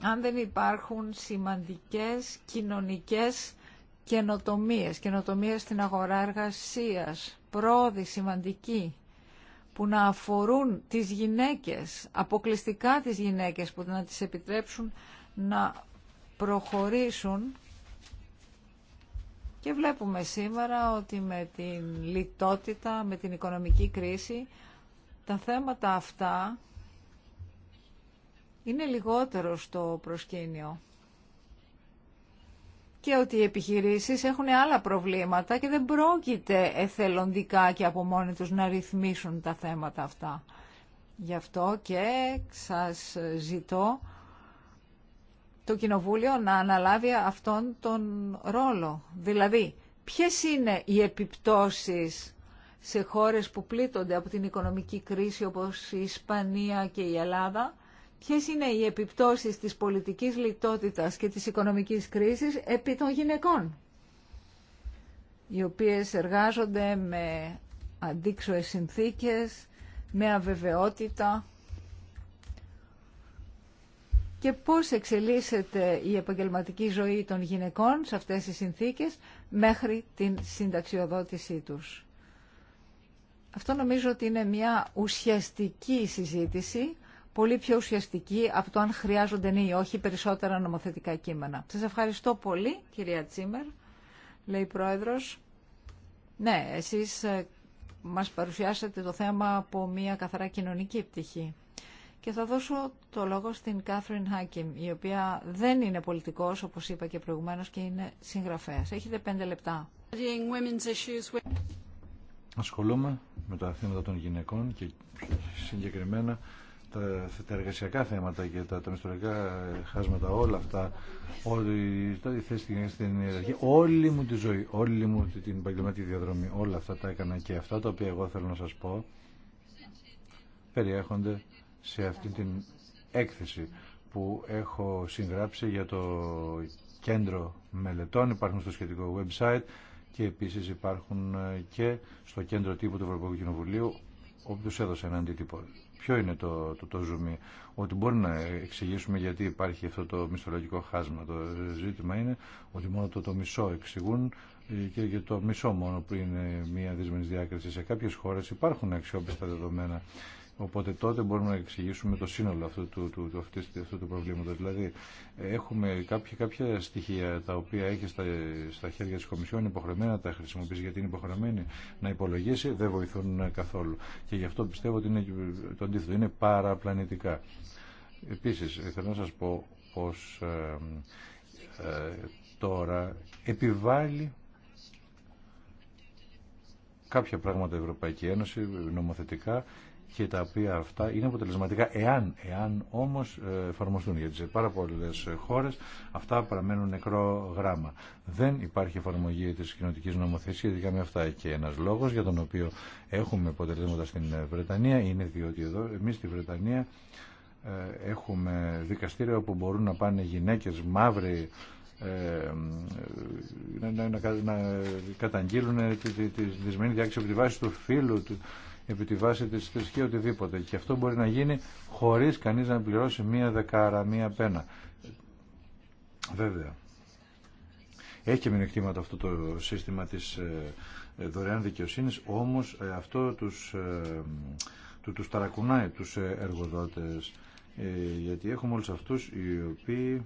αν δεν υπάρχουν σημαντικές κοινωνικές καινοτομίες, καινοτομίες στην αγορά εργασίας, πρόοδη σημαντική, που να αφορούν τις γυναίκες, αποκλειστικά τις γυναίκες, που να τις επιτρέψουν να προχωρήσουν. Και βλέπουμε σήμερα ότι με την λιτότητα, με την οικονομική κρίση, τα θέματα αυτά είναι λιγότερο στο προσκήνιο. Και ότι οι επιχειρήσεις έχουν άλλα προβλήματα και δεν πρόκειται εθελοντικά και από μόνοι τους να ρυθμίσουν τα θέματα αυτά. Γι' αυτό και σας ζητώ το Κοινοβούλιο να αναλάβει αυτόν τον ρόλο. Δηλαδή, ποιες είναι οι επιπτώσεις σε χώρες που πλήττονται από την οικονομική κρίση όπως η Ισπανία και η Ελλάδα ποιες είναι οι επιπτώσεις της πολιτικής λιτότητας και της οικονομικής κρίσης επί των γυναικών, οι οποίες εργάζονται με αντίξωες συνθήκες, με αβεβαιότητα και πώς εξελίσσεται η επαγγελματική ζωή των γυναικών σε αυτές τις συνθήκες μέχρι την συνταξιοδότησή τους. Αυτό νομίζω ότι είναι μια ουσιαστική συζήτηση πολύ πιο ουσιαστική από το αν χρειάζονται ναι ή όχι περισσότερα νομοθετικά κείμενα. Σας ευχαριστώ πολύ, κυρία Τσίμερ, λέει η Πρόεδρος. Ναι, εσείς ε, μας παρουσιάσατε το θέμα από μια καθαρά κοινωνική πτυχή. Και θα δώσω το λόγο στην Κάθριν Χάκιμ, η οποία δεν είναι πολιτικός, όπως είπα και προηγουμένως, και είναι συγγραφέας. Έχετε πέντε λεπτά. Ασχολούμαι με τα θέματα των γυναικών και συγκεκριμένα τα, τα εργασιακά θέματα και τα τομιστορικά χάσματα, όλα αυτά, όλη η θέση στην όλη μου τη ζωή, όλη μου την επαγγελματική διαδρομή, όλα αυτά τα έκανα και αυτά τα οποία εγώ θέλω να σας πω περιέχονται σε αυτή την έκθεση που έχω συγγράψει για το κέντρο μελετών, υπάρχουν στο σχετικό website και επίσης υπάρχουν ε, και στο κέντρο τύπου του Ευρωπαϊκού Κοινοβουλίου όπου έδωσε ένα αντίτυπο. Ποιο είναι το, το, το ζουμί, ότι μπορεί να εξηγήσουμε γιατί υπάρχει αυτό το μισθολογικό χάσμα. Το ζήτημα είναι ότι μόνο το, το μισό εξηγούν και, και το μισό μόνο που είναι μια δυσμενής διάκριση. Σε κάποιες χώρες υπάρχουν αξιόπιστα δεδομένα Οπότε τότε μπορούμε να εξηγήσουμε το σύνολο αυτού του, του, αυτού, του προβλήματος. Δηλαδή έχουμε κάποια, κάποια στοιχεία τα οποία έχει στα, στα χέρια της Κομισιόν υποχρεωμένα να τα χρησιμοποιήσει γιατί είναι υποχρεωμένη να υπολογίσει, δεν βοηθούν καθόλου. Και γι' αυτό πιστεύω ότι είναι, το αντίθετο είναι παραπλανητικά. Επίσης θέλω να σας πω πως ε, ε, τώρα επιβάλλει κάποια πράγματα η Ευρωπαϊκή Ένωση νομοθετικά και τα οποία αυτά είναι αποτελεσματικά εάν, εάν όμως ε, εφαρμοστούν γιατί σε πάρα πολλές χώρες αυτά παραμένουν νεκρό γράμμα. Δεν υπάρχει εφαρμογή της κοινωτικής νομοθεσίας για με αυτά και ένας λόγος για τον οποίο έχουμε αποτελέσματα στην Βρετανία είναι διότι εδώ εμείς στη Βρετανία ε, έχουμε δικαστήρια όπου μπορούν να πάνε γυναίκες μαύροι ε, να, να, να, καταγγείλουν τη, δυσμενή διάκριση από τη βάση του φίλου, του, επί τη βάση της θρησκείας οτιδήποτε. Και αυτό μπορεί να γίνει χωρίς κανείς να πληρώσει μία δεκάρα, μία πένα. Βέβαια. Έχει και αυτό το σύστημα της ε, ε, δωρεάν δικαιοσύνης, όμως ε, αυτό τους, τους ταρακουνάει τους εργοδότες, γιατί έχουμε όλους αυτούς οι οποίοι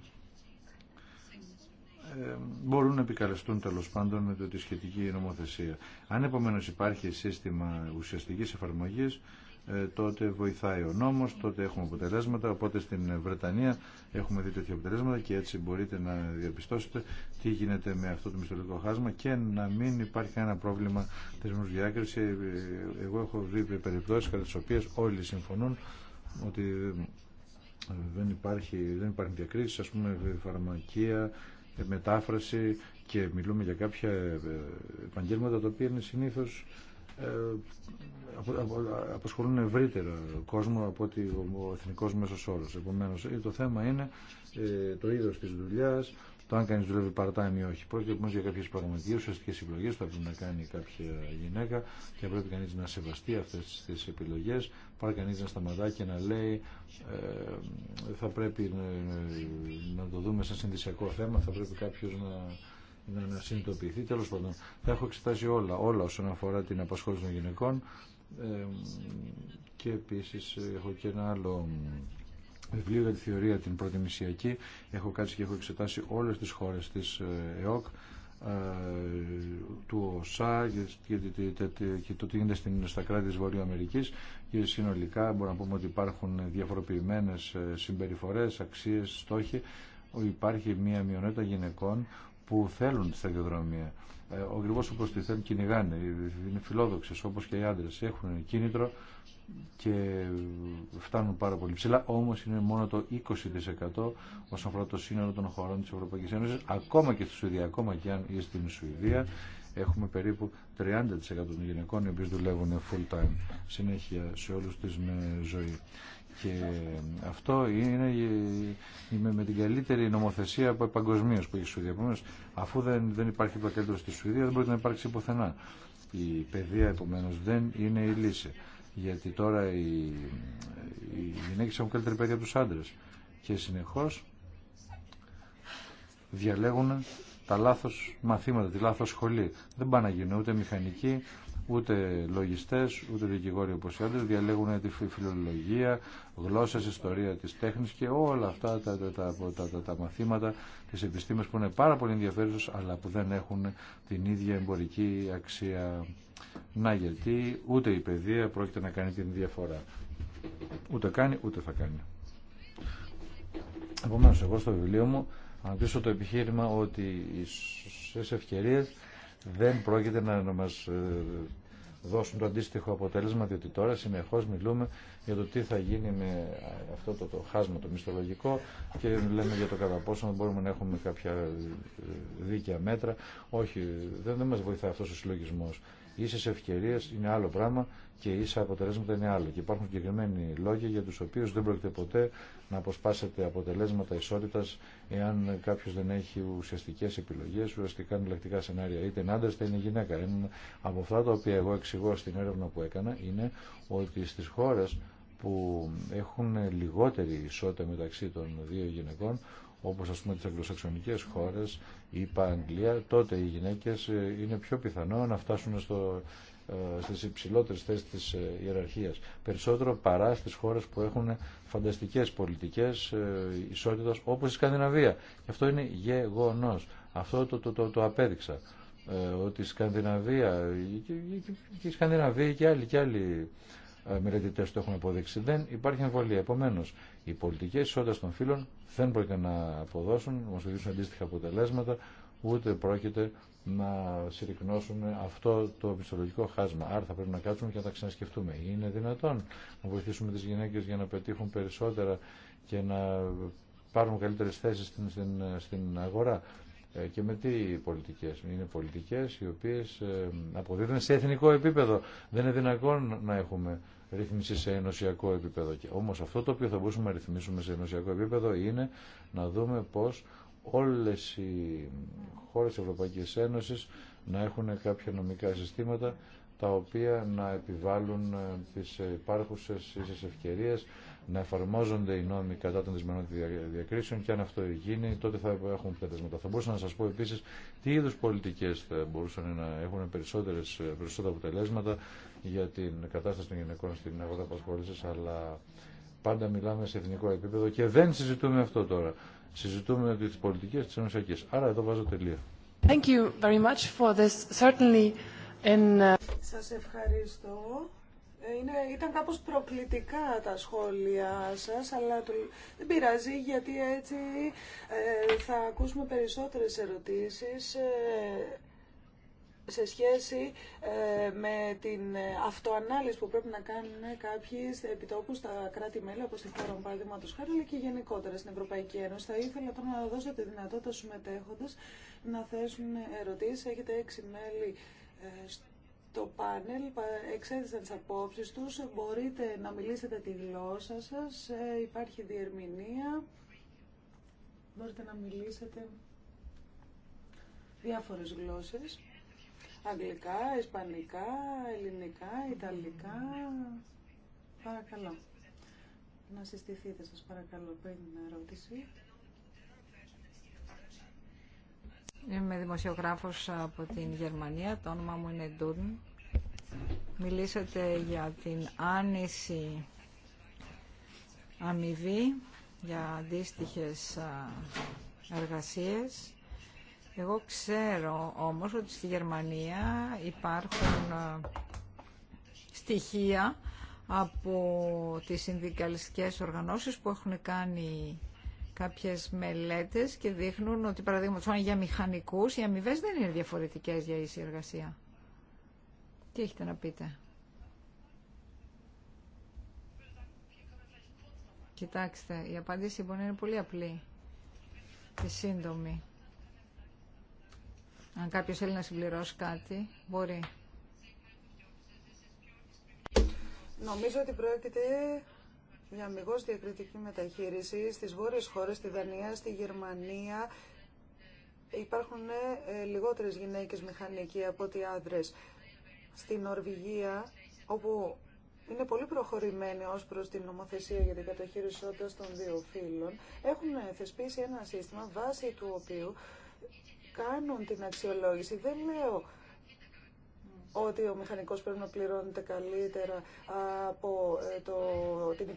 μπορούν να επικαλεστούν τέλο πάντων με το τη σχετική νομοθεσία. Αν επομένω υπάρχει σύστημα ουσιαστική εφαρμογή, ε, τότε βοηθάει ο νόμο, τότε έχουμε αποτελέσματα, οπότε στην Βρετανία έχουμε δει τέτοια αποτελέσματα και έτσι μπορείτε να διαπιστώσετε τι γίνεται με αυτό το μισθολογικό χάσμα και να μην υπάρχει κανένα πρόβλημα θεσμού διάκριση. Ε, ε, εγώ έχω δει περιπτώσει κατά τι οποίε όλοι συμφωνούν ότι δεν υπάρχει, δεν υπάρχει διακρίσεις, ας πούμε φαρμακεία, μετάφραση και μιλούμε για κάποια ε, επαγγέλματα τα οποία είναι συνήθως ε, απασχολούν ευρύτερο κόσμο από ότι ο εθνικός μέσος όρος. Επομένως, ε, το θέμα είναι το είδος της δουλειάς, το αν κανεί δουλεύει part-time ή όχι. Πρόκειται όμω για κάποιε πραγματικέ ουσιαστικέ επιλογέ που θα πρέπει να κάνει κάποια γυναίκα και πρέπει κανεί να σεβαστεί αυτέ τι επιλογέ. πάρει κανεί να σταματά και να λέει ε, θα πρέπει να, το δούμε σαν συνδυσιακό θέμα, θα πρέπει κάποιο να, να, να συνειδητοποιηθεί. Τέλο πάντων, θα έχω εξετάσει όλα, όλα όσον αφορά την απασχόληση των γυναικών ε, και επίση ε, έχω και ένα άλλο βιβλίο για τη θεωρία την μισιακή Έχω κάτσει και έχω εξετάσει όλες τις χώρες της ε, ΕΟΚ, ε, του ΟΣΑ και το τι γίνεται στα κράτη της Βορείου Αμερικής και συνολικά μπορούμε να πούμε ότι υπάρχουν διαφοροποιημένες ε, συμπεριφορές, αξίες, στόχοι. Υπάρχει μία μειονότητα γυναικών που θέλουν σταδιοδρομία. Ε, ο ακριβώς όπω τη θέλουν κυνηγάνε, είναι φιλόδοξες όπως και οι άντρε έχουν κίνητρο και φτάνουν πάρα πολύ ψηλά, όμως είναι μόνο το 20% όσον αφορά το σύνολο των χωρών της Ευρωπαϊκής Ένωσης, ακόμα και στη Σουηδία, ακόμα και αν ή στην Σουηδία έχουμε περίπου 30% των γυναικών οι οποίες δουλεύουν full time συνέχεια σε όλους τις με ζωή. Και αυτό είναι με την καλύτερη νομοθεσία παγκοσμίω που έχει η Σουηδία. αφού δεν, δεν υπάρχει το κέντρο στη Σουηδία, δεν μπορεί να υπάρξει πουθενά. Η παιδεία, επομένω, δεν είναι η λύση. Γιατί τώρα οι, οι γυναίκε έχουν καλύτερη παιδεία από του άντρε. Και συνεχώ διαλέγουν τα λάθο μαθήματα, τη λάθο σχολή. Δεν πάνε να γίνουν ούτε μηχανικοί, Ούτε λογιστές, ούτε δικηγόροι όπως οι άλλοι, διαλέγουν τη φιλολογία, γλώσσες, ιστορία της τέχνης και όλα αυτά τα, τα, τα, τα, μαθήματα της επιστήμης που είναι πάρα πολύ ενδιαφέρουσες αλλά που δεν έχουν την ίδια εμπορική αξία. Να γιατί ούτε η παιδεία πρόκειται να κάνει την διαφορά. Ούτε κάνει, ούτε θα κάνει. Επομένω, εγώ στο βιβλίο μου αναπτύσσω το επιχείρημα ότι οι ευκαιρίε δεν πρόκειται να μα ε, δώσουν το αντίστοιχο αποτέλεσμα, διότι τώρα συνεχώ μιλούμε για το τι θα γίνει με αυτό το, το χάσμα το μισθολογικό και λέμε για το κατά πόσο μπορούμε να έχουμε κάποια ε, δίκαια μέτρα. Όχι, δεν, δεν μας βοηθά αυτός ο συλλογισμός. Ίσες ευκαιρίε είναι άλλο πράγμα και ίσα αποτελέσματα είναι άλλο. Και υπάρχουν συγκεκριμένοι λόγοι για του οποίου δεν πρόκειται ποτέ να αποσπάσετε αποτελέσματα ισότητα εάν κάποιο δεν έχει ουσιαστικές επιλογές, ουσιαστικά εναλλακτικά σενάρια. Είτε είναι άντρα είτε είναι γυναίκα. Ένα από αυτά τα οποία εγώ εξηγώ στην έρευνα που έκανα είναι ότι στι χώρε που έχουν λιγότερη ισότητα μεταξύ των δύο γυναικών, όπως ας πούμε τις αγγλοσαξονικές χώρες, η Αγγλία, τότε οι γυναίκες ε, είναι πιο πιθανό να φτάσουν στο, ε, στις υψηλότερες θέσεις της ε, ιεραρχίας. Περισσότερο παρά στις χώρες που έχουν φανταστικές πολιτικές ισότητας όπως η Σκανδιναβία. Και αυτό είναι γεγονός. Αυτό το, το, το, το απέδειξα. ότι η Σκανδιναβία και, η Σκανδιναβία και άλλοι, και άλλοι μελετητές το έχουν αποδείξει. Δεν υπάρχει εμβολία. Επομένως, οι πολιτικέ ισότητα των φύλων δεν πρόκειται να αποδώσουν, να μα οδηγήσουν αντίστοιχα αποτελέσματα, ούτε πρόκειται να συρρυκνώσουν αυτό το πιστολογικό χάσμα. Άρα θα πρέπει να κάτσουμε και να τα ξανασκεφτούμε. Είναι δυνατόν να βοηθήσουμε τι γυναίκε για να πετύχουν περισσότερα και να πάρουν καλύτερε θέσει στην, στην, στην αγορά. Ε, και με τι πολιτικέ Είναι πολιτικέ οι οποίες ε, αποδίδουν σε εθνικό επίπεδο. Δεν είναι δυνατόν να έχουμε ρύθμιση σε ενωσιακό επίπεδο. Και όμως αυτό το οποίο θα μπορούσαμε να ρυθμίσουμε σε ενωσιακό επίπεδο είναι να δούμε πώς όλες οι χώρες της Ευρωπαϊκής Ένωσης να έχουν κάποια νομικά συστήματα τα οποία να επιβάλλουν ε, τις υπάρχουσες ίσες ευκαιρίες, να εφαρμόζονται οι νόμοι κατά των δυσμενών διακρίσεων και αν αυτό γίνει τότε θα έχουν πλατεσμάτα. Θα μπορούσα να σας πω επίσης τι είδους πολιτικές θα μπορούσαν να έχουν περισσότερες, περισσότερα αποτελέσματα για την κατάσταση των γυναικών στην αγορά απασχόληση, αλλά πάντα μιλάμε σε εθνικό επίπεδο και δεν συζητούμε αυτό τώρα. Συζητούμε τι πολιτικέ τη Ενωσιακή. Άρα εδώ βάζω τελεία. Thank uh, Σας ευχαριστώ. Ε, είναι, ήταν κάπως προκλητικά τα σχόλια σας, αλλά δεν πειράζει γιατί έτσι ε, θα ακούσουμε περισσότερες ερωτήσεις. Ε, σε σχέση ε, με την ε, αυτοανάλυση που πρέπει να κάνουν κάποιοι επιτόπου στα κράτη-μέλη, όπω τη χώρα μου παραδείγματο χάρη, αλλά και γενικότερα στην Ευρωπαϊκή Ένωση. Θα ήθελα τώρα να δώσω τη δυνατότητα στου μετέχοντες να θέσουν ερωτήσει. Έχετε έξι μέλη ε, στο πάνελ, εξέδεσαν τι απόψει του. Μπορείτε να μιλήσετε τη γλώσσα σα. Υπάρχει διερμηνία. Μπορείτε να μιλήσετε διάφορες γλώσσες αγγλικά, ισπανικά, ελληνικά, ιταλικά. Παρακαλώ. Να συστηθείτε σας παρακαλώ πριν την ερώτηση. Είμαι δημοσιογράφος από την Γερμανία, το όνομα μου είναι Ντούρν. Μιλήσατε για την άνηση αμοιβή για αντίστοιχες εργασίες. Εγώ ξέρω όμως ότι στη Γερμανία υπάρχουν ε, στοιχεία από τις συνδικαλιστικές οργανώσεις που έχουν κάνει κάποιες μελέτες και δείχνουν ότι παραδείγματος αν για μηχανικούς οι αμοιβέ δεν είναι διαφορετικές για ίση εργασία. Τι έχετε να πείτε. Κοιτάξτε, η απάντηση μπορεί να είναι πολύ απλή και σύντομη. Αν κάποιος θέλει να συμπληρώσει κάτι, μπορεί. Νομίζω ότι πρόκειται για αμυγός διακριτική μεταχείριση στις βόρειες χώρες, στη Δανία, στη Γερμανία. Υπάρχουν ε, λιγότερες γυναίκες μηχανικοί από ότι άντρες. Στη Νορβηγία, όπου είναι πολύ προχωρημένη ως προς την νομοθεσία για την καταχείριση των δύο φύλων, έχουν θεσπίσει ένα σύστημα βάσει του οποίου κάνουν την αξιολόγηση. Δεν λέω ότι ο μηχανικός πρέπει να πληρώνεται καλύτερα από ε, το, την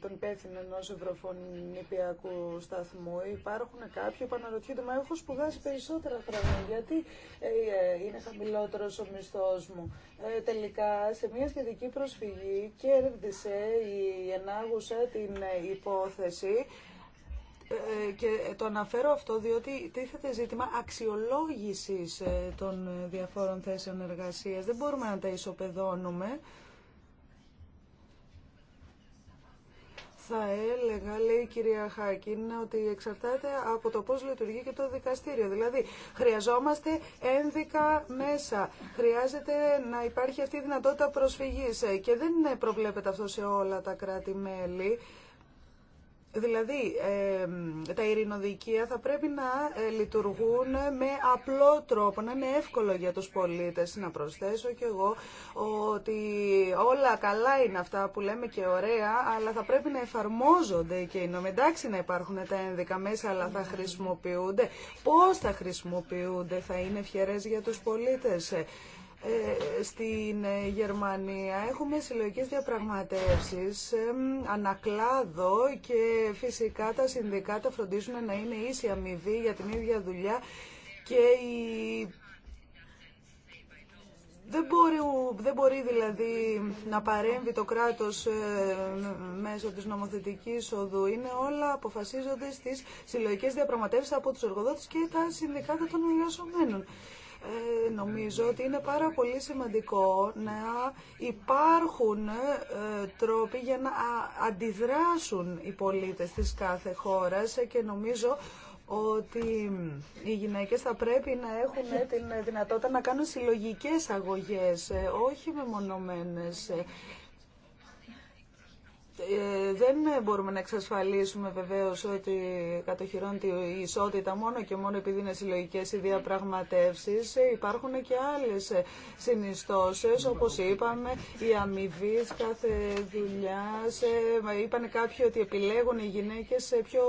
τον υπεύθυνο ενό ευρωφωνηπιακού σταθμού. Υπάρχουν κάποιοι που αναρωτιούνται, μα έχω σπουδάσει περισσότερα χρόνια, γιατί ε, ε, είναι χαμηλότερος ο μισθός μου. τελικά, σε μια σχετική προσφυγή κέρδισε η ενάγουσα την υπόθεση και το αναφέρω αυτό διότι τίθεται ζήτημα αξιολόγησης ε, των διαφόρων θέσεων εργασίας. Δεν μπορούμε να τα ισοπεδώνουμε. Θα έλεγα, λέει η κυρία Χάκιν, ότι εξαρτάται από το πώς λειτουργεί και το δικαστήριο. Δηλαδή, χρειαζόμαστε ένδικα μέσα. Χρειάζεται να υπάρχει αυτή η δυνατότητα προσφυγής ε, και δεν προβλέπεται αυτό σε όλα τα κράτη-μέλη. Δηλαδή, ε, τα ειρηνοδικεία θα πρέπει να ε, λειτουργούν με απλό τρόπο, να είναι εύκολο για τους πολίτες. Να προσθέσω κι εγώ ότι όλα καλά είναι αυτά που λέμε και ωραία, αλλά θα πρέπει να εφαρμόζονται και οι Εντάξει να υπάρχουν τα ένδικα μέσα, αλλά θα χρησιμοποιούνται. Πώς θα χρησιμοποιούνται, θα είναι ευχερές για τους πολίτες. Ε, στην ε, Γερμανία έχουμε συλλογικές διαπραγματεύσεις ε, ανακλάδο και φυσικά τα συνδικάτα φροντίζουν να είναι ίση αμοιβή για την ίδια δουλειά και η... δεν, μπορεί, δεν μπορεί δηλαδή να παρέμβει το κράτος μέσω της νομοθετικής οδού. Είναι όλα αποφασίζονται στις συλλογικές διαπραγματεύσεις από τους εργοδότες και τα συνδικάτα των εργαζομένων. Ε, νομίζω ότι είναι πάρα πολύ σημαντικό να υπάρχουν ε, τρόποι για να αντιδράσουν οι πολίτες της κάθε χώρας ε, και νομίζω ότι οι γυναίκες θα πρέπει να έχουν την δυνατότητα να κάνουν συλλογικές αγωγές, όχι μεμονωμένες. Ε, δεν μπορούμε να εξασφαλίσουμε βεβαίω ότι κατοχυρώνεται η ισότητα μόνο και μόνο επειδή είναι συλλογικέ οι διαπραγματεύσει. Υπάρχουν και άλλες συνιστώσεις, όπως είπαμε, η αμοιβή κάθε δουλειά. Ε, Είπαν κάποιοι ότι επιλέγουν οι γυναίκες σε πιο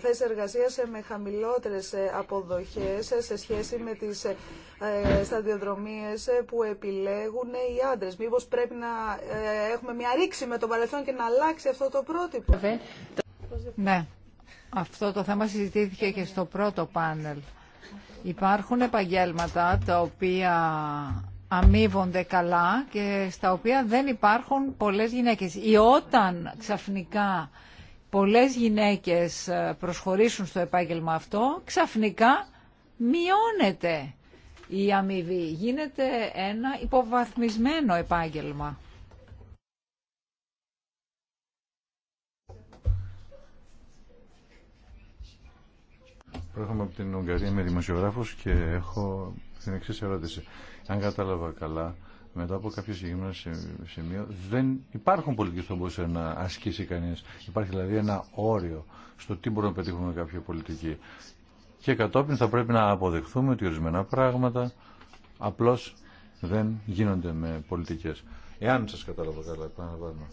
θέσεις εργασίας με χαμηλότερες ε, αποδοχές σε σχέση με τις ε, σταδιοδρομίες ε, που επιλέγουν οι άντρες. Μήπως πρέπει να έχουμε μια ρήξη με το παρελθόν και να αλλάξει αυτό το πρότυπο. Ναι, αυτό το θέμα συζητήθηκε και στο πρώτο πάνελ. Υπάρχουν επαγγέλματα τα οποία αμείβονται καλά και στα οποία δεν υπάρχουν πολλές γυναίκες. Ή όταν ξαφνικά πολλές γυναίκες ε, προσχωρήσουν στο επάγγελμα αυτό, ξαφνικά μειώνεται η αμοιβή. Γίνεται ένα υποβαθμισμένο επάγγελμα. Προέρχομαι από την Ουγγαρία, είμαι δημοσιογράφος και έχω την εξή ερώτηση. Αν κατάλαβα καλά, μετά από κάποιο συγκεκριμένο σημείο δεν υπάρχουν πολιτικοί που μπορούσε να ασκήσει κανείς. Υπάρχει δηλαδή ένα όριο στο τι μπορούμε να πετύχουμε κάποια πολιτική. Και κατόπιν θα πρέπει να αποδεχθούμε ότι ορισμένα πράγματα απλώς δεν γίνονται με πολιτικές. Εάν σας κατάλαβα καλά, επαναλαμβάνω,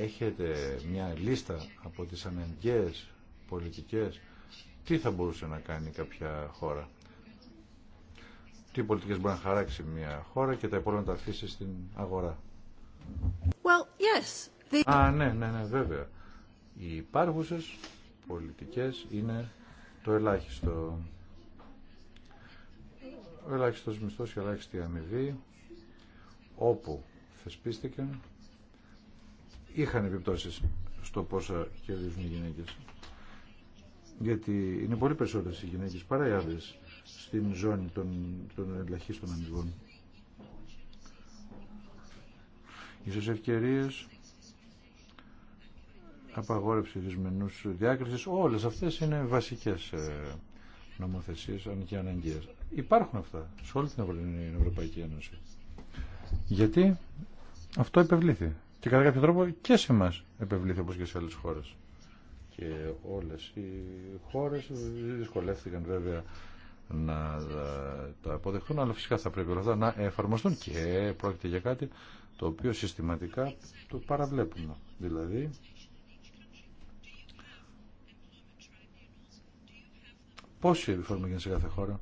έχετε μια λίστα από τις αναγκαίες πολιτικές, τι θα μπορούσε να κάνει κάποια χώρα τι πολιτικές μπορεί να χαράξει μια χώρα και τα υπόλοιπα να τα αφήσει στην αγορά. Α, ναι, ναι, ναι, βέβαια. Οι υπάρχουσες πολιτικές είναι το ελάχιστο. Ο ελάχιστος μισθός και ελάχιστη αμοιβή όπου θεσπίστηκαν είχαν επιπτώσεις στο πόσα κερδίζουν οι γυναίκες. Γιατί είναι πολύ περισσότερες οι γυναίκες παρά οι άντρες στην ζώνη των, των ελαχίστων αμοιβών. Ίσως ευκαιρίες απαγόρευση δυσμενούς διάκρισης, όλες αυτές είναι βασικές ε, νομοθεσίες, και αναγκαίες. Υπάρχουν αυτά σε όλη την Ευρωπαϊκή Ένωση. Γιατί αυτό επευλήθη. Και κατά κάποιο τρόπο και σε εμά επευλήθη όπως και σε άλλες χώρες. Και όλες οι χώρες δυσκολεύτηκαν βέβαια να ε, τα αποδεχτούν, αλλά φυσικά θα πρέπει όλα να εφαρμοστούν και πρόκειται για κάτι το οποίο συστηματικά το παραβλέπουμε. Δηλαδή, πόσοι επιφορμοί σε κάθε χώρα.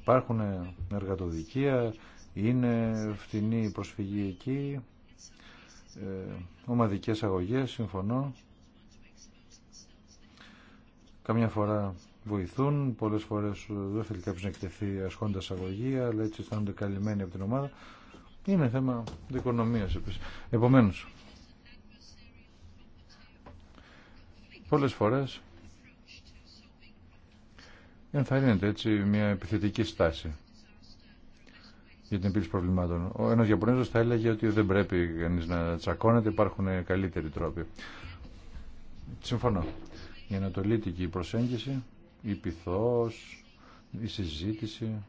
Υπάρχουν ε, εργατοδικεία, είναι φτηνή προσφυγή εκεί, ε, ομαδικές αγωγές, συμφωνώ. Καμιά φορά βοηθούν. Πολλέ φορέ ε, δεν θέλει κάποιο να εκτεθεί ασχόντα αγωγή, αλλά έτσι αισθάνονται καλυμμένοι από την ομάδα. Είναι θέμα δικονομία επίση. Επομένω, πολλέ φορέ ενθαρρύνεται έτσι μια επιθετική στάση για την επίλυση προβλημάτων. Ο ένα θα έλεγε ότι δεν πρέπει κανεί να τσακώνεται, υπάρχουν καλύτεροι τρόποι. Συμφωνώ. Η ανατολίτικη προσέγγιση η πειθός, η συζήτηση,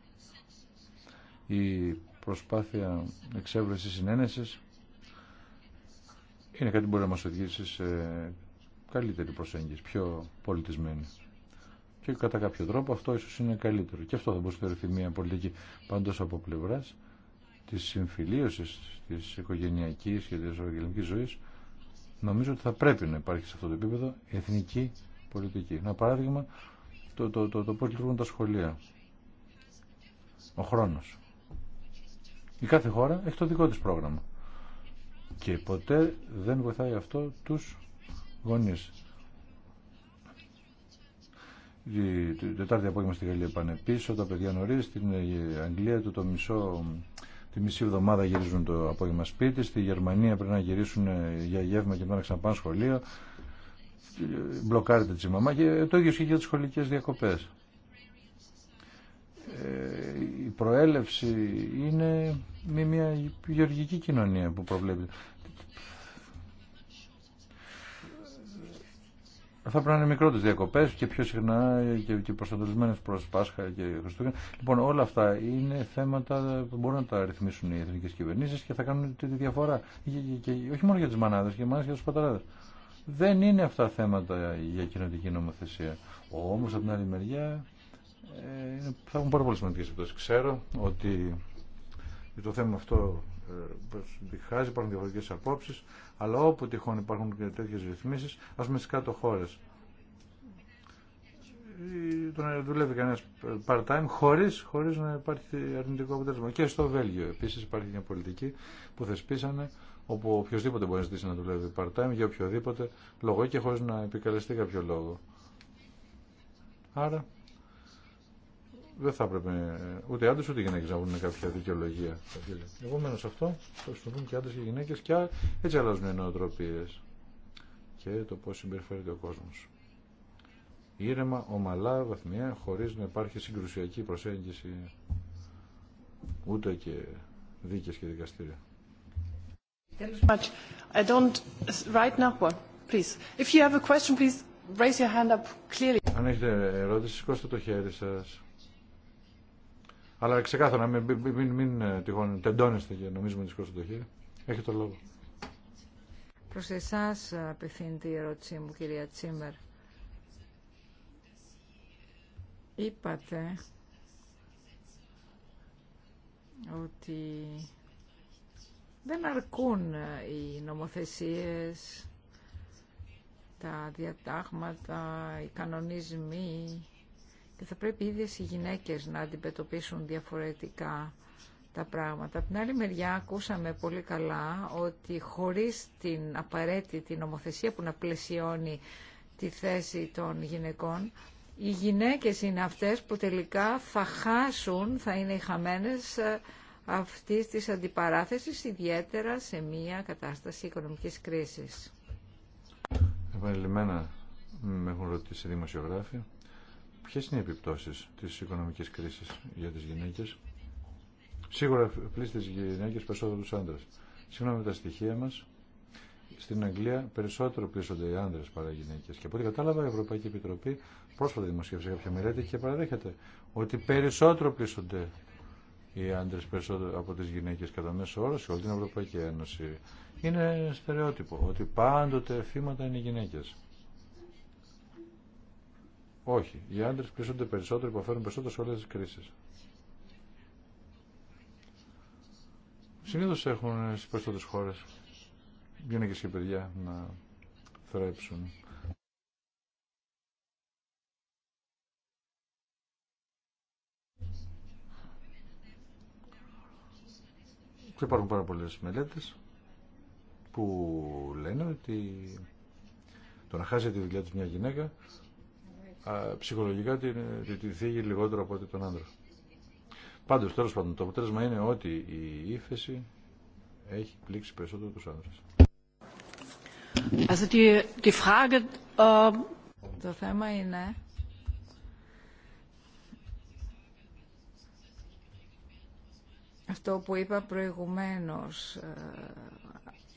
η προσπάθεια εξέβρεση συνένεσης είναι κάτι που μπορεί να μας οδηγήσει σε καλύτερη προσέγγιση, πιο πολιτισμένη. Και κατά κάποιο τρόπο αυτό ίσως είναι καλύτερο. Και αυτό θα μπορούσε να θεωρηθεί μια πολιτική πάντως από πλευρά, της συμφιλίωσης της οικογενειακής και της οικογενειακής ζωής νομίζω ότι θα πρέπει να υπάρχει σε αυτό το επίπεδο εθνική πολιτική. Ένα παράδειγμα το, το, το, πώς λειτουργούν τα σχολεία. Ο χρόνος. Η κάθε χώρα έχει το δικό της πρόγραμμα. Και ποτέ δεν βοηθάει αυτό τους γονείς. Την Τετάρτη απόγευμα στη Γαλλία πάνε πίσω, τα παιδιά νωρί, στην Αγγλία το, το μισό, τη μισή εβδομάδα γυρίζουν το απόγευμα σπίτι, στη Γερμανία πρέπει να γυρίσουν για γεύμα και μετά να ξαναπάνε σχολείο μπλοκάρεται τη μαμά και το ίδιο και για τις σχολικές διακοπές. Ε, η προέλευση είναι με μια γεωργική κοινωνία που προβλέπει. Θα πρέπει να είναι μικρότερε διακοπέ και πιο συχνά και, και προστατευμένε προ Πάσχα και Χριστούγεννα. Λοιπόν, όλα αυτά είναι θέματα που μπορούν να τα ρυθμίσουν οι εθνικέ κυβερνήσει και θα κάνουν τη διαφορά. Και, και, και, όχι μόνο για τι μανάδε, και μάλιστα για του πατεράδε. Δεν είναι αυτά θέματα για κοινωνική νομοθεσία. Όμω από την άλλη μεριά ε, θα έχουν πάρα πολύ σημαντικέ. επιπτώσει. Ξέρω ότι το θέμα αυτό ε, διχάζει, υπάρχουν διαφορετικέ απόψει, αλλά όπου τυχόν υπάρχουν και τέτοιες ρυθμίσεις, ας πούμε στι κάτω χώρε. Ε, το να δουλεύει κανένα part-time χωρί χωρίς να υπάρχει αρνητικό αποτέλεσμα. Και στο Βέλγιο Επίση υπάρχει μια πολιτική που θεσπίσανε όπου οποιοδήποτε μπορεί να ζητήσει να δουλεύει part-time για οποιοδήποτε λόγο και χωρίς να επικαλεστεί κάποιο λόγο. Άρα δεν θα έπρεπε ούτε άντρε ούτε γυναίκε να βρουν κάποια δικαιολογία. σε αυτό το χρησιμοποιούν και άντρε και γυναίκε και έτσι αλλάζουν οι νοοτροπίε και το πώ συμπεριφέρεται ο κόσμο. Ήρεμα, ομαλά, βαθμιαία, χωρί να υπάρχει συγκρουσιακή προσέγγιση ούτε και δίκες και δικαστήρια much. I don't right now, please. If you have a question, please raise your hand up clearly. Αν έχετε ερώτηση, σηκώστε το χέρι σα. Αλλά ξεκάθαρα, μην, μην, μην, μην ε, τυχόν τεντώνεστε και νομίζουμε ότι σηκώστε το χέρι. Έχετε το λόγο. Προς εσάς απευθύνεται η ερώτησή μου, κυρία Τσίμερ. Είπατε ότι δεν αρκούν ε, οι νομοθεσίες, τα διατάγματα, οι κανονισμοί και θα πρέπει οι ίδιες οι γυναίκες να αντιμετωπίσουν διαφορετικά τα πράγματα. Από την άλλη μεριά ακούσαμε πολύ καλά ότι χωρίς την απαραίτητη νομοθεσία που να πλαισιώνει τη θέση των γυναικών, οι γυναίκες είναι αυτές που τελικά θα χάσουν, θα είναι οι χαμένες ε, αυτής της αντιπαράθεσης, ιδιαίτερα σε μια κατάσταση οικονομικής κρίσης. Επανειλημμένα με έχουν ρωτήσει οι δημοσιογράφοι ποιες είναι οι επιπτώσεις της οικονομικής κρίσης για τις γυναίκες. Σίγουρα πλήσει τις γυναίκες περισσότερο τους άντρες. Σύμφωνα με τα στοιχεία μας, στην Αγγλία περισσότερο πλήσονται οι άντρε παρά οι γυναίκε. Και από ό,τι κατάλαβα, η Ευρωπαϊκή Επιτροπή πρόσφατα δημοσίευσε κάποια μελέτη και παραδέχεται ότι περισσότερο πλήσονται οι άντρες περισσότερο από τις γυναίκες κατά μέσο όρο σε όλη την Ευρωπαϊκή Ένωση. Είναι στερεότυπο ότι πάντοτε θύματα είναι οι γυναίκες. Όχι. Οι άντρες πλήσονται περισσότερο, υποφέρουν περισσότερο σε όλες τις κρίσεις. Συνήθως έχουν στις περισσότερες χώρες γυναίκες και παιδιά να θρέψουν. Και υπάρχουν πάρα πολλές μελέτες που λένε ότι το να χάσει τη δουλειά τη μια γυναίκα α, ψυχολογικά την, την θίγει λιγότερο από ότι τον άντρα. Πάντως, τέλο πάντων, το αποτέλεσμα είναι ότι η ύφεση έχει πλήξει περισσότερο τους άντρες. Ähm, το θέμα είναι αυτό που είπα προηγουμένως, ε,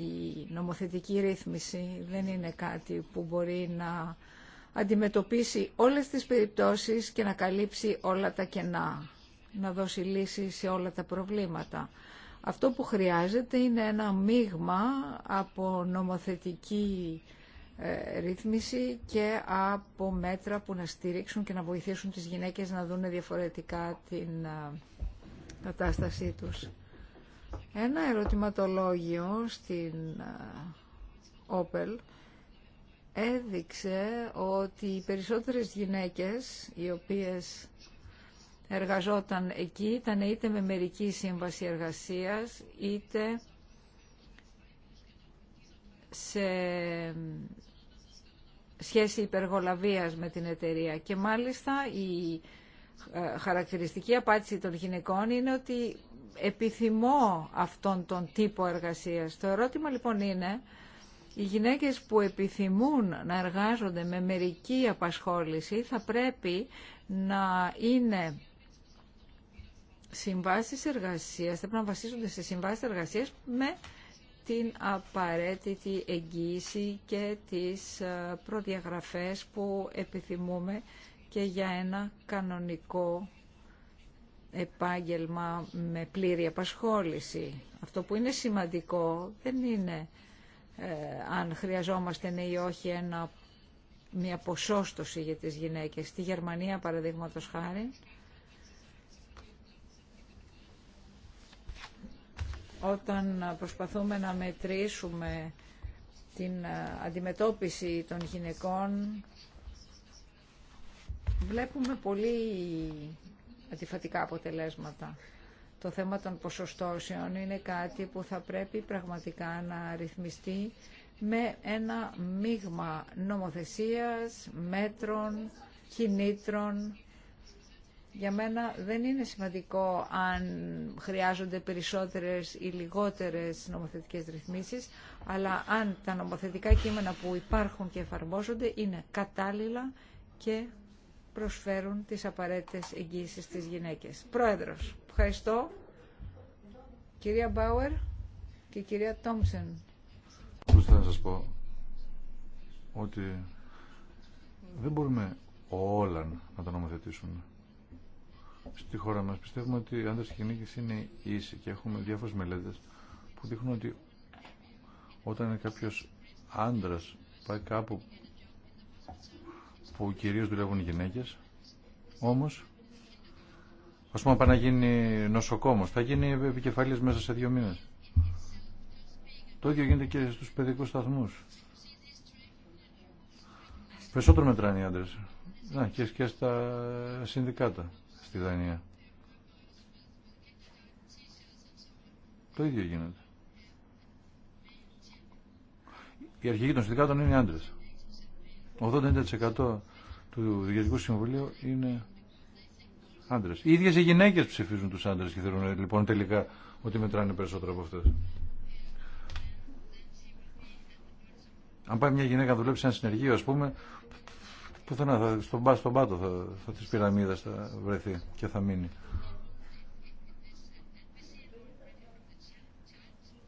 η νομοθετική ρύθμιση δεν είναι κάτι που μπορεί να αντιμετωπίσει όλες τις περιπτώσεις και να καλύψει όλα τα κενά, να δώσει λύση σε όλα τα προβλήματα. Αυτό που χρειάζεται είναι ένα μείγμα από νομοθετική ε, ρύθμιση και από μέτρα που να στηρίξουν και να βοηθήσουν τις γυναίκες να δουν διαφορετικά την ε, κατάστασή τους. Ένα ερωτηματολόγιο στην Όπελ έδειξε ότι οι περισσότερες γυναίκες οι οποίες εργαζόταν εκεί ήταν είτε με μερική σύμβαση εργασίας είτε σε σχέση υπεργολαβίας με την εταιρεία και μάλιστα οι ε, χαρακτηριστική απάντηση των γυναικών είναι ότι επιθυμώ αυτόν τον τύπο εργασίας. Το ερώτημα λοιπόν είναι οι γυναίκες που επιθυμούν να εργάζονται με μερική απασχόληση θα πρέπει να είναι συμβάσεις εργασίας, θα πρέπει να βασίζονται σε συμβάσεις εργασίας με την απαραίτητη εγγύηση και τις ε, προδιαγραφές που επιθυμούμε και για ένα κανονικό επάγγελμα με πλήρη απασχόληση. Αυτό που είναι σημαντικό δεν είναι ε, αν χρειαζόμαστε ναι ή όχι ένα, μια ποσόστοση για τις γυναίκες. Στη Γερμανία, παραδείγματο χάρη, όταν προσπαθούμε να μετρήσουμε την ε, αντιμετώπιση των γυναικών βλέπουμε πολύ αντιφατικά αποτελέσματα. Το θέμα των ποσοστώσεων είναι κάτι που θα πρέπει πραγματικά να ρυθμιστεί με ένα μείγμα νομοθεσίας, μέτρων, κινήτρων. Για μένα δεν είναι σημαντικό αν χρειάζονται περισσότερες ή λιγότερες νομοθετικές ρυθμίσεις, αλλά αν τα νομοθετικά κείμενα που υπάρχουν και εφαρμόζονται είναι κατάλληλα και προσφέρουν τις απαραίτητες εγγύησεις στις γυναίκες. Πρόεδρος, ευχαριστώ. Κυρία Μπάουερ και κυρία Τόμψεν. θα σας πω ότι δεν μπορούμε όλα να τα νομοθετήσουμε. Στη χώρα μας πιστεύουμε ότι οι άντρες και γυναίκες είναι ίσοι και έχουμε διάφορες μελέτες που δείχνουν ότι όταν κάποιος άντρας πάει κάπου που κυρίως δουλεύουν οι γυναίκες, όμως, ας πούμε πάει να γίνει νοσοκόμος, θα γίνει επικεφαλής μέσα σε δύο μήνες. Το ίδιο γίνεται και στους παιδικούς σταθμούς. Περισσότερο μετράνε οι άντρες. Να, και, στα συνδικάτα στη Δανία. Το ίδιο γίνεται. η αρχηγοί των συνδικάτων είναι οι άντρες. 80% του Διοικητικού Συμβουλίου είναι άντρε. Οι ίδιες οι γυναίκε ψηφίζουν τους άντρε και θεωρούν λοιπόν τελικά ότι μετράνε περισσότερο από αυτέ. Αν πάει μια γυναίκα να δουλέψει σε ένα συνεργείο, α πούμε, που θα, στον, πά, πάτο θα, θα της θα βρεθεί και θα μείνει.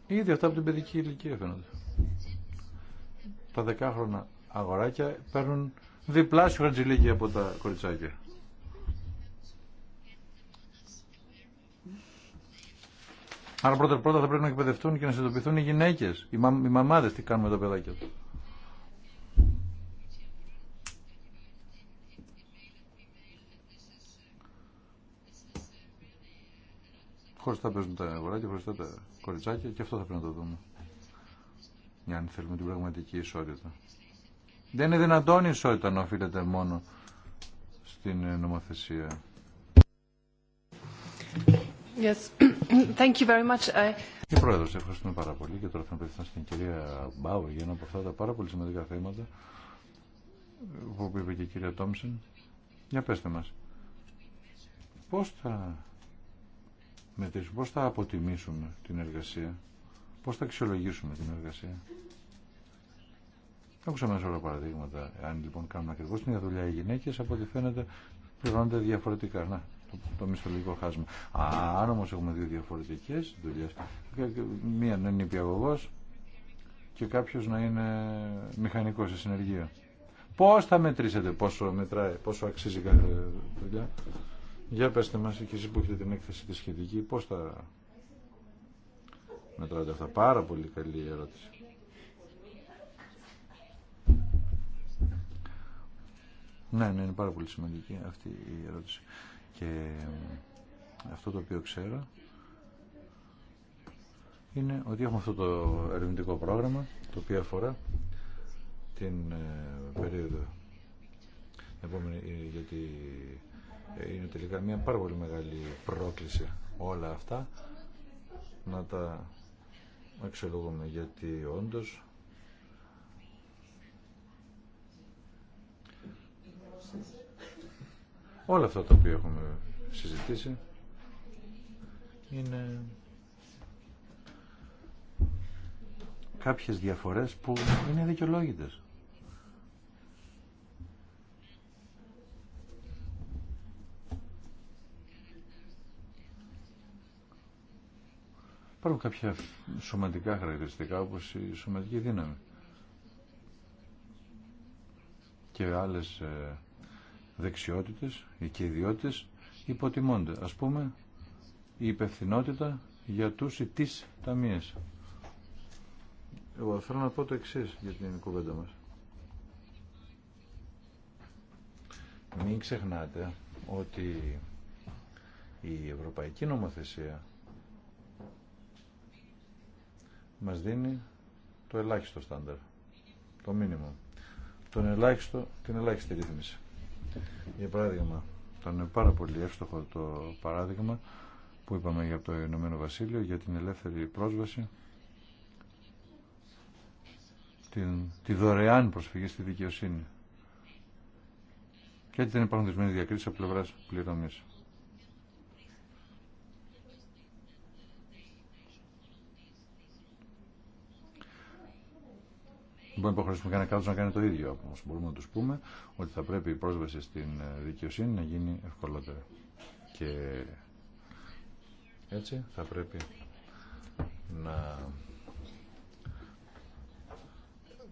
Ήδη αυτά από την παιδική ηλικία φαίνονται. Τα δεκάχρονα αγοράκια παίρνουν διπλάσιο χαρτζηλίκι από τα κοριτσάκια. Άρα πρώτα πρώτα θα πρέπει να εκπαιδευτούν και να συνειδητοποιηθούν οι γυναίκε. οι, μα, μαμάδες τι κάνουν με τα παιδάκια τους. Χωριστά παίζουν τα αγοράκια, χωριστά τα κοριτσάκια και αυτό θα πρέπει να το δούμε. Για αν θέλουμε την πραγματική ισότητα. Δεν είναι δυνατόν η ισότητα να οφείλεται μόνο στην ε, νομοθεσία. Yes. Thank you very much. I... Και πρόεδρος, ευχαριστούμε πάρα πολύ και τώρα θα απευθυνθώ στην κυρία Μπάου για ένα από αυτά τα πάρα πολύ σημαντικά θέματα που είπε και η κυρία Τόμσεν. Για πέστε μας. Πώς θα μετρήσουμε, πώς θα αποτιμήσουμε την εργασία, πώς θα αξιολογήσουμε την εργασία. Άκουσα μέσα όλα παραδείγματα. Αν λοιπόν κάνουν ακριβώ την ίδια δουλειά οι γυναίκε, από ό,τι φαίνεται πληρώνονται διαφορετικά. Να, το, το μισθολογικό χάσμα. Αν όμω έχουμε δύο διαφορετικέ δουλειέ, μία να είναι νηπιαγωγό και κάποιο να είναι μηχανικό σε συνεργείο. Πώ θα μετρήσετε πόσο μετράει, πόσο αξίζει κάθε δουλειά. Για πετε μα και εσεί που έχετε την έκθεση τη σχετική, Πώ θα μετράτε αυτά. Πάρα πολύ καλή ερώτηση. Ναι, ναι, είναι πάρα πολύ σημαντική αυτή η ερώτηση. Και ε, αυτό το οποίο ξέρω είναι ότι έχουμε αυτό το ερευνητικό πρόγραμμα το οποίο αφορά την ε, περίοδο επόμενη ε, γιατί είναι τελικά μια πάρα πολύ μεγάλη πρόκληση όλα αυτά να τα αξιολογούμε γιατί όντως Όλα αυτά τα οποία έχουμε συζητήσει είναι κάποιες διαφορές που είναι δικαιολόγητες. Υπάρχουν κάποια σωματικά χαρακτηριστικά όπως η σωματική δύναμη και άλλες ε, δεξιότητες και ιδιότητες υποτιμώνται. Ας πούμε, η υπευθυνότητα για τους ή τις ταμείες. Εγώ θέλω να πω το εξή για την κουβέντα μας. Μην ξεχνάτε ότι η Ευρωπαϊκή Νομοθεσία μας δίνει το ελάχιστο στάνταρ, το μήνυμα, τον ελάχιστο, την ελάχιστη ρύθμιση. Για παράδειγμα, ήταν πάρα πολύ εύστοχο το παράδειγμα που είπαμε για το Ηνωμένο Βασίλειο για την ελεύθερη πρόσβαση την, τη δωρεάν προσφυγή στη δικαιοσύνη και έτσι δεν υπάρχουν δυσμένες διακρίσεις από πλευράς πληρωμής. μπορεί να υποχρεώσουμε κανένα κράτο να κάνει το ίδιο. Όμω μπορούμε να του πούμε ότι θα πρέπει η πρόσβαση στην ε, δικαιοσύνη να γίνει ευκολότερη. Και έτσι θα πρέπει να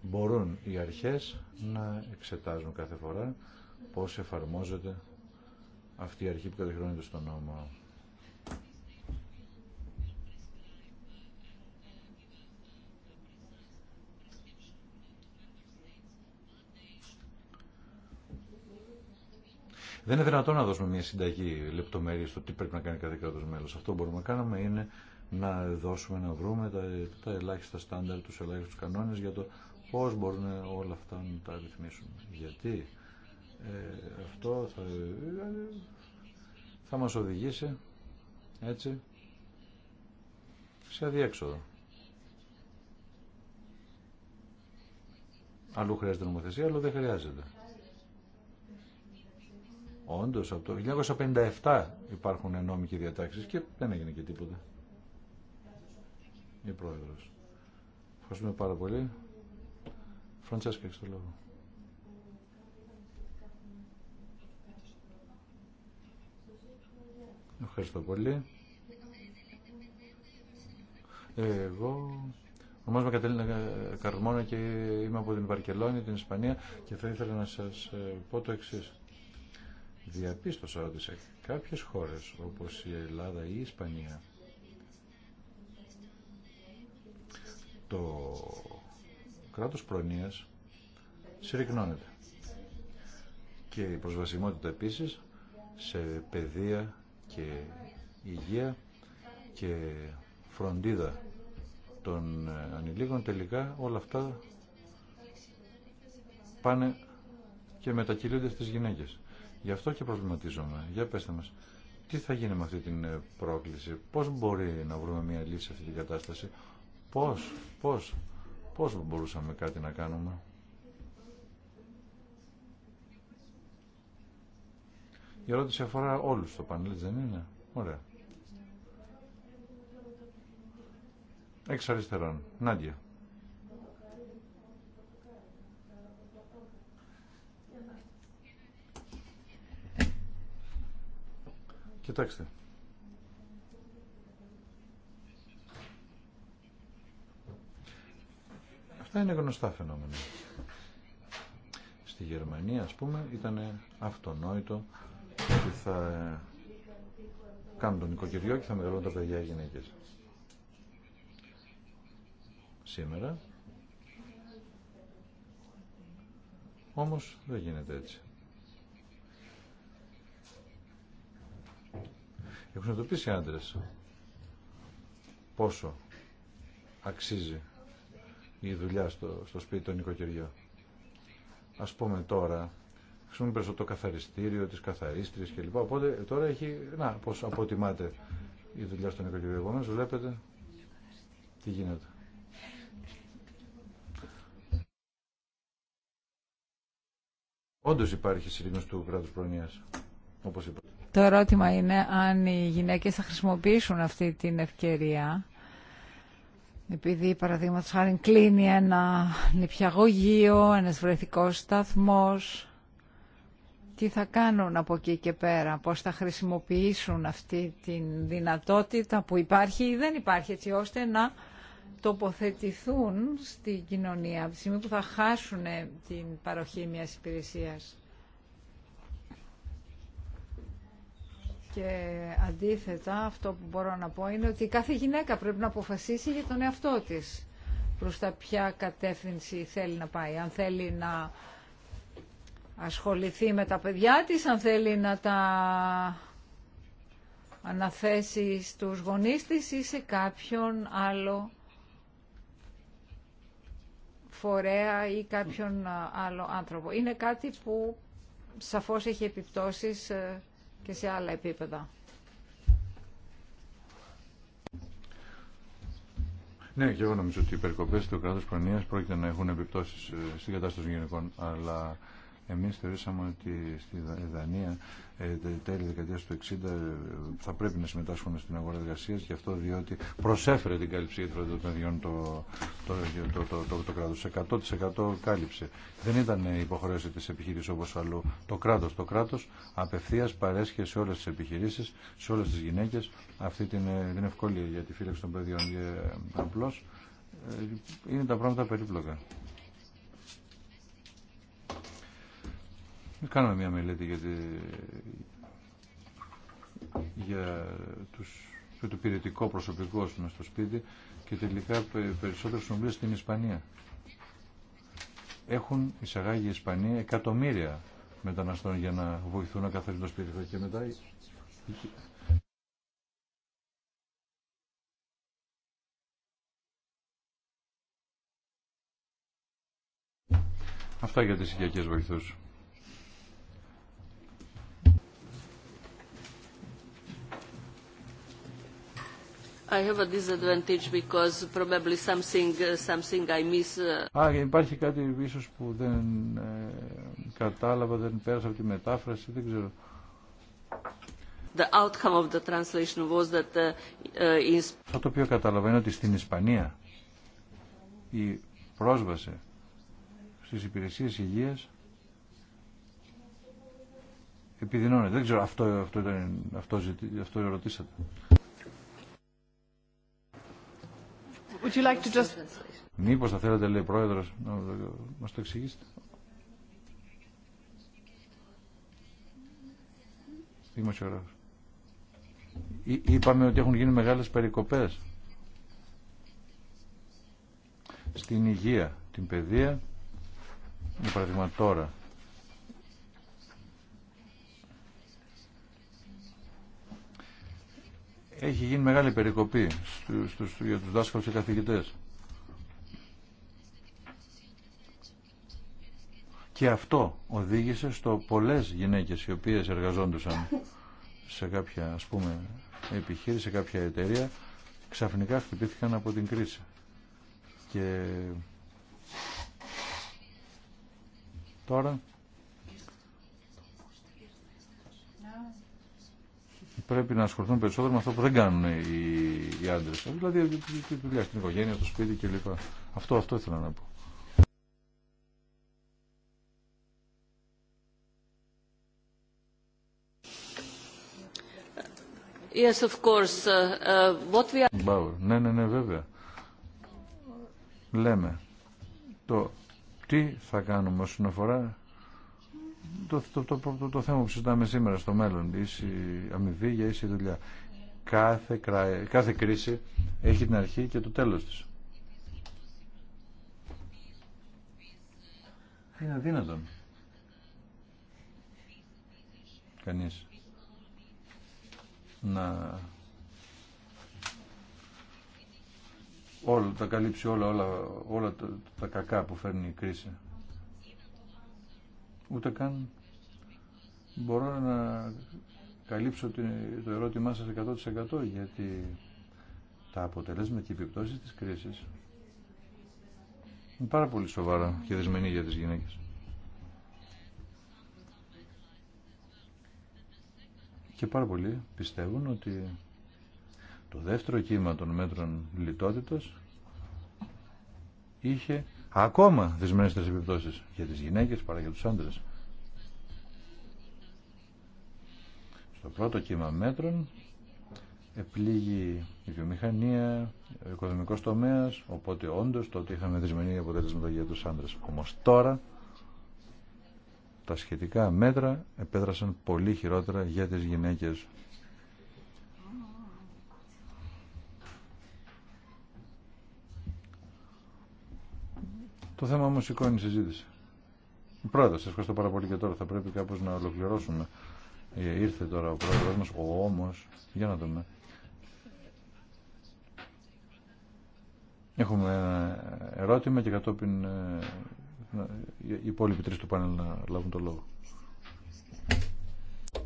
μπορούν οι αρχές να εξετάζουν κάθε φορά πώς εφαρμόζεται αυτή η αρχή που καταχρώνεται στον νόμο. Δεν είναι δυνατόν να δώσουμε μια συνταγή λεπτομέρειε στο τι πρέπει να κάνει κάθε κράτο μέλο. Αυτό που μπορούμε να κάνουμε είναι να δώσουμε, να βρούμε τα, τα ελάχιστα στάνταρ, του ελάχιστου κανόνε για το πώ μπορούν όλα αυτά να τα ρυθμίσουν. Γιατί ε, αυτό θα, θα μας οδηγήσει έτσι σε αδιέξοδο. Αλλού χρειάζεται νομοθεσία, άλλου δεν χρειάζεται. Όντω από το 1957 υπάρχουν νόμικοι και διατάξεις και δεν έγινε και τίποτα. Η πρόεδρο. Ευχαριστούμε πάρα πολύ. Φραντσέσκα, έχει το λόγο. Ευχαριστώ πολύ. Εγώ ονομάζομαι Κατελίνα Καρμόνα και είμαι από την Βαρκελόνη, την Ισπανία και θα ήθελα να σας ε, πω το εξής διαπίστωσα ότι σε κάποιες χώρες όπως η Ελλάδα ή η Ισπανία το κράτος προνοίας συρρυκνώνεται και η προσβασιμότητα επίσης σε παιδεία και υγεία και φροντίδα των ανηλίκων τελικά όλα αυτά πάνε και μετακυλούνται στις γυναίκες. Γι' αυτό και προβληματίζομαι. Για πέστε μας, τι θα γίνει με αυτή την ε, πρόκληση, πώς μπορεί να βρούμε μια λύση σε αυτή την κατάσταση, πώς, πώς, πώς μπορούσαμε κάτι να κάνουμε. Η ερώτηση αφορά όλους το πανέλ, δεν είναι. Ωραία. Εξ αριστερών. Νάντια. Κοιτάξτε. Αυτά είναι γνωστά φαινόμενα. Στη Γερμανία, ας πούμε, ήταν αυτονόητο ότι θα κάνουν τον οικοκυριό και θα μεγαλώνουν τα παιδιά γυναίκες. Σήμερα, όμως, δεν γίνεται έτσι. Έχουν συνειδητοποιήσει οι άντρε πόσο αξίζει η δουλειά στο, στο σπίτι των οικοκυριών. Ας πούμε τώρα, χρησιμοποιούν περισσότερο το καθαριστήριο, τι καθαρίστριε κλπ. Οπότε τώρα έχει, να, πώς αποτιμάται η δουλειά στο νοικοκυριό. Επομένως βλέπετε τι γίνεται. Όντω υπάρχει συρρήγνωση του κράτου προνοίας, όπως είπατε. Το ερώτημα είναι αν οι γυναίκες θα χρησιμοποιήσουν αυτή την ευκαιρία επειδή παραδείγματος χάρη κλείνει ένα νηπιαγωγείο, ένας βρεθικός σταθμός, τι θα κάνουν από εκεί και πέρα, πώς θα χρησιμοποιήσουν αυτή τη δυνατότητα που υπάρχει ή δεν υπάρχει έτσι ώστε να τοποθετηθούν στην κοινωνία από τη που θα χάσουν την παροχή μιας υπηρεσίας. Και αντίθετα αυτό που μπορώ να πω είναι ότι κάθε γυναίκα πρέπει να αποφασίσει για τον εαυτό της προς τα ποια κατεύθυνση θέλει να πάει. Αν θέλει να ασχοληθεί με τα παιδιά της, αν θέλει να τα αναθέσει στους γονείς της ή σε κάποιον άλλο φορέα ή κάποιον άλλο άνθρωπο. Είναι κάτι που σαφώς έχει επιπτώσεις ε, και σε άλλα επίπεδα. Ναι, και εγώ νομίζω ότι οι περικοπέ του κράτου προνοία πρόκειται να έχουν επιπτώσει ε, στην κατάσταση των γυναικών. Αλλά εμείς θεωρήσαμε ότι στη Δανία ε, τέλη δεκαετίας του 60 θα πρέπει να συμμετάσχουν στην αγορά εργασίας γι' αυτό διότι προσέφερε την κάλυψη των παιδιών το, το, το, το, το, κράτος 100% κάλυψε δεν ήταν υποχρέωση της επιχείρησης όπως αλλού το κράτος το κράτος απευθείας παρέσχε σε όλες τις επιχειρήσεις σε όλες τις γυναίκες αυτή την, ε, την ευκολία για τη φύλαξη των παιδιών ε, απλώς είναι τα πράγματα περίπλοκα Κάναμε μια μελέτη για, για τους το πυρητικό προσωπικό μας στο σπίτι και τελικά περισσότερες συνομιλίες στην Ισπανία. Έχουν εισαγάγει η Ισπανία εκατομμύρια μεταναστών για να βοηθούν να καθαρίσουν το σπίτι και μετά... Αυτά για τις οικιακές βοηθούς. I have a disadvantage because probably something, uh, something I miss. Uh. Α, υπάρχει κάτι ίσως που δεν ε, κατάλαβα, δεν πέρασα από τη μετάφραση, δεν ξέρω. The outcome of the translation was that uh, uh in... Αυτό το οποίο καταλαβαίνω ότι στην Ισπανία η πρόσβαση στις υπηρεσίες υγείας επιδεινώνεται. Δεν ξέρω, αυτό, αυτό, ήταν, αυτό, αυτό ρωτήσατε. Would θα θέλατε, λέει πρόεδρος, να μας το εξηγήσετε. Δημοσιογράφος. Είπαμε ότι έχουν γίνει μεγάλες περικοπές στην υγεία, την παιδεία, για παράδειγμα τώρα έχει γίνει μεγάλη περικοπή στους, στους, για τους δάσκαλους και καθηγητές. Και αυτό οδήγησε στο πολλές γυναίκες οι οποίες εργαζόντουσαν σε κάποια ας πούμε επιχείρηση, σε κάποια εταιρεία ξαφνικά χτυπήθηκαν από την κρίση. Και τώρα πρέπει να ασχοληθούν περισσότερο με αυτό που δεν κάνουν οι, οι άντρε. Δηλαδή τη δουλειά στην οικογένεια, το σπίτι κλπ. Αυτό, αυτό ήθελα να πω. Yes, of course. Uh, uh, what we are... Ναι, ναι, ναι, βέβαια. Λέμε το τι θα κάνουμε όσον αφορά το, το, το, το, θέμα που συζητάμε σήμερα στο μέλλον, ίση αμοιβή για ίση δουλειά. Κάθε, κάθε κρίση έχει την αρχή και το τέλος της. Είναι αδύνατον. Κανείς να όλα, τα καλύψει όλα, όλα, όλα τα, τα κακά που φέρνει η κρίση ούτε καν μπορώ να καλύψω το ερώτημά σας 100% γιατί τα αποτελέσματα και οι επιπτώσεις της κρίσης είναι πάρα πολύ σοβαρά και δεσμενή για τις γυναίκες. Και πάρα πολλοί πιστεύουν ότι το δεύτερο κύμα των μέτρων λιτότητας είχε ακόμα τις επιπτώσεις για τις γυναίκες παρά για τους άντρες. Στο πρώτο κύμα μέτρων επλήγει η βιομηχανία, ο οικονομικός τομέας, οπότε όντως τότε είχαμε δυσμενή αποτέλεσματα για τους άντρες. Όμως τώρα τα σχετικά μέτρα επέδρασαν πολύ χειρότερα για τις γυναίκες. Το θέμα όμω σηκώνει συζήτηση. Πρόεδρε, σας ευχαριστώ πάρα πολύ και τώρα θα πρέπει κάπως να ολοκληρώσουμε. Ε, ήρθε τώρα ο πρόεδρο μας, ο όμως, για να δούμε. Έχουμε ένα ερώτημα και κατόπιν ε, οι υπόλοιποι τρει του πάνελ να λάβουν το λόγο.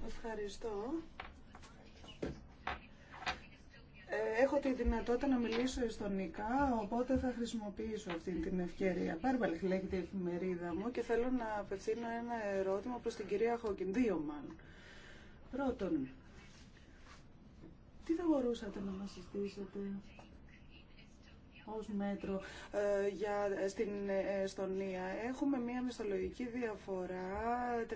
Ευχαριστώ έχω τη δυνατότητα να μιλήσω εστονικά, οπότε θα χρησιμοποιήσω αυτή την ευκαιρία. Μπάρμπαλ λέγεται η εφημερίδα μου και θέλω να απευθύνω ένα ερώτημα προς την κυρία Χόκκιν. Δύο μάλλον. Πρώτον, τι θα μπορούσατε να μας συστήσετε ως μέτρο ε, για, στην Εστονία. Έχουμε μία μισθολογική διαφορά 30%.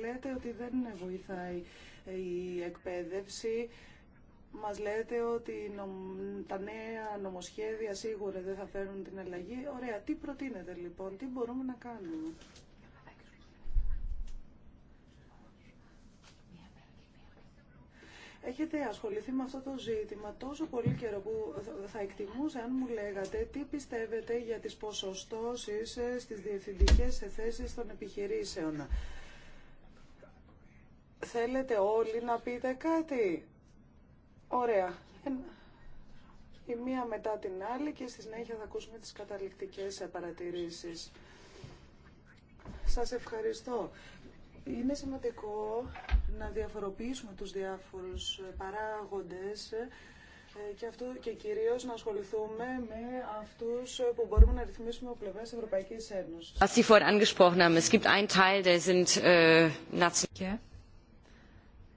Λέτε ότι δεν βοηθάει η εκπαίδευση. Μας λέτε ότι τα νέα νομοσχέδια σίγουρα δεν θα φέρουν την αλλαγή. Ωραία, τι προτείνετε λοιπόν, τι μπορούμε να κάνουμε. Έχετε ασχοληθεί με αυτό το ζήτημα τόσο πολύ καιρό που θα εκτιμούσα αν μου λέγατε τι πιστεύετε για τις ποσοστώσεις ε, στις διευθυντικές θέσεις των επιχειρήσεων. Θέλετε όλοι να πείτε κάτι. Ωραία. Η μία μετά την άλλη και στη συνέχεια θα ακούσουμε τις καταληκτικές παρατηρήσεις. Σας ευχαριστώ. Είναι σημαντικό να διαφοροποιήσουμε τους διάφορους παράγοντες ε, και, αυτού και κυρίως να ασχοληθούμε με αυτούς που μπορούμε να ρυθμίσουμε ο πλευράς Ευρωπαϊκής Ένωσης.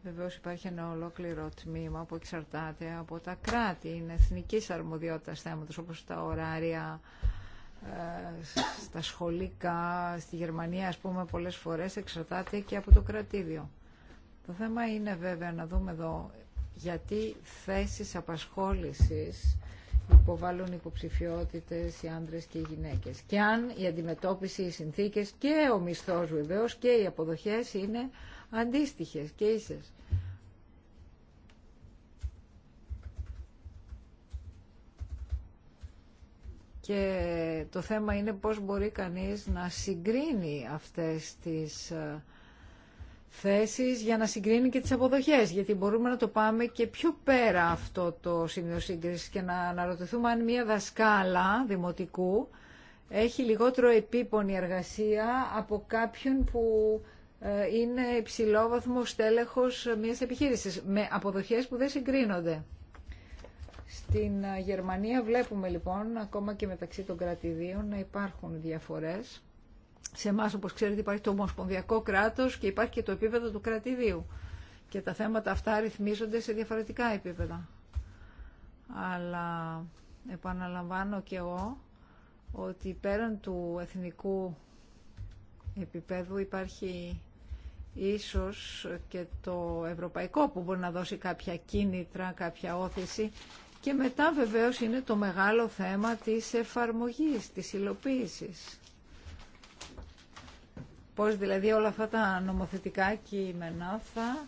Βεβαίως υπάρχει ένα ολόκληρο τμήμα που εξαρτάται από τα κράτη, είναι εθνική αρμοδιότητας θέματος όπως τα ωράρια ε, στα σχολικά, στη Γερμανία ας πούμε πολλές φορές εξαρτάται και από το κρατήδιο. Το θέμα είναι βέβαια να δούμε εδώ γιατί θέσεις απασχόλησης υποβάλλουν υποψηφιότητες οι άντρες και οι γυναίκες. Και αν η αντιμετώπιση, οι συνθήκες και ο μισθός βεβαίω και οι αποδοχές είναι αντίστοιχες και ίσες. Και το θέμα είναι πώς μπορεί κανείς να συγκρίνει αυτές τις ε, θέσεις για να συγκρίνει και τις αποδοχές, γιατί μπορούμε να το πάμε και πιο πέρα αυτό το σημείο σύγκρισης και να αναρωτηθούμε αν μια δασκάλα δημοτικού έχει λιγότερο επίπονη εργασία από κάποιον που ε, είναι βαθμό στέλεχο μιας επιχείρησης με αποδοχές που δεν συγκρίνονται. Στην ε, Γερμανία βλέπουμε λοιπόν ακόμα και μεταξύ των κρατηδίων να υπάρχουν διαφορές. Σε εμά, όπως ξέρετε, υπάρχει το ομοσπονδιακό κράτος και υπάρχει και το επίπεδο του κρατηδίου. Και τα θέματα αυτά ρυθμίζονται σε διαφορετικά επίπεδα. Αλλά επαναλαμβάνω και εγώ ότι πέραν του εθνικού επίπεδου υπάρχει ίσως και το ευρωπαϊκό που μπορεί να δώσει κάποια κίνητρα, κάποια όθηση και μετά βεβαίως είναι το μεγάλο θέμα της εφαρμογής, της υλοποίησης. Πώς δηλαδή όλα αυτά τα νομοθετικά κείμενα θα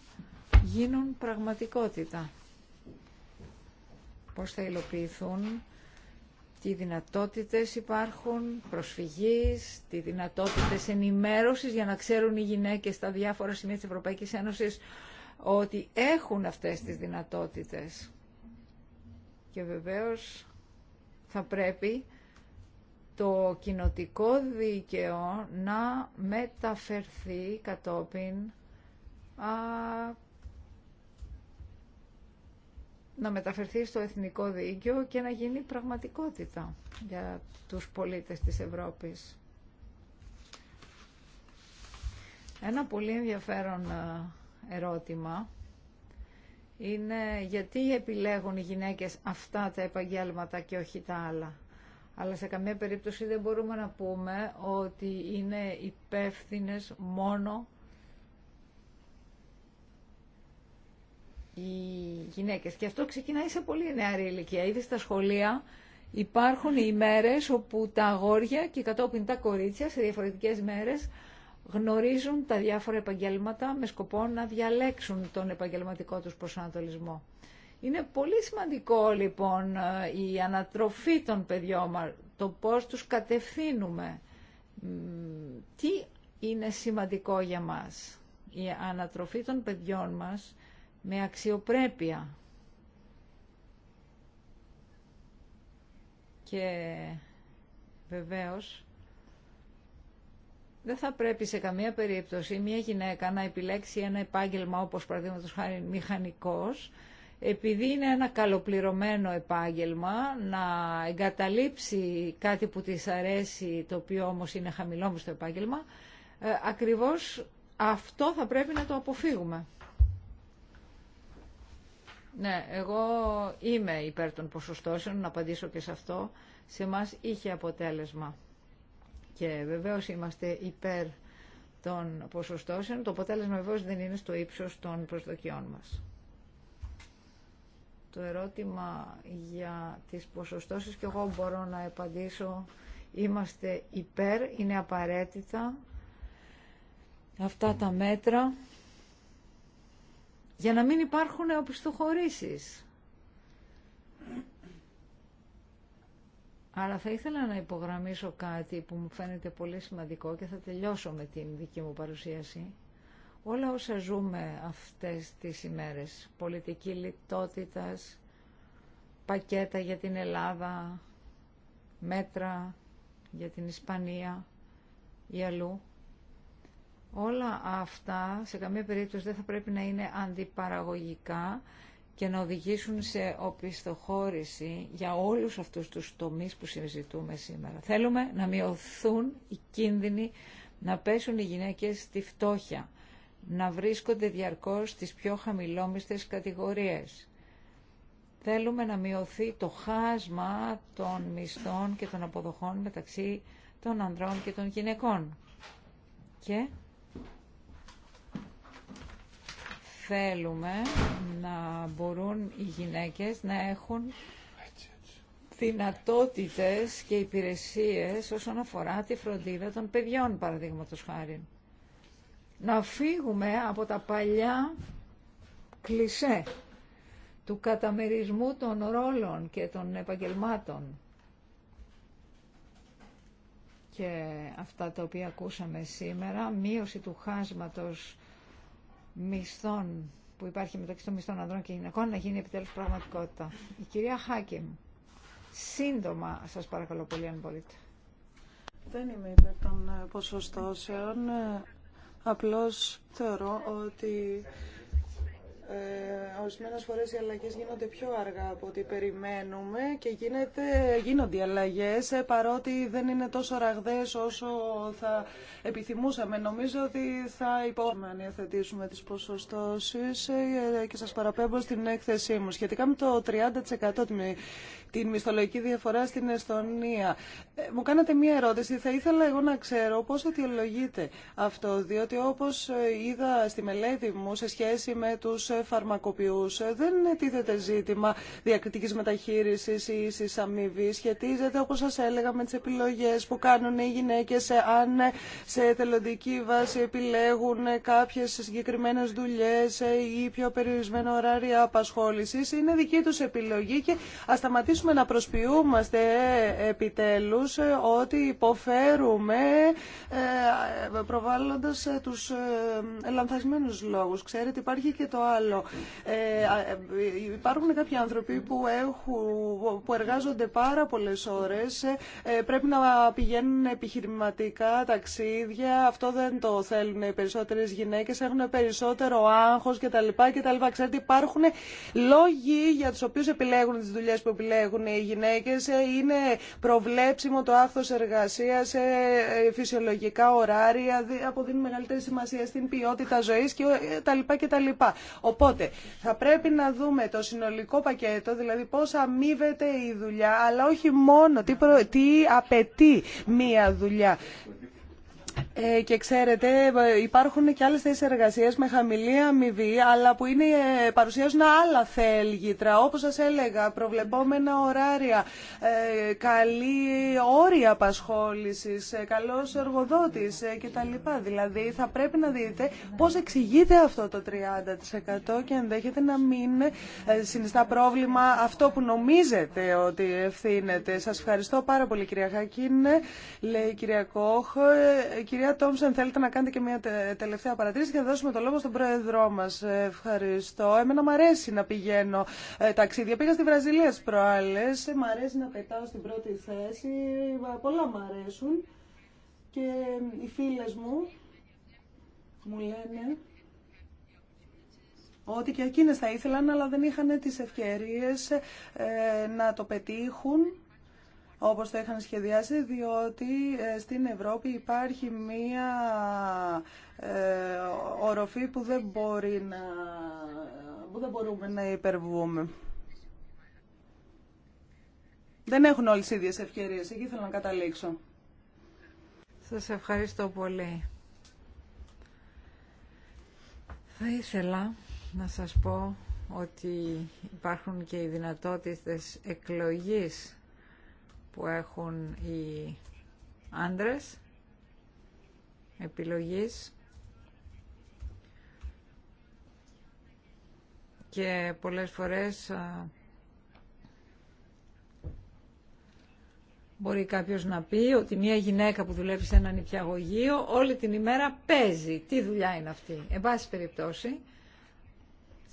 γίνουν πραγματικότητα. Πώς θα υλοποιηθούν τι δυνατότητες υπάρχουν προσφυγής, τι δυνατότητες ενημέρωσης για να ξέρουν οι γυναίκες στα διάφορα σημεία της Ευρωπαϊκής Ένωσης ότι έχουν αυτές τις δυνατότητες. Και βεβαίως θα πρέπει το κοινοτικό δίκαιο να μεταφερθεί κατόπιν να μεταφερθεί στο εθνικό δίκαιο και να γίνει πραγματικότητα για τους πολίτες της Ευρώπης. Ένα πολύ ενδιαφέρον ε, ερώτημα είναι γιατί επιλέγουν οι γυναίκες αυτά τα επαγγέλματα και όχι τα άλλα. Αλλά σε καμία περίπτωση δεν μπορούμε να πούμε ότι είναι υπεύθυνε μόνο οι γυναίκες. Και αυτό ξεκινάει σε πολύ νεαρή ηλικία. Ήδη στα σχολεία υπάρχουν οι μέρες όπου τα αγόρια και κατόπιν τα κορίτσια σε διαφορετικές μέρες γνωρίζουν τα διάφορα επαγγέλματα με σκοπό να διαλέξουν τον επαγγελματικό τους προσανατολισμό. Είναι πολύ σημαντικό λοιπόν η ανατροφή των παιδιών το πώς τους κατευθύνουμε. Τι είναι σημαντικό για μας. Η ανατροφή των παιδιών μας με αξιοπρέπεια. Και βεβαίως δεν θα πρέπει σε καμία περίπτωση μια γυναίκα να επιλέξει ένα επάγγελμα όπως παραδείγματο χάρη μηχανικός επειδή είναι ένα καλοπληρωμένο επάγγελμα να εγκαταλείψει κάτι που της αρέσει το οποίο όμως είναι χαμηλό στο επάγγελμα ε, ακριβώς αυτό θα πρέπει να το αποφύγουμε. Ναι, εγώ είμαι υπέρ των ποσοστώσεων, να απαντήσω και σε αυτό. Σε εμά είχε αποτέλεσμα. Και βεβαίως είμαστε υπέρ των ποσοστώσεων. Το αποτέλεσμα βεβαίως δεν είναι στο ύψος των προσδοκιών μας. Το ερώτημα για τις ποσοστώσεις και εγώ μπορώ να απαντήσω. Είμαστε υπέρ, είναι απαραίτητα αυτά τα μέτρα για να μην υπάρχουν οπισθοχωρήσεις. Αλλά θα ήθελα να υπογραμμίσω κάτι που μου φαίνεται πολύ σημαντικό και θα τελειώσω με την δική μου παρουσίαση. Όλα όσα ζούμε αυτές τις ημέρες, πολιτική λιτότητας, πακέτα για την Ελλάδα, μέτρα για την Ισπανία ή αλλού, Όλα αυτά σε καμία περίπτωση δεν θα πρέπει να είναι αντιπαραγωγικά και να οδηγήσουν σε οπισθοχώρηση για όλους αυτούς τους τομείς που συζητούμε σήμερα. Θέλουμε να μειωθούν οι κίνδυνοι να πέσουν οι γυναίκες στη φτώχεια, να βρίσκονται διαρκώς στις πιο χαμηλόμιστες κατηγορίες. Θέλουμε να μειωθεί το χάσμα των μισθών και των αποδοχών μεταξύ των ανδρών και των γυναικών. Και θέλουμε να μπορούν οι γυναίκες να έχουν δυνατότητες και υπηρεσίες όσον αφορά τη φροντίδα των παιδιών, παραδείγματος χάρη. Να φύγουμε από τα παλιά κλισέ του καταμερισμού των ρόλων και των επαγγελμάτων και αυτά τα οποία ακούσαμε σήμερα, μείωση του χάσματος μισθών που υπάρχει μεταξύ των μισθών ανδρών και γυναικών να γίνει επιτέλους πραγματικότητα. Η κυρία Χάκεμ, σύντομα σας παρακαλώ πολύ αν μπορείτε. Δεν είμαι υπέρ των ποσοστώσεων. Απλώς θεωρώ ότι ε, ορισμένες φορές οι αλλαγές γίνονται πιο αργά από ό,τι περιμένουμε και γίνεται, γίνονται οι αλλαγές ε, παρότι δεν είναι τόσο ραγδαίες όσο θα επιθυμούσαμε. Νομίζω ότι θα υπόλοιπα αν υιοθετήσουμε τις ποσοστώσεις ε, ε, και σας παραπέμπω στην έκθεσή μου. Σχετικά με το 30% την μισθολογική διαφορά στην Εστονία. Ε, μου κάνατε μία ερώτηση. Θα ήθελα εγώ να ξέρω πώ αιτιολογείται αυτό, διότι όπω ε, είδα στη μελέτη μου σε σχέση με του ε, φαρμακοποιού, δεν τίθεται ζήτημα διακριτική μεταχείρισης ή ίση αμοιβή. Σχετίζεται, όπω σα έλεγα, με τι επιλογέ που κάνουν οι γυναίκε αν σε εθελοντική βάση επιλέγουν κάποιε συγκεκριμένε δουλειέ ή πιο περιορισμένο ωράριο απασχόληση Είναι δική του επιλογή και α αρχίσουμε να προσποιούμαστε ε, επιτέλους ε, ότι υποφέρουμε ε, προβάλλοντας τους λανθασμένους λόγους. Ξέρετε υπάρχει και το άλλο. Υπάρχουν κάποιοι άνθρωποι που, έχουν, που εργάζονται πάρα πολλές ώρες, πρέπει να πηγαίνουν επιχειρηματικά ταξίδια, αυτό δεν το θέλουν οι περισσότερες γυναίκες, έχουν περισσότερο άγχος κτλ. κτλ. Ξέρετε υπάρχουν λόγοι για τους οποίους επιλέγουν τις δουλειές που επιλέγουν έχουν γυναίκες. Ε, είναι προβλέψιμο το άθος εργασίας, ε, ε, φυσιολογικά ωράρια, αποδίνει μεγαλύτερη σημασία στην ποιότητα ζωής και τα λοιπά και τα λοιπά. Οπότε θα πρέπει να δούμε το συνολικό πακέτο, δηλαδή πώς αμείβεται η δουλειά, αλλά όχι μόνο τι, προ... τι απαιτεί μία δουλειά. Ε, και ξέρετε υπάρχουν και άλλες θέσεις εργασίας με χαμηλή αμοιβή αλλά που είναι, ε, παρουσιάζουν άλλα θέλγητρα όπως σας έλεγα προβλεπόμενα ωράρια, ε, καλή όρια απασχόλησης, καλός εργοδότης κτλ. Δηλαδή θα πρέπει να δείτε πώς εξηγείται αυτό το 30% και ενδέχεται να μην συνιστά πρόβλημα αυτό που νομίζετε ότι ευθύνεται. Σας ευχαριστώ πάρα πολύ κυρία Χακίν, λέει η κυρία Κόχ Κυρία Τόμσεν, θέλετε να κάνετε και μια τελευταία παρατήρηση και θα δώσουμε το λόγο στον πρόεδρό μα. Ε, ευχαριστώ. Εμένα μου αρέσει να πηγαίνω ε, ταξίδια. Πήγα στη Βραζιλία τι προάλλε. Ε, μ' αρέσει να πετάω στην πρώτη θέση. Πολλά μου αρέσουν. Και οι φίλε μου μου λένε ότι και εκείνες θα ήθελαν αλλά δεν είχαν τις ευκαιρίες να το πετύχουν όπως το είχαν σχεδιάσει, διότι ε, στην Ευρώπη υπάρχει μία ε, οροφή που δεν, μπορεί να, δεν μπορούμε να υπερβούμε. Δεν έχουν όλες τις ίδιες ευκαιρίες. Εκεί ήθελα να καταλήξω. Σας ευχαριστώ πολύ. Θα ήθελα να σας πω ότι υπάρχουν και οι δυνατότητες εκλογής που έχουν οι άντρες επιλογής και πολλές φορές Μπορεί κάποιος να πει ότι μια γυναίκα που δουλεύει σε ένα νηπιαγωγείο όλη την ημέρα παίζει. Τι δουλειά είναι αυτή. Εν πάση περιπτώσει,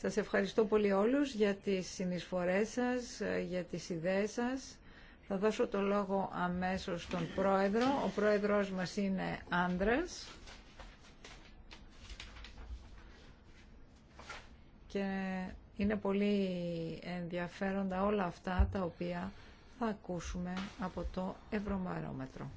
σας ευχαριστώ πολύ όλους για τις συνεισφορές σας, ε, για τις ιδέες σας. Θα δώσω το λόγο αμέσως στον πρόεδρο. Ο πρόεδρος μας είναι άντρας. Και είναι πολύ ενδιαφέροντα όλα αυτά τα οποία θα ακούσουμε από το Ευρωμαρόμετρο.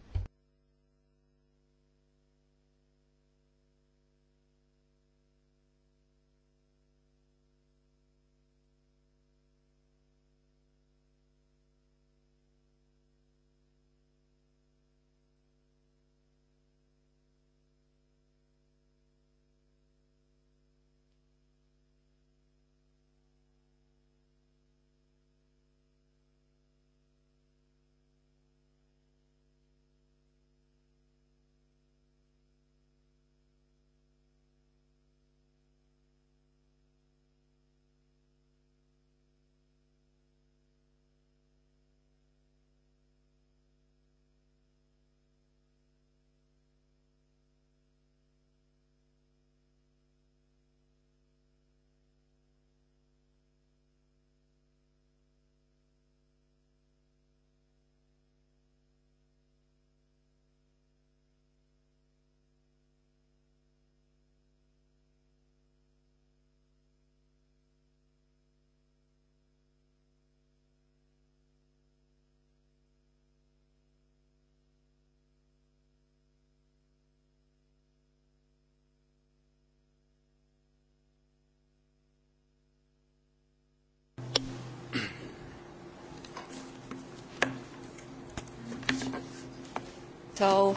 So,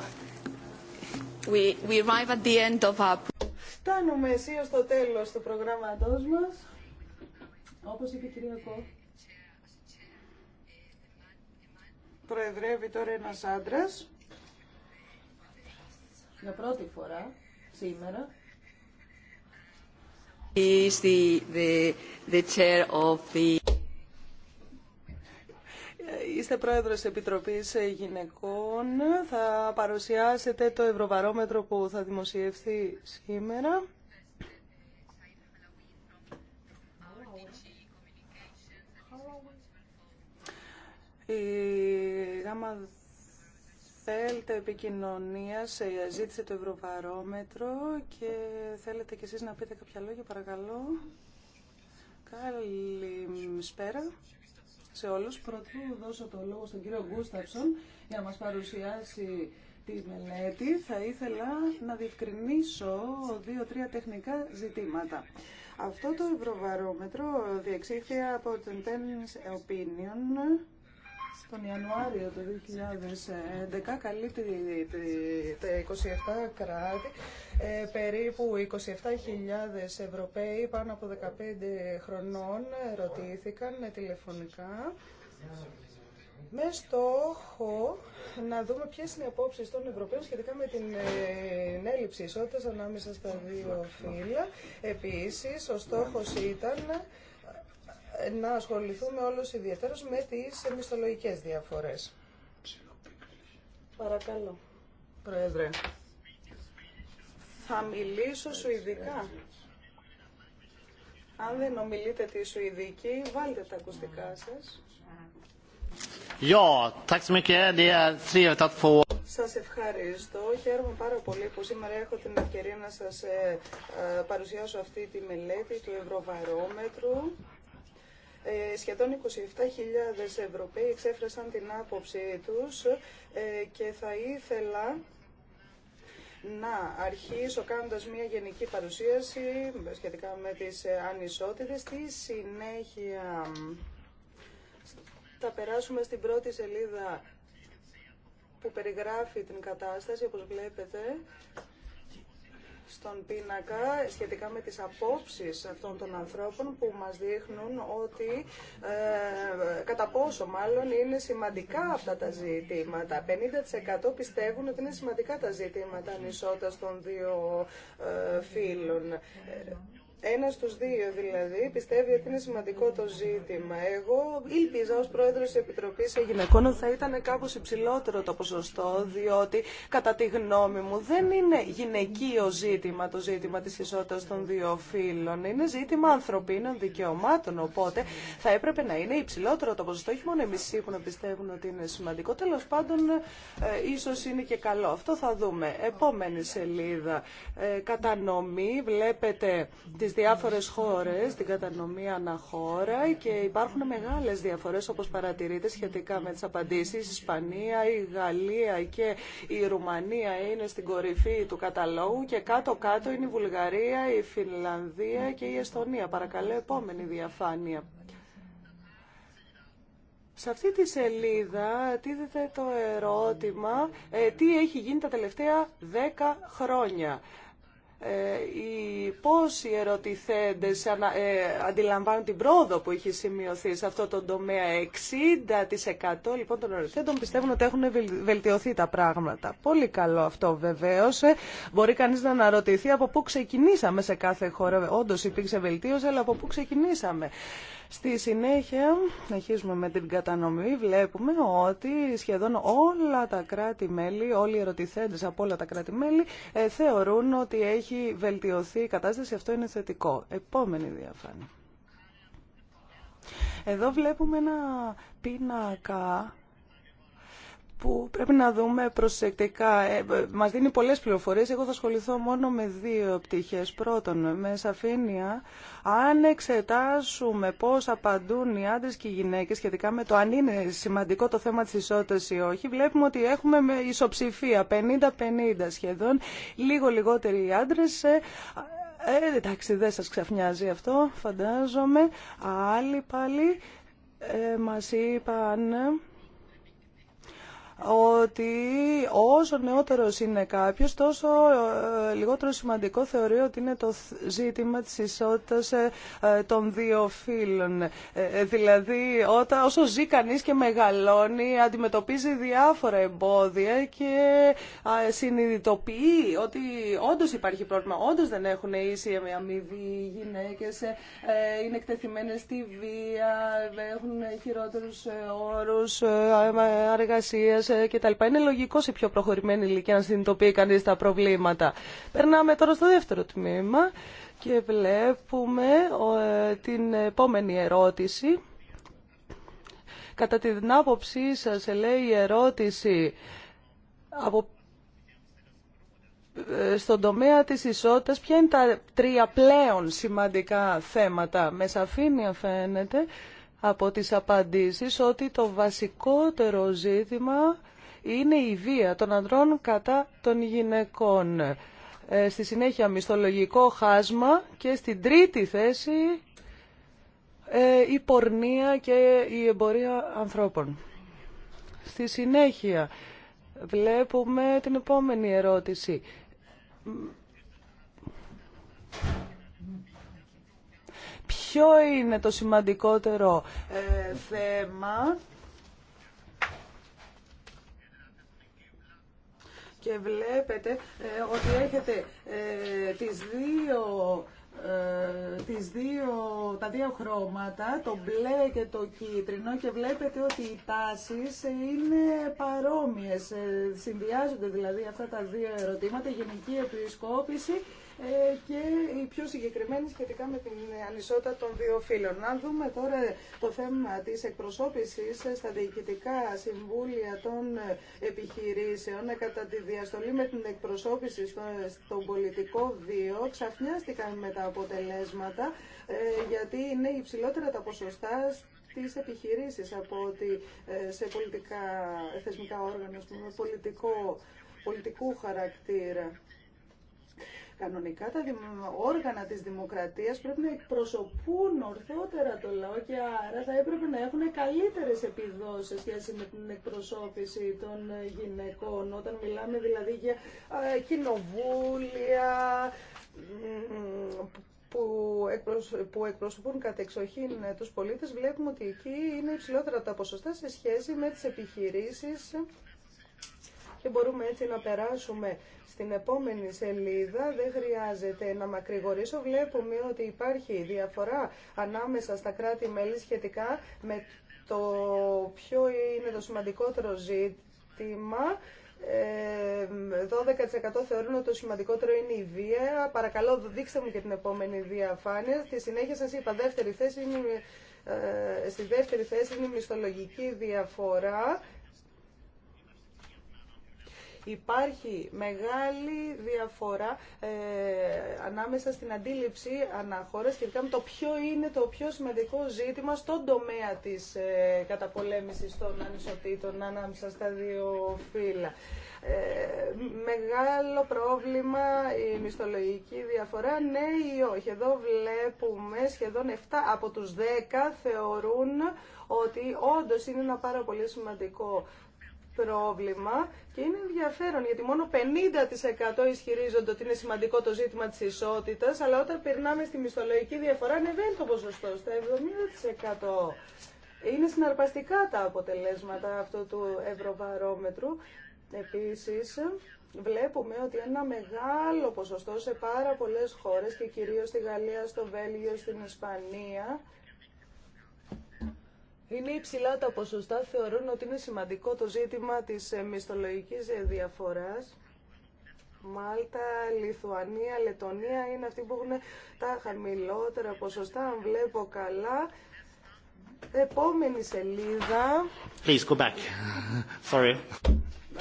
we, we arrive at the end of our... Φτάνουμε σίγουρα στο τέλος του προγράμματός μας. Όπως είπε η κυρία Κό. Προεδρεύει τώρα ένας άντρας. Για πρώτη φορά σήμερα. He is the, the, the chair of the είστε πρόεδρος της Επιτροπής Γυναικών. Θα παρουσιάσετε το Ευρωβαρόμετρο που θα δημοσιευθεί σήμερα. Η γάμα θέλετε επικοινωνία, ε, ζήτησε το Ευρωβαρόμετρο και θέλετε κι εσείς να πείτε κάποια λόγια, παρακαλώ. Καλησπέρα σε όλους. Πρωτού δώσω το λόγο στον κύριο Γκούσταψον για να μας παρουσιάσει τη μελέτη, θα ήθελα να διευκρινίσω δύο-τρία τεχνικά ζητήματα. Αυτό το ευρωβαρόμετρο διεξήχθη από την Tennis Opinion στον Ιανουάριο του 2011 καλύπτει τα 27 κράτη, ε, περίπου 27.000 Ευρωπαίοι πάνω από 15 χρονών ρωτήθηκαν τηλεφωνικά με στόχο να δούμε ποιες είναι οι απόψεις των Ευρωπαίων σχετικά με την ε, έλλειψη ισότητας ανάμεσα στα δύο φύλλα. Επίσης, ο στόχος ήταν να ασχοληθούμε όλος ιδιαίτερος με τις μισθολογικές διαφορές. Παρακαλώ. Πρόεδρε. Θα μιλήσω σου ειδικά. Αν δεν ομιλείτε τη Σουηδική, βάλτε τα ακουστικά σας. Ja, Σας ευχαριστώ. Χαίρομαι πάρα πολύ που σήμερα έχω την ευκαιρία να σας ε, παρουσιάσω αυτή τη μελέτη του Ευρωβαρόμετρου ε, σχεδόν 27.000 Ευρωπαίοι εξέφρασαν την άποψή τους ε, και θα ήθελα να αρχίσω κάνοντας μια γενική παρουσίαση σχετικά με τις ε, ανισότητες. Στη συνέχεια θα περάσουμε στην πρώτη σελίδα που περιγράφει την κατάσταση, όπως βλέπετε στον πίνακα σχετικά με τις απόψεις αυτών των ανθρώπων που μας δείχνουν ότι ε, κατά πόσο μάλλον είναι σημαντικά αυτά τα ζητήματα. 50% πιστεύουν ότι είναι σημαντικά τα ζητήματα ανισότητας των δύο ε, ε ένα στου δύο δηλαδή πιστεύει ότι είναι σημαντικό το ζήτημα. Εγώ ήλπιζα ω πρόεδρο τη Επιτροπή Γυναικών θα ήταν κάπω υψηλότερο το ποσοστό, διότι κατά τη γνώμη μου δεν είναι γυναικείο ζήτημα το ζήτημα τη ισότητα των δύο φύλων. Είναι ζήτημα ανθρωπίνων δικαιωμάτων. Οπότε θα έπρεπε να είναι υψηλότερο το ποσοστό, όχι μόνο εμεί σίγουρα πιστεύουν ότι είναι σημαντικό. Τέλο πάντων, ε, ίσω είναι και καλό. Αυτό θα δούμε. Επόμενη σελίδα. Ε, κατανομή, βλέπετε τι στις διάφορες χώρες, την κατανομή αναχώρα και υπάρχουν μεγάλες διαφορές όπως παρατηρείτε σχετικά με τις απαντήσεις. Η Ισπανία, η Γαλλία και η Ρουμανία είναι στην κορυφή του καταλόγου και κάτω-κάτω είναι η Βουλγαρία, η Φινλανδία και η Εστονία. Παρακαλώ επόμενη διαφάνεια. Σε αυτή τη σελίδα τίθεται το ερώτημα ε, τι έχει γίνει τα τελευταία 10 χρόνια. Ε, οι πώς οι ερωτηθέντες ε, αντιλαμβάνουν την πρόοδο που έχει σημειωθεί σε αυτό το τομέα. 60% λοιπόν των ερωτηθέντων πιστεύουν ότι έχουν βελτιωθεί τα πράγματα. Πολύ καλό αυτό βεβαίως. Ε. Μπορεί κανείς να αναρωτηθεί από πού ξεκινήσαμε σε κάθε χώρα. Όντως υπήρξε βελτίωση, αλλά από πού ξεκινήσαμε. Στη συνέχεια, αρχίζουμε με την κατανομή, βλέπουμε ότι σχεδόν όλα τα κράτη-μέλη, όλοι οι ερωτηθέντες από όλα τα κράτη-μέλη, ε, θεωρούν ότι έχει βελτιωθεί η κατάσταση. Αυτό είναι θετικό. Επόμενη διαφάνεια. Εδώ βλέπουμε ένα πίνακα που πρέπει να δούμε προσεκτικά. Ε, μας δίνει πολλές πληροφορίες, εγώ θα ασχοληθώ μόνο με δύο πτυχές. Πρώτον, με σαφήνεια, αν εξετάσουμε πώς απαντούν οι άντρες και οι γυναίκες σχετικά με το αν είναι σημαντικό το θέμα της ισότητας ή όχι, βλέπουμε ότι έχουμε με ισοψηφία 50-50 σχεδόν, λίγο λιγότεροι οι άντρες, ε, ε, εντάξει, δεν σας ξαφνιάζει αυτό, φαντάζομαι. Άλλοι πάλι ε, μας είπαν ότι όσο νεότερος είναι κάποιος, τόσο ε, λιγότερο σημαντικό θεωρεί ότι είναι το ζήτημα της ισότητας ε, ε, των δύο φύλων. Δηλαδή, όταν, όσο ζει κανείς και μεγαλώνει, αντιμετωπίζει διάφορα εμπόδια και συνειδητοποιεί ότι όντως υπάρχει πρόβλημα, όντως δεν έχουν ίση αμοιβή οι γυναίκες, είναι εκτεθειμένες στη βία, έχουν χειρότερους όρους εργασίας, ε, είναι λογικό σε πιο προχωρημένη ηλικία να συνειδητοποιεί κανεί τα προβλήματα. Περνάμε τώρα στο δεύτερο τμήμα και βλέπουμε ε, την επόμενη ερώτηση. Κατά την άποψή σας, ε, λέει η ερώτηση, από στον τομέα της ισότητας ποια είναι τα τρία πλέον σημαντικά θέματα. Με σαφήνεια φαίνεται από τις απαντήσεις ότι το βασικότερο ζήτημα είναι η βία των ανδρών κατά των γυναικών. Ε, στη συνέχεια μισθολογικό χάσμα και στην τρίτη θέση ε, η πορνεία και η εμπορία ανθρώπων. Στη συνέχεια βλέπουμε την επόμενη ερώτηση ποιο είναι το σημαντικότερο ε, θέμα. Και βλέπετε ε, ότι έχετε ε, τις δύο τις δύο, τα δύο χρώματα, το μπλε και το κίτρινο και βλέπετε ότι οι τάσεις είναι παρόμοιες. Συνδυάζονται δηλαδή αυτά τα δύο ερωτήματα, γενική επισκόπηση ε, και η πιο συγκεκριμένη σχετικά με την ανισότητα των δύο φίλων. Να δούμε τώρα το θέμα της εκπροσώπησης στα διοικητικά συμβούλια των επιχειρήσεων κατά τη διαστολή με την εκπροσώπηση στον πολιτικό βίο. Ξαφνιάστηκαν με τα αποτελέσματα ε, γιατί είναι υψηλότερα τα ποσοστά τις επιχειρήσεις από ότι ε, σε πολιτικά, θεσμικά όργανα, πολιτικό, πολιτικού χαρακτήρα. Κανονικά τα όργανα της δημοκρατίας πρέπει να εκπροσωπούν ορθότερα το λαό και άρα θα έπρεπε να έχουν καλύτερες επιδόσεις σε σχέση με την εκπροσώπηση των γυναικών. Όταν μιλάμε δηλαδή για κοινοβούλια που εκπροσωπούν κατεξοχήν ε, τους πολίτες, βλέπουμε ότι εκεί είναι υψηλότερα τα ποσοστά σε σχέση με τις επιχειρήσεις και μπορούμε έτσι να περάσουμε στην επόμενη σελίδα. Δεν χρειάζεται να μακρηγορήσω. Βλέπουμε ότι υπάρχει διαφορά ανάμεσα στα κράτη-μέλη σχετικά με το ποιο είναι το σημαντικότερο ζήτημα. 12% ε, θεωρούν ότι το σημαντικότερο είναι η βία. Παρακαλώ, δείξτε μου και την επόμενη διαφάνεια. Στη συνέχεια σας είπα, δεύτερη θέση είναι, ε, στη δεύτερη θέση είναι η μισθολογική διαφορά Υπάρχει μεγάλη διαφορά ε, ανάμεσα στην αντίληψη αναχώρα σχετικά με το ποιο είναι το πιο σημαντικό ζήτημα στον τομέα της ε, καταπολέμησης των ανισοτήτων ανάμεσα στα δύο φύλλα. Ε, μεγάλο πρόβλημα η μισθολογική διαφορά, ναι ή όχι. Εδώ βλέπουμε σχεδόν 7 από τους 10 θεωρούν ότι όντως είναι ένα πάρα πολύ σημαντικό πρόβλημα και είναι ενδιαφέρον γιατί μόνο 50% ισχυρίζονται ότι είναι σημαντικό το ζήτημα της ισότητας αλλά όταν περνάμε στη μισθολογική διαφορά ανεβαίνει το ποσοστό στα 70%. Είναι συναρπαστικά τα αποτελέσματα αυτού του ευρωβαρόμετρου. Επίσης, βλέπουμε ότι ένα μεγάλο ποσοστό σε πάρα πολλές χώρες και κυρίως στη Γαλλία, στο Βέλγιο, στην Ισπανία είναι υψηλά τα ποσοστά, θεωρούν ότι είναι σημαντικό το ζήτημα της ε, μισθολογικής ε, διαφοράς. Μάλτα, Λιθουανία, Λετωνία είναι αυτοί που έχουν τα χαμηλότερα ποσοστά, αν βλέπω καλά. Επόμενη σελίδα. Please go back. Sorry.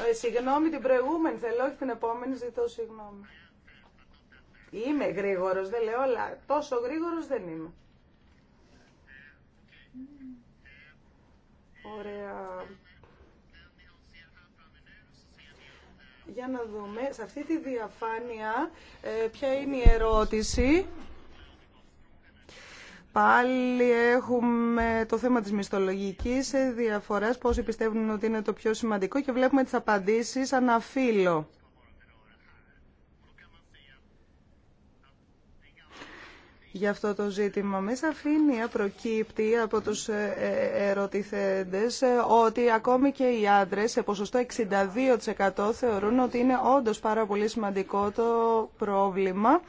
Ε, συγγνώμη την προηγούμενη θέλω, όχι την επόμενη, ζητώ συγγνώμη. Είμαι γρήγορος, δεν λέω, αλλά τόσο γρήγορος δεν είμαι. Ωραία. Για να δούμε, σε αυτή τη διαφάνεια, ε, ποια είναι η ερώτηση. Πάλι έχουμε το θέμα της μισθολογικής διαφοράς, πόσοι πιστεύουν ότι είναι το πιο σημαντικό και βλέπουμε τις απαντήσεις αναφύλλω. για αυτό το ζήτημα. Με σαφήνεια προκύπτει από τους ε, ε, ερωτηθέντες ε, ότι ακόμη και οι άντρες σε ποσοστό 62% θεωρούν ότι είναι όντως πάρα πολύ σημαντικό το πρόβλημα.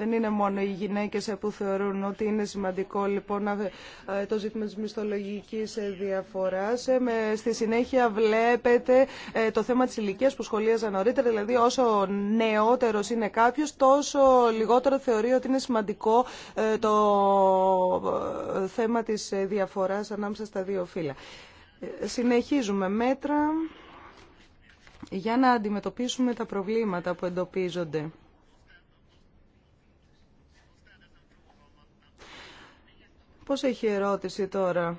Δεν είναι μόνο οι γυναίκες που θεωρούν ότι είναι σημαντικό λοιπόν ε, το ζήτημα της μισθολογικής ε, διαφοράς. Ε, στη συνέχεια βλέπετε το θέμα της ηλικίας που σχολίαζα νωρίτερα, δηλαδή όσο νεότερος είναι κάποιος τόσο λιγότερο θεωρεί ότι είναι σημαντικό το θέμα της διαφοράς ανάμεσα στα δύο φύλλα. Συνεχίζουμε μέτρα για να αντιμετωπίσουμε τα προβλήματα που εντοπίζονται. πώς έχει ερώτηση τώρα.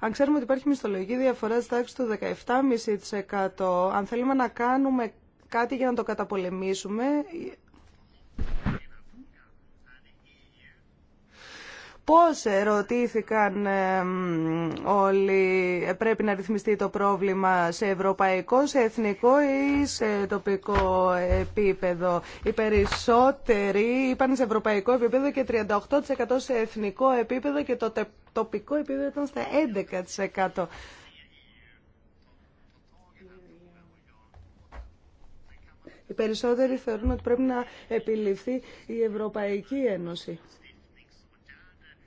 Αν ξέρουμε ότι υπάρχει μισθολογική διαφορά στη τάξη του 17,5%, αν θέλουμε να κάνουμε κάτι για να το καταπολεμήσουμε, Πώς ρωτήθηκαν όλοι πρέπει να ρυθμιστεί το πρόβλημα σε ευρωπαϊκό, σε εθνικό ή σε τοπικό επίπεδο. Οι περισσότεροι είπαν σε ευρωπαϊκό επίπεδο και 38% σε εθνικό επίπεδο και το τοπικό επίπεδο ήταν στα 11%. Οι περισσότεροι θεωρούν ότι πρέπει να επιληφθεί η Ευρωπαϊκή Ένωση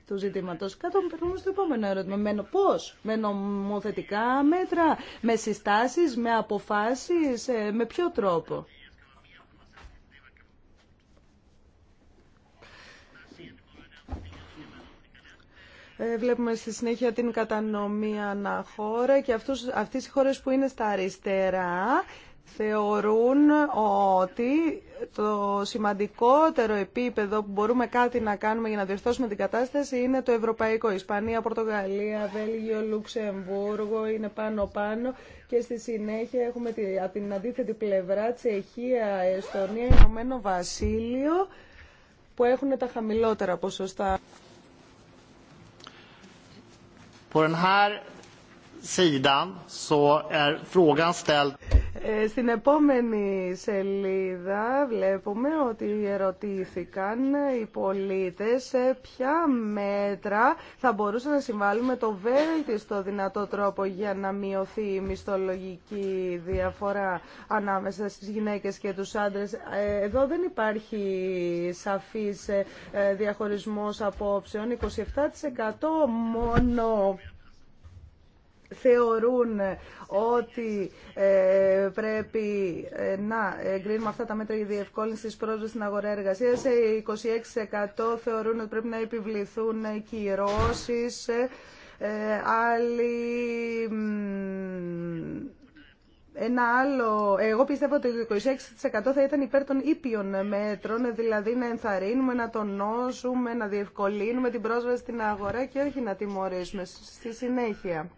του ζητήματος. Κάτω περνούμε στο επόμενο ερώτημα. Με πώς, με νομοθετικά μέτρα, με συστάσεις, με αποφάσεις, ε, με ποιο τρόπο. Ε, βλέπουμε στη συνέχεια την κατανομή αναχώρα και αυτούς, αυτές οι χώρες που είναι στα αριστερά θεωρούν ότι το σημαντικότερο επίπεδο που μπορούμε κάτι να κάνουμε για να διορθώσουμε την κατάσταση είναι το ευρωπαϊκό. Ισπανία, Πορτογαλία, Βέλγιο, Λουξεμβούργο είναι πάνω-πάνω και στη συνέχεια έχουμε από την αντίθετη πλευρά Τσεχία, Εστονία, Ηνωμένο Βασίλειο που έχουν τα χαμηλότερα ποσοστά. På ε, στην επόμενη σελίδα βλέπουμε ότι ερωτήθηκαν οι πολίτες σε ποια μέτρα θα μπορούσαν να συμβάλλουν με το βέλτιστο δυνατό τρόπο για να μειωθεί η μισθολογική διαφορά ανάμεσα στις γυναίκες και τους άντρες. Ε, εδώ δεν υπάρχει σαφής ε, διαχωρισμός απόψεων. 27% μόνο θεωρούν ότι ε, πρέπει ε, να εγκρίνουμε αυτά τα μέτρα για διευκόλυνση τη πρόσβαση στην αγορά εργασία. 26% ε, θεωρούν ότι πρέπει να επιβληθούν κυρώσει. άλλοι ένα άλλο, εγώ πιστεύω ότι το 26% θα ήταν υπέρ των ήπιων μέτρων, δηλαδή να ενθαρρύνουμε, να τονώσουμε, να διευκολύνουμε την πρόσβαση στην αγορά και όχι να τιμωρήσουμε στη συνέχεια.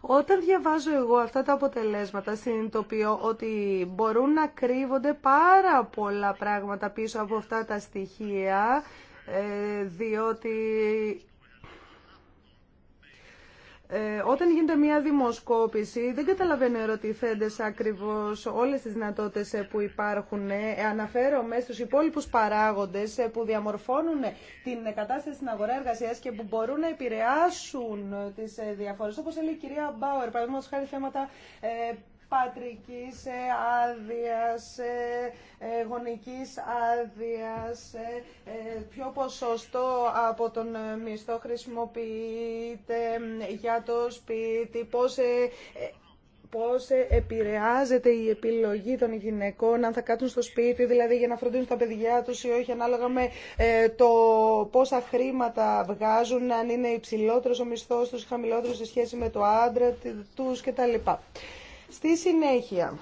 Όταν διαβάζω εγώ αυτά τα αποτελέσματα, συνειδητοποιώ ότι μπορούν να κρύβονται πάρα πολλά πράγματα πίσω από αυτά τα στοιχεία, ε, διότι ε, όταν γίνεται μια δημοσκόπηση, δεν καταλαβαίνω ερωτηθέντες ακριβώς όλες τις δυνατότητες ε, που υπάρχουν. Ε. Ε, αναφέρομαι στους υπόλοιπους παράγοντες που διαμορφώνουν την κατάσταση στην αγορά εργασίας και που μπορούν να επηρεάσουν τις διαφορές. Όπως έλεγε η κυρία Μπάουερ, παραδείγματος χάρη θέματα πατρικής ε, άδειας, ε, ε, γονικής άδειας, ποιο ποσοστό από τον μισθό χρησιμοποιείται για το σπίτι, πώς πώς επηρεάζεται η επιλογή των γυναικών αν θα κάτσουν στο σπίτι, δηλαδή για να φροντίζουν τα παιδιά τους ή όχι, ανάλογα με το πόσα χρήματα βγάζουν, αν είναι υψηλότερος ο μισθός τους, χαμηλότερος σε σχέση με το άντρα τους κτλ. Στη συνέχεια,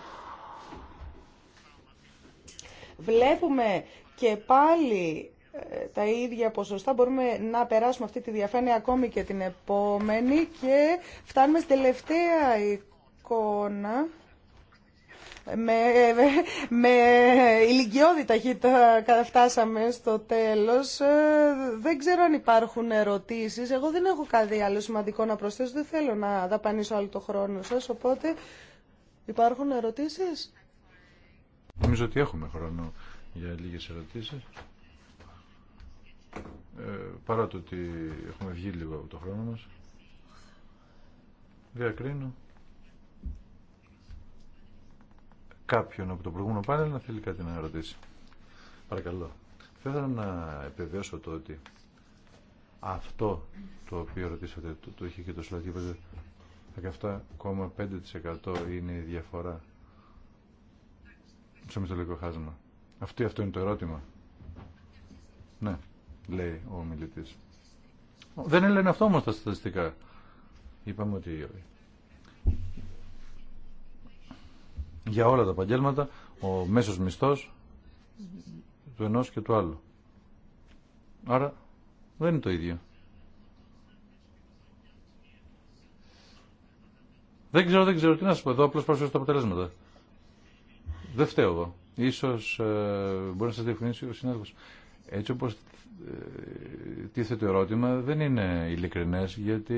βλέπουμε και πάλι ε, τα ίδια ποσοστά μπορούμε να περάσουμε αυτή τη διαφάνεια ακόμη και την επόμενη και φτάνουμε στην τελευταία εικόνα με, με ηλικιώδη ταχύτητα φτάσαμε στο τέλος. Ε, δεν ξέρω αν υπάρχουν ερωτήσεις. Εγώ δεν έχω κάτι άλλο σημαντικό να προσθέσω. Δεν θέλω να δαπανίσω άλλο το χρόνο σας, οπότε Υπάρχουν ερωτήσεις? Νομίζω ότι έχουμε χρόνο για λίγες ερωτήσεις. Ε, παρά το ότι έχουμε βγει λίγο από το χρόνο μας. Διακρίνω. Κάποιον από το προηγούμενο πάνελ να θέλει κάτι να ερωτήσει. Παρακαλώ. Θα ήθελα να επιβεβαιώσω το ότι αυτό το οποίο ρωτήσατε, το, είχε και το Σλατή, 17,5% είναι η διαφορά στο μισθολογικό χάσμα. Αυτή, αυτό είναι το ερώτημα. Ναι, λέει ο μιλητή. Δεν έλεγαν αυτό όμω τα στατιστικά. Είπαμε ότι για όλα τα επαγγέλματα ο μέσος μισθός του ενός και του άλλου. Άρα δεν είναι το ίδιο. Δεν ξέρω, δεν ξέρω τι να σου πω εδώ, απλώ παρουσιάζω τα αποτελέσματα. Δεν φταίω εγώ. Ίσως ε, μπορεί να σας διευκρινίσει ο συνάδελφο. Έτσι όπως ε, τίθεται το ερώτημα δεν είναι ειλικρινέ, γιατί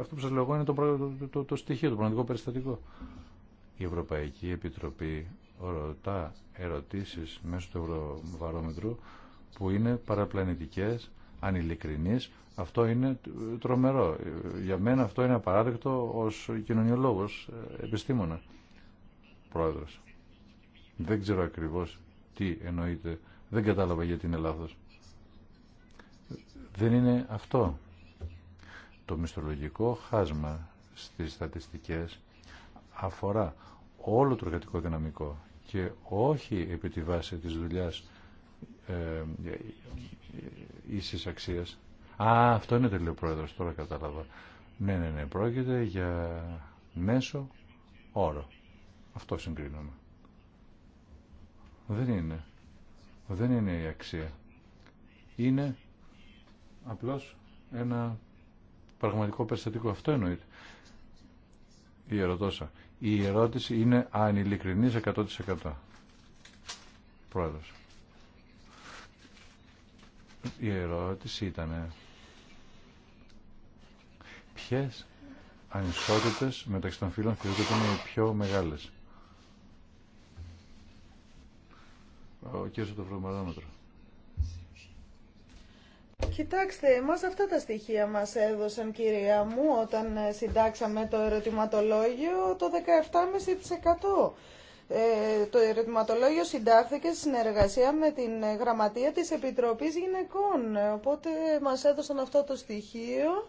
αυτό που σας λέω είναι το, το, το στοιχείο, το πραγματικό περιστατικό. Η Ευρωπαϊκή Επιτροπή ρωτά ερωτήσεις μέσω του Ευρωβαρόμετρου που είναι παραπλανητικές, ανηλικρινεί, αυτό είναι τρομερό. Για μένα αυτό είναι απαράδεκτο ως κοινωνιολόγος, επιστήμονα, πρόεδρος. Δεν ξέρω ακριβώς τι εννοείται. Δεν κατάλαβα γιατί είναι λάθος. Δεν είναι αυτό. Το μισθολογικό χάσμα στις στατιστικές αφορά όλο το εργατικό δυναμικό και όχι επί τη βάση της δουλειάς ε, ίσης αξίας Α, αυτό είναι τελείο πρόεδρος, τώρα κατάλαβα. Ναι, ναι, ναι, πρόκειται για μέσο όρο. Αυτό συγκρίνουμε. Δεν είναι. Δεν είναι η αξία. Είναι απλώς ένα πραγματικό περιστατικό. Αυτό εννοείται. Η ερωτώσα. Η ερώτηση είναι ανηλικρινής 100%. Πρόεδρος. Η ερώτηση ήταν ποιες ανισότητες μεταξύ των φύλων θεωρείται ότι είναι οι πιο μεγάλες. Ο κύριος το Κοιτάξτε, μας αυτά τα στοιχεία μας έδωσαν κυρία μου όταν ε, συντάξαμε το ερωτηματολόγιο το 17,5%. Ε, το ερωτηματολόγιο συντάχθηκε σε συνεργασία με την ε, γραμματεία της Επιτροπής Γυναικών. Οπότε μας έδωσαν αυτό το στοιχείο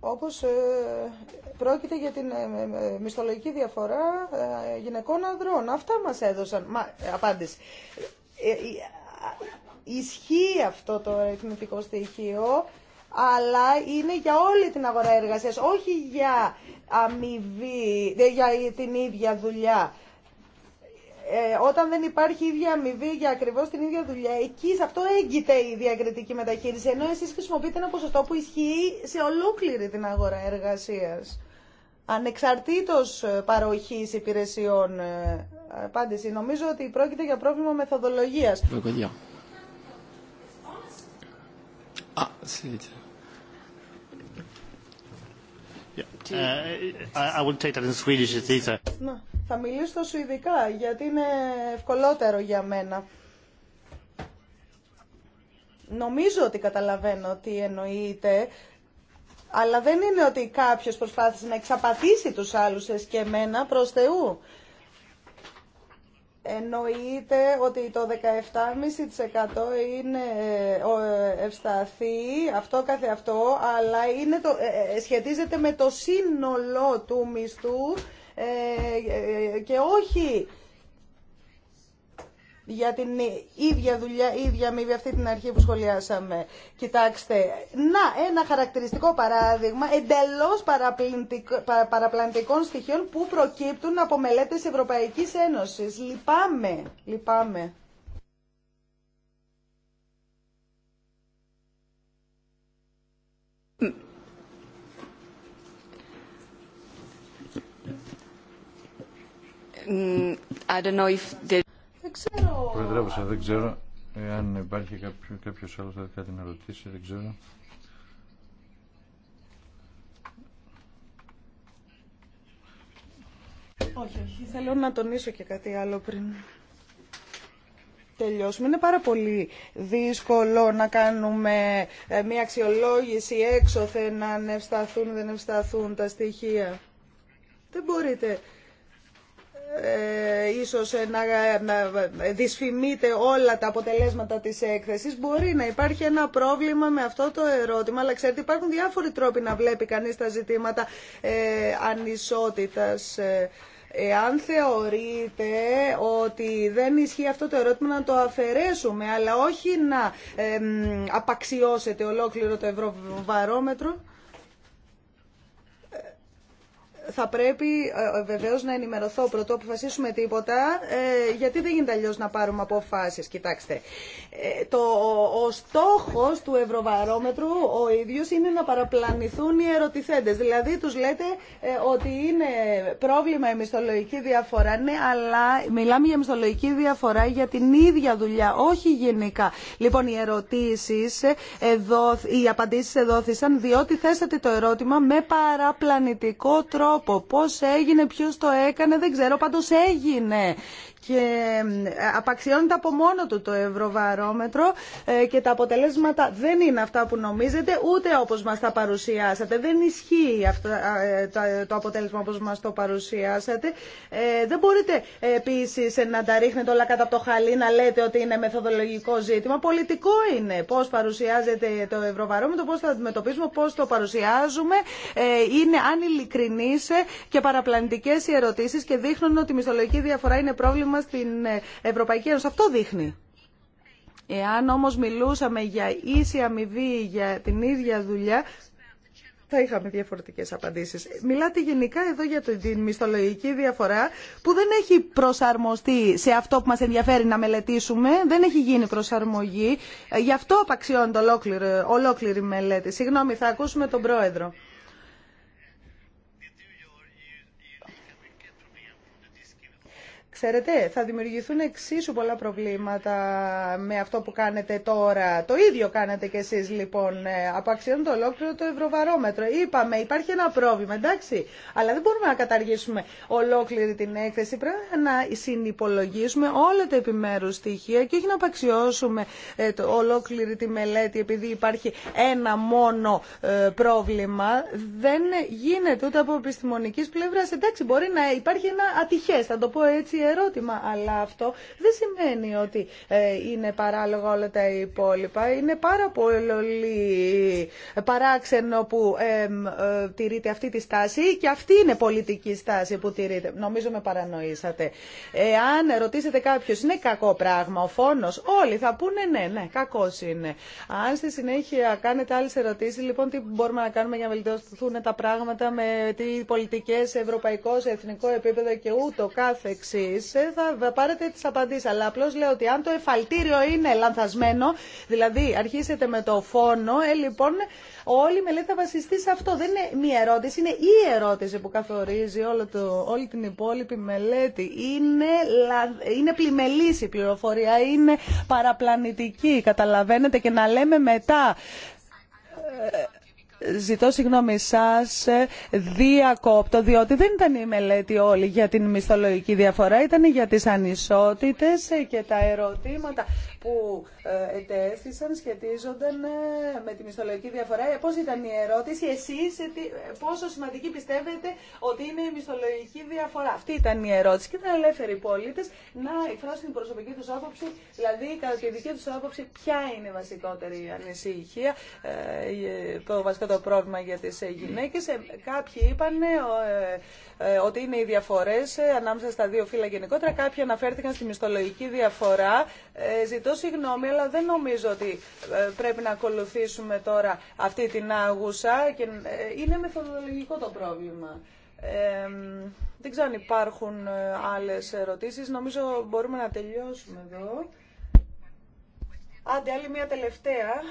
όπως ε, πρόκειται για την ε, ε, μισθολογική διαφορά γυναικών ανδρών. Αυτά μας έδωσαν. Μα, απάντηση. Ισχύει αυτό το αριθμητικό στοιχείο, αλλά είναι για όλη την αγορά εργασίας, όχι για αμοιβή, για την ίδια δουλειά. Ε, όταν δεν υπάρχει ίδια αμοιβή για ακριβώς την ίδια δουλειά, εκεί σε αυτό έγκυται η διακριτική μεταχείριση, ενώ εσείς χρησιμοποιείτε ένα ποσοστό που ισχύει σε ολόκληρη την αγορά εργασίας. Ανεξαρτήτως ε, παροχής υπηρεσιών, ε, απάντηση, νομίζω ότι πρόκειται για πρόβλημα μεθοδολογίας. Yeah. Uh, I, I take that in Swedish, it's θα μιλήσω σου ειδικά, γιατί είναι ευκολότερο για μένα. Νομίζω ότι καταλαβαίνω τι εννοείται, αλλά δεν είναι ότι κάποιος προσπάθησε να εξαπατήσει τους άλλους και εμένα προς Θεού. Εννοείται ότι το 17,5% είναι ε, ε, ευσταθή, αυτό καθε αυτό, αλλά είναι το, ε, σχετίζεται με το σύνολο του μισθού ε, και όχι για την ίδια δουλειά, ίδια αμοιβή, αυτή την αρχή που σχολιάσαμε. Κοιτάξτε, να, ένα χαρακτηριστικό παράδειγμα εντελώς παραπλανητικών στοιχείων που προκύπτουν από μελέτες Ευρωπαϊκής Ένωσης. Λυπάμαι, λυπάμαι. Mm, I Δεν ξέρω. Προεδρεύουσα, δεν ξέρω εάν υπάρχει κάποιο, κάποιος άλλος θα κάτι να ρωτήσει, δεν ξέρω. Όχι, Θέλω να τονίσω και κάτι άλλο πριν τελειώσουμε. Είναι πάρα πολύ δύσκολο να κάνουμε ε, μια αξιολόγηση έξωθεν αν ευσταθούν δεν ευσταθούν τα στοιχεία. Δεν μπορείτε ε, ίσως να δυσφημείται όλα τα αποτελέσματα της έκθεσης. Μπορεί να υπάρχει ένα πρόβλημα με αυτό το ερώτημα, αλλά ξέρετε υπάρχουν διάφοροι τρόποι να βλέπει κανείς τα ζητήματα ε, ανισότητας. Ε, εάν θεωρείτε ότι δεν ισχύει αυτό το ερώτημα να το αφαιρέσουμε, αλλά όχι να απαξιώσετε ολόκληρο το ευρωβαρόμετρο θα πρέπει ε, ε, βεβαίω να ενημερωθώ πρωτού αποφασίσουμε τίποτα, ε, γιατί δεν γίνεται αλλιώ να πάρουμε αποφάσει. Κοιτάξτε, το, ο στόχο του Ευρωβαρόμετρου ο ίδιο είναι να παραπλανηθούν οι ερωτηθέντε. Δηλαδή, του λέτε ότι είναι πρόβλημα η μισθολογική διαφορά. Ναι, αλλά μιλάμε για μισθολογική διαφορά για την ίδια δουλειά, όχι γενικά. Λοιπόν, οι ερωτήσει, οι απαντήσει εδόθησαν διότι θέσατε το ερώτημα με παραπλανητικό τρόπο πω Πώς έγινε, ποιος το έκανε, δεν ξέρω, πάντως έγινε και απαξιώνεται από μόνο του το ευρωβαρόμετρο ε, και τα αποτελέσματα δεν είναι αυτά που νομίζετε ούτε όπως μας τα παρουσιάσατε. Δεν ισχύει αυτό, ε, το αποτέλεσμα όπως μας το παρουσιάσατε. Ε, δεν μπορείτε επίσης να τα ρίχνετε όλα κατά το χαλί, να λέτε ότι είναι μεθοδολογικό ζήτημα. Πολιτικό είναι πώς παρουσιάζεται το ευρωβαρόμετρο, πώς θα αντιμετωπίσουμε πώς το παρουσιάζουμε. Είναι αν και παραπλανητικές οι ερωτήσεις και δείχνουν ότι η μισθολογική διαφορά είναι πρόβλημα στην Ευρωπαϊκή Ένωση. Αυτό δείχνει. Εάν όμως μιλούσαμε για ίση αμοιβή για την ίδια δουλειά, θα είχαμε διαφορετικέ απαντήσει. Μιλάτε γενικά εδώ για την μισθολογική διαφορά που δεν έχει προσαρμοστεί σε αυτό που μα ενδιαφέρει να μελετήσουμε, δεν έχει γίνει προσαρμογή. Γι' αυτό απαξιώνεται ολόκληρη, ολόκληρη μελέτη. Συγγνώμη, θα ακούσουμε τον πρόεδρο. Ξέρετε, θα δημιουργηθούν εξίσου πολλά προβλήματα με αυτό που κάνετε τώρα. Το ίδιο κάνετε κι εσείς λοιπόν. Ε, Απαξιώνει το ολόκληρο το ευρωβαρόμετρο. Είπαμε, υπάρχει ένα πρόβλημα, εντάξει. Αλλά δεν μπορούμε να καταργήσουμε ολόκληρη την έκθεση. Πρέπει να συνυπολογίσουμε όλα τα επιμέρους στοιχεία και όχι να απαξιώσουμε ε, το, ολόκληρη τη μελέτη επειδή υπάρχει ένα μόνο ε, πρόβλημα. Δεν γίνεται ούτε από επιστημονικής πλευράς. Εντάξει, μπορεί να υπάρχει ένα ατυχές, θα το πω έτσι, ερώτημα. Αλλά αυτό δεν σημαίνει ότι ε, είναι παράλογα όλα τα υπόλοιπα. Είναι πάρα πολύ παράξενο που ε, τηρείται αυτή τη στάση και αυτή είναι πολιτική στάση που τηρείται. Νομίζω με παρανοήσατε. Εάν ρωτήσετε κάποιο, είναι κακό πράγμα ο φόνο, όλοι θα πούνε ναι, ναι, κακό είναι. Αν στη συνέχεια κάνετε άλλε ερωτήσει, λοιπόν, τι μπορούμε να κάνουμε για να βελτιωθούν τα πράγματα με τι πολιτικέ ευρωπαϊκό, σε εθνικό επίπεδο και ούτω καθεξή θα πάρετε τις απαντήσεις. Αλλά απλώ λέω ότι αν το εφαλτήριο είναι λανθασμένο, δηλαδή αρχίσετε με το φόνο, ε, λοιπόν, όλη η μελέτη θα βασιστεί σε αυτό. Δεν είναι μία ερώτηση, είναι η ερώτηση που καθορίζει όλο το, όλη την υπόλοιπη μελέτη. Είναι, είναι πλημελής η πληροφορία, είναι παραπλανητική, καταλαβαίνετε, και να λέμε μετά... Ε, ζητώ συγγνώμη σα διακόπτω, διότι δεν ήταν η μελέτη όλη για την μισθολογική διαφορά, ήταν για τις ανισότητες και τα ερωτήματα που ε, ετέθησαν σχετίζονταν με τη μισθολογική διαφορά. Ε, πώς ήταν η ερώτηση, εσείς ε, πόσο σημαντική πιστεύετε ότι είναι η μισθολογική διαφορά. Αυτή ήταν η ερώτηση και ήταν ελεύθεροι οι πολίτες να εκφράσουν την προσωπική τους άποψη, δηλαδή κατά τη δική τους άποψη ποια είναι η βασικότερη ανησυχία, το βασικό το πρόβλημα για τις γυναίκες. Κάποιοι είπαν ότι είναι οι διαφορές ανάμεσα στα δύο φύλλα γενικότερα, κάποιοι αναφέρθηκαν στη μισθολογική διαφορά, ζητώ Ζητώ συγγνώμη, αλλά δεν νομίζω ότι ε, πρέπει να ακολουθήσουμε τώρα αυτή την άγουσα. Και, ε, είναι μεθοδολογικό το πρόβλημα. Ε, δεν ξέρω αν υπάρχουν ε, άλλες ερωτήσεις. Νομίζω μπορούμε να τελειώσουμε εδώ. Άντε, άλλη μία τελευταία.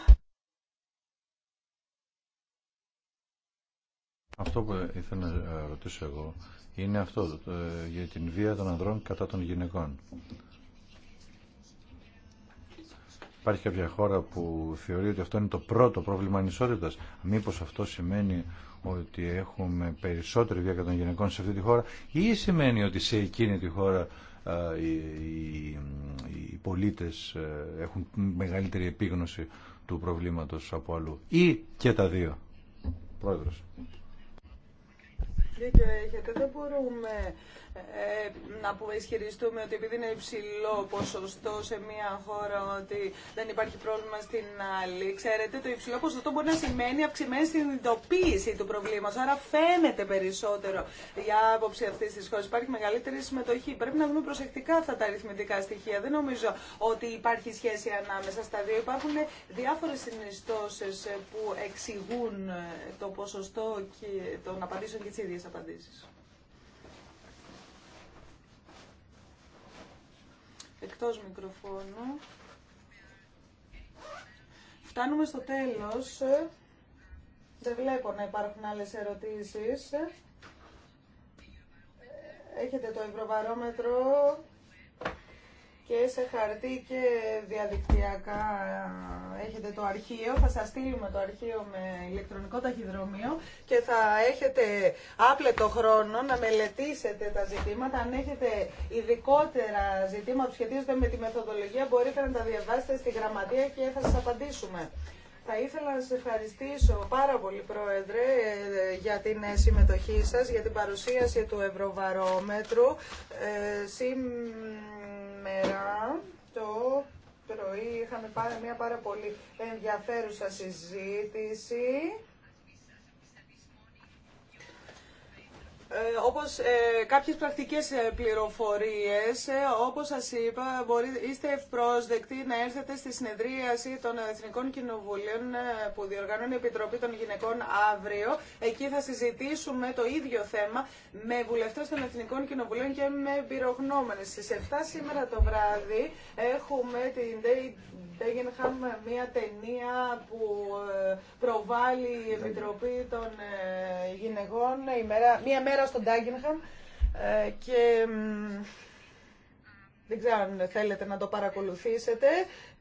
Αυτό που ήθελα να ρωτήσω εγώ είναι αυτό για την βία των ανδρών κατά των γυναικών. Υπάρχει κάποια χώρα που θεωρεί ότι αυτό είναι το πρώτο πρόβλημα ανισότητας. Μήπως αυτό σημαίνει ότι έχουμε περισσότερη βία των γυναικών σε αυτή τη χώρα ή σημαίνει ότι σε εκείνη τη χώρα οι, οι, πολίτες ε, έχουν μεγαλύτερη επίγνωση του προβλήματος από αλλού ή και τα δύο. Πρόεδρος. έχετε. Δεν μπορούμε ε, να που ισχυριστούμε ότι επειδή είναι υψηλό ποσοστό σε μια χώρα ότι δεν υπάρχει πρόβλημα στην άλλη. Ξέρετε, το υψηλό ποσοστό μπορεί να σημαίνει αυξημένη συνειδητοποίηση του προβλήματο. Άρα φαίνεται περισσότερο για άποψη αυτή τη χώρα. Υπάρχει μεγαλύτερη συμμετοχή. Πρέπει να δούμε προσεκτικά αυτά τα αριθμητικά στοιχεία. Δεν νομίζω ότι υπάρχει σχέση ανάμεσα στα δύο. Υπάρχουν διάφορε συνιστώσει που εξηγούν το ποσοστό των απαντήσεων και τι ίδιε απαντήσει. εκτός μικροφώνου. Φτάνουμε στο τέλος. Δεν βλέπω να υπάρχουν άλλες ερωτήσεις. Έχετε το ευρωβαρόμετρο και σε χαρτί και διαδικτυακά ε, έχετε το αρχείο. Θα σας στείλουμε το αρχείο με ηλεκτρονικό ταχυδρομείο και θα έχετε άπλετο χρόνο να μελετήσετε τα ζητήματα. Αν έχετε ειδικότερα ζητήματα που σχετίζονται με τη μεθοδολογία μπορείτε να τα διαβάσετε στη γραμματεία και θα σας απαντήσουμε. Θα ήθελα να σας ευχαριστήσω πάρα πολύ, Πρόεδρε, ε, για την συμμετοχή σας, για την παρουσίαση του Ευρωβαρόμετρου. Ε, σήμερα το πρωί είχαμε μια πάρα πολύ ενδιαφέρουσα συζήτηση Ε, όπως ε, κάποιες πρακτικές ε, πληροφορίες, όπως σας είπα, μπορεί είστε ευπρόσδεκτοι να έρθετε στη συνεδρίαση των Εθνικών Κοινοβουλίων που διοργανώνει η Επιτροπή των Γυναικών αύριο. Εκεί θα συζητήσουμε το ίδιο θέμα με βουλευτές των Εθνικών Κοινοβουλίων και με εμπειρογνώμενες. Στις 7 σήμερα το βράδυ έχουμε την Begenham, μια ταινία που προβάλλει η Επιτροπή των Γυναικών, μια μέρα στον Τάγκενχαμ ε, και δεν ξέρω αν θέλετε να το παρακολουθήσετε,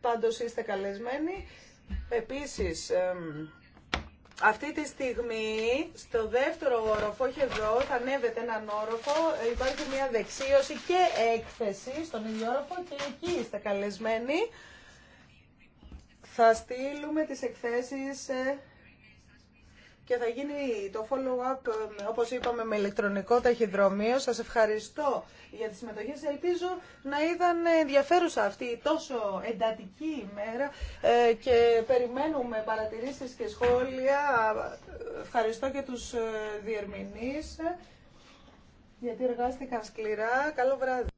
πάντως είστε καλεσμένοι. Επίσης, ε, αυτή τη στιγμή στο δεύτερο όροφο, όχι εδώ, θα ανέβετε έναν όροφο, ε, υπάρχει μια δεξίωση και έκθεση στον ίδιο όροφο και εκεί είστε καλεσμένοι. Θα στείλουμε τις εκθέσεις και θα γίνει το follow-up, όπως είπαμε, με ηλεκτρονικό ταχυδρομείο. Σας ευχαριστώ για τη συμμετοχή σας. Ελπίζω να ήταν ενδιαφέρουσα αυτή η τόσο εντατική ημέρα ε, και περιμένουμε παρατηρήσεις και σχόλια. Ευχαριστώ και τους ε, διερμηνείς, ε, γιατί εργάστηκαν σκληρά. Καλό βράδυ.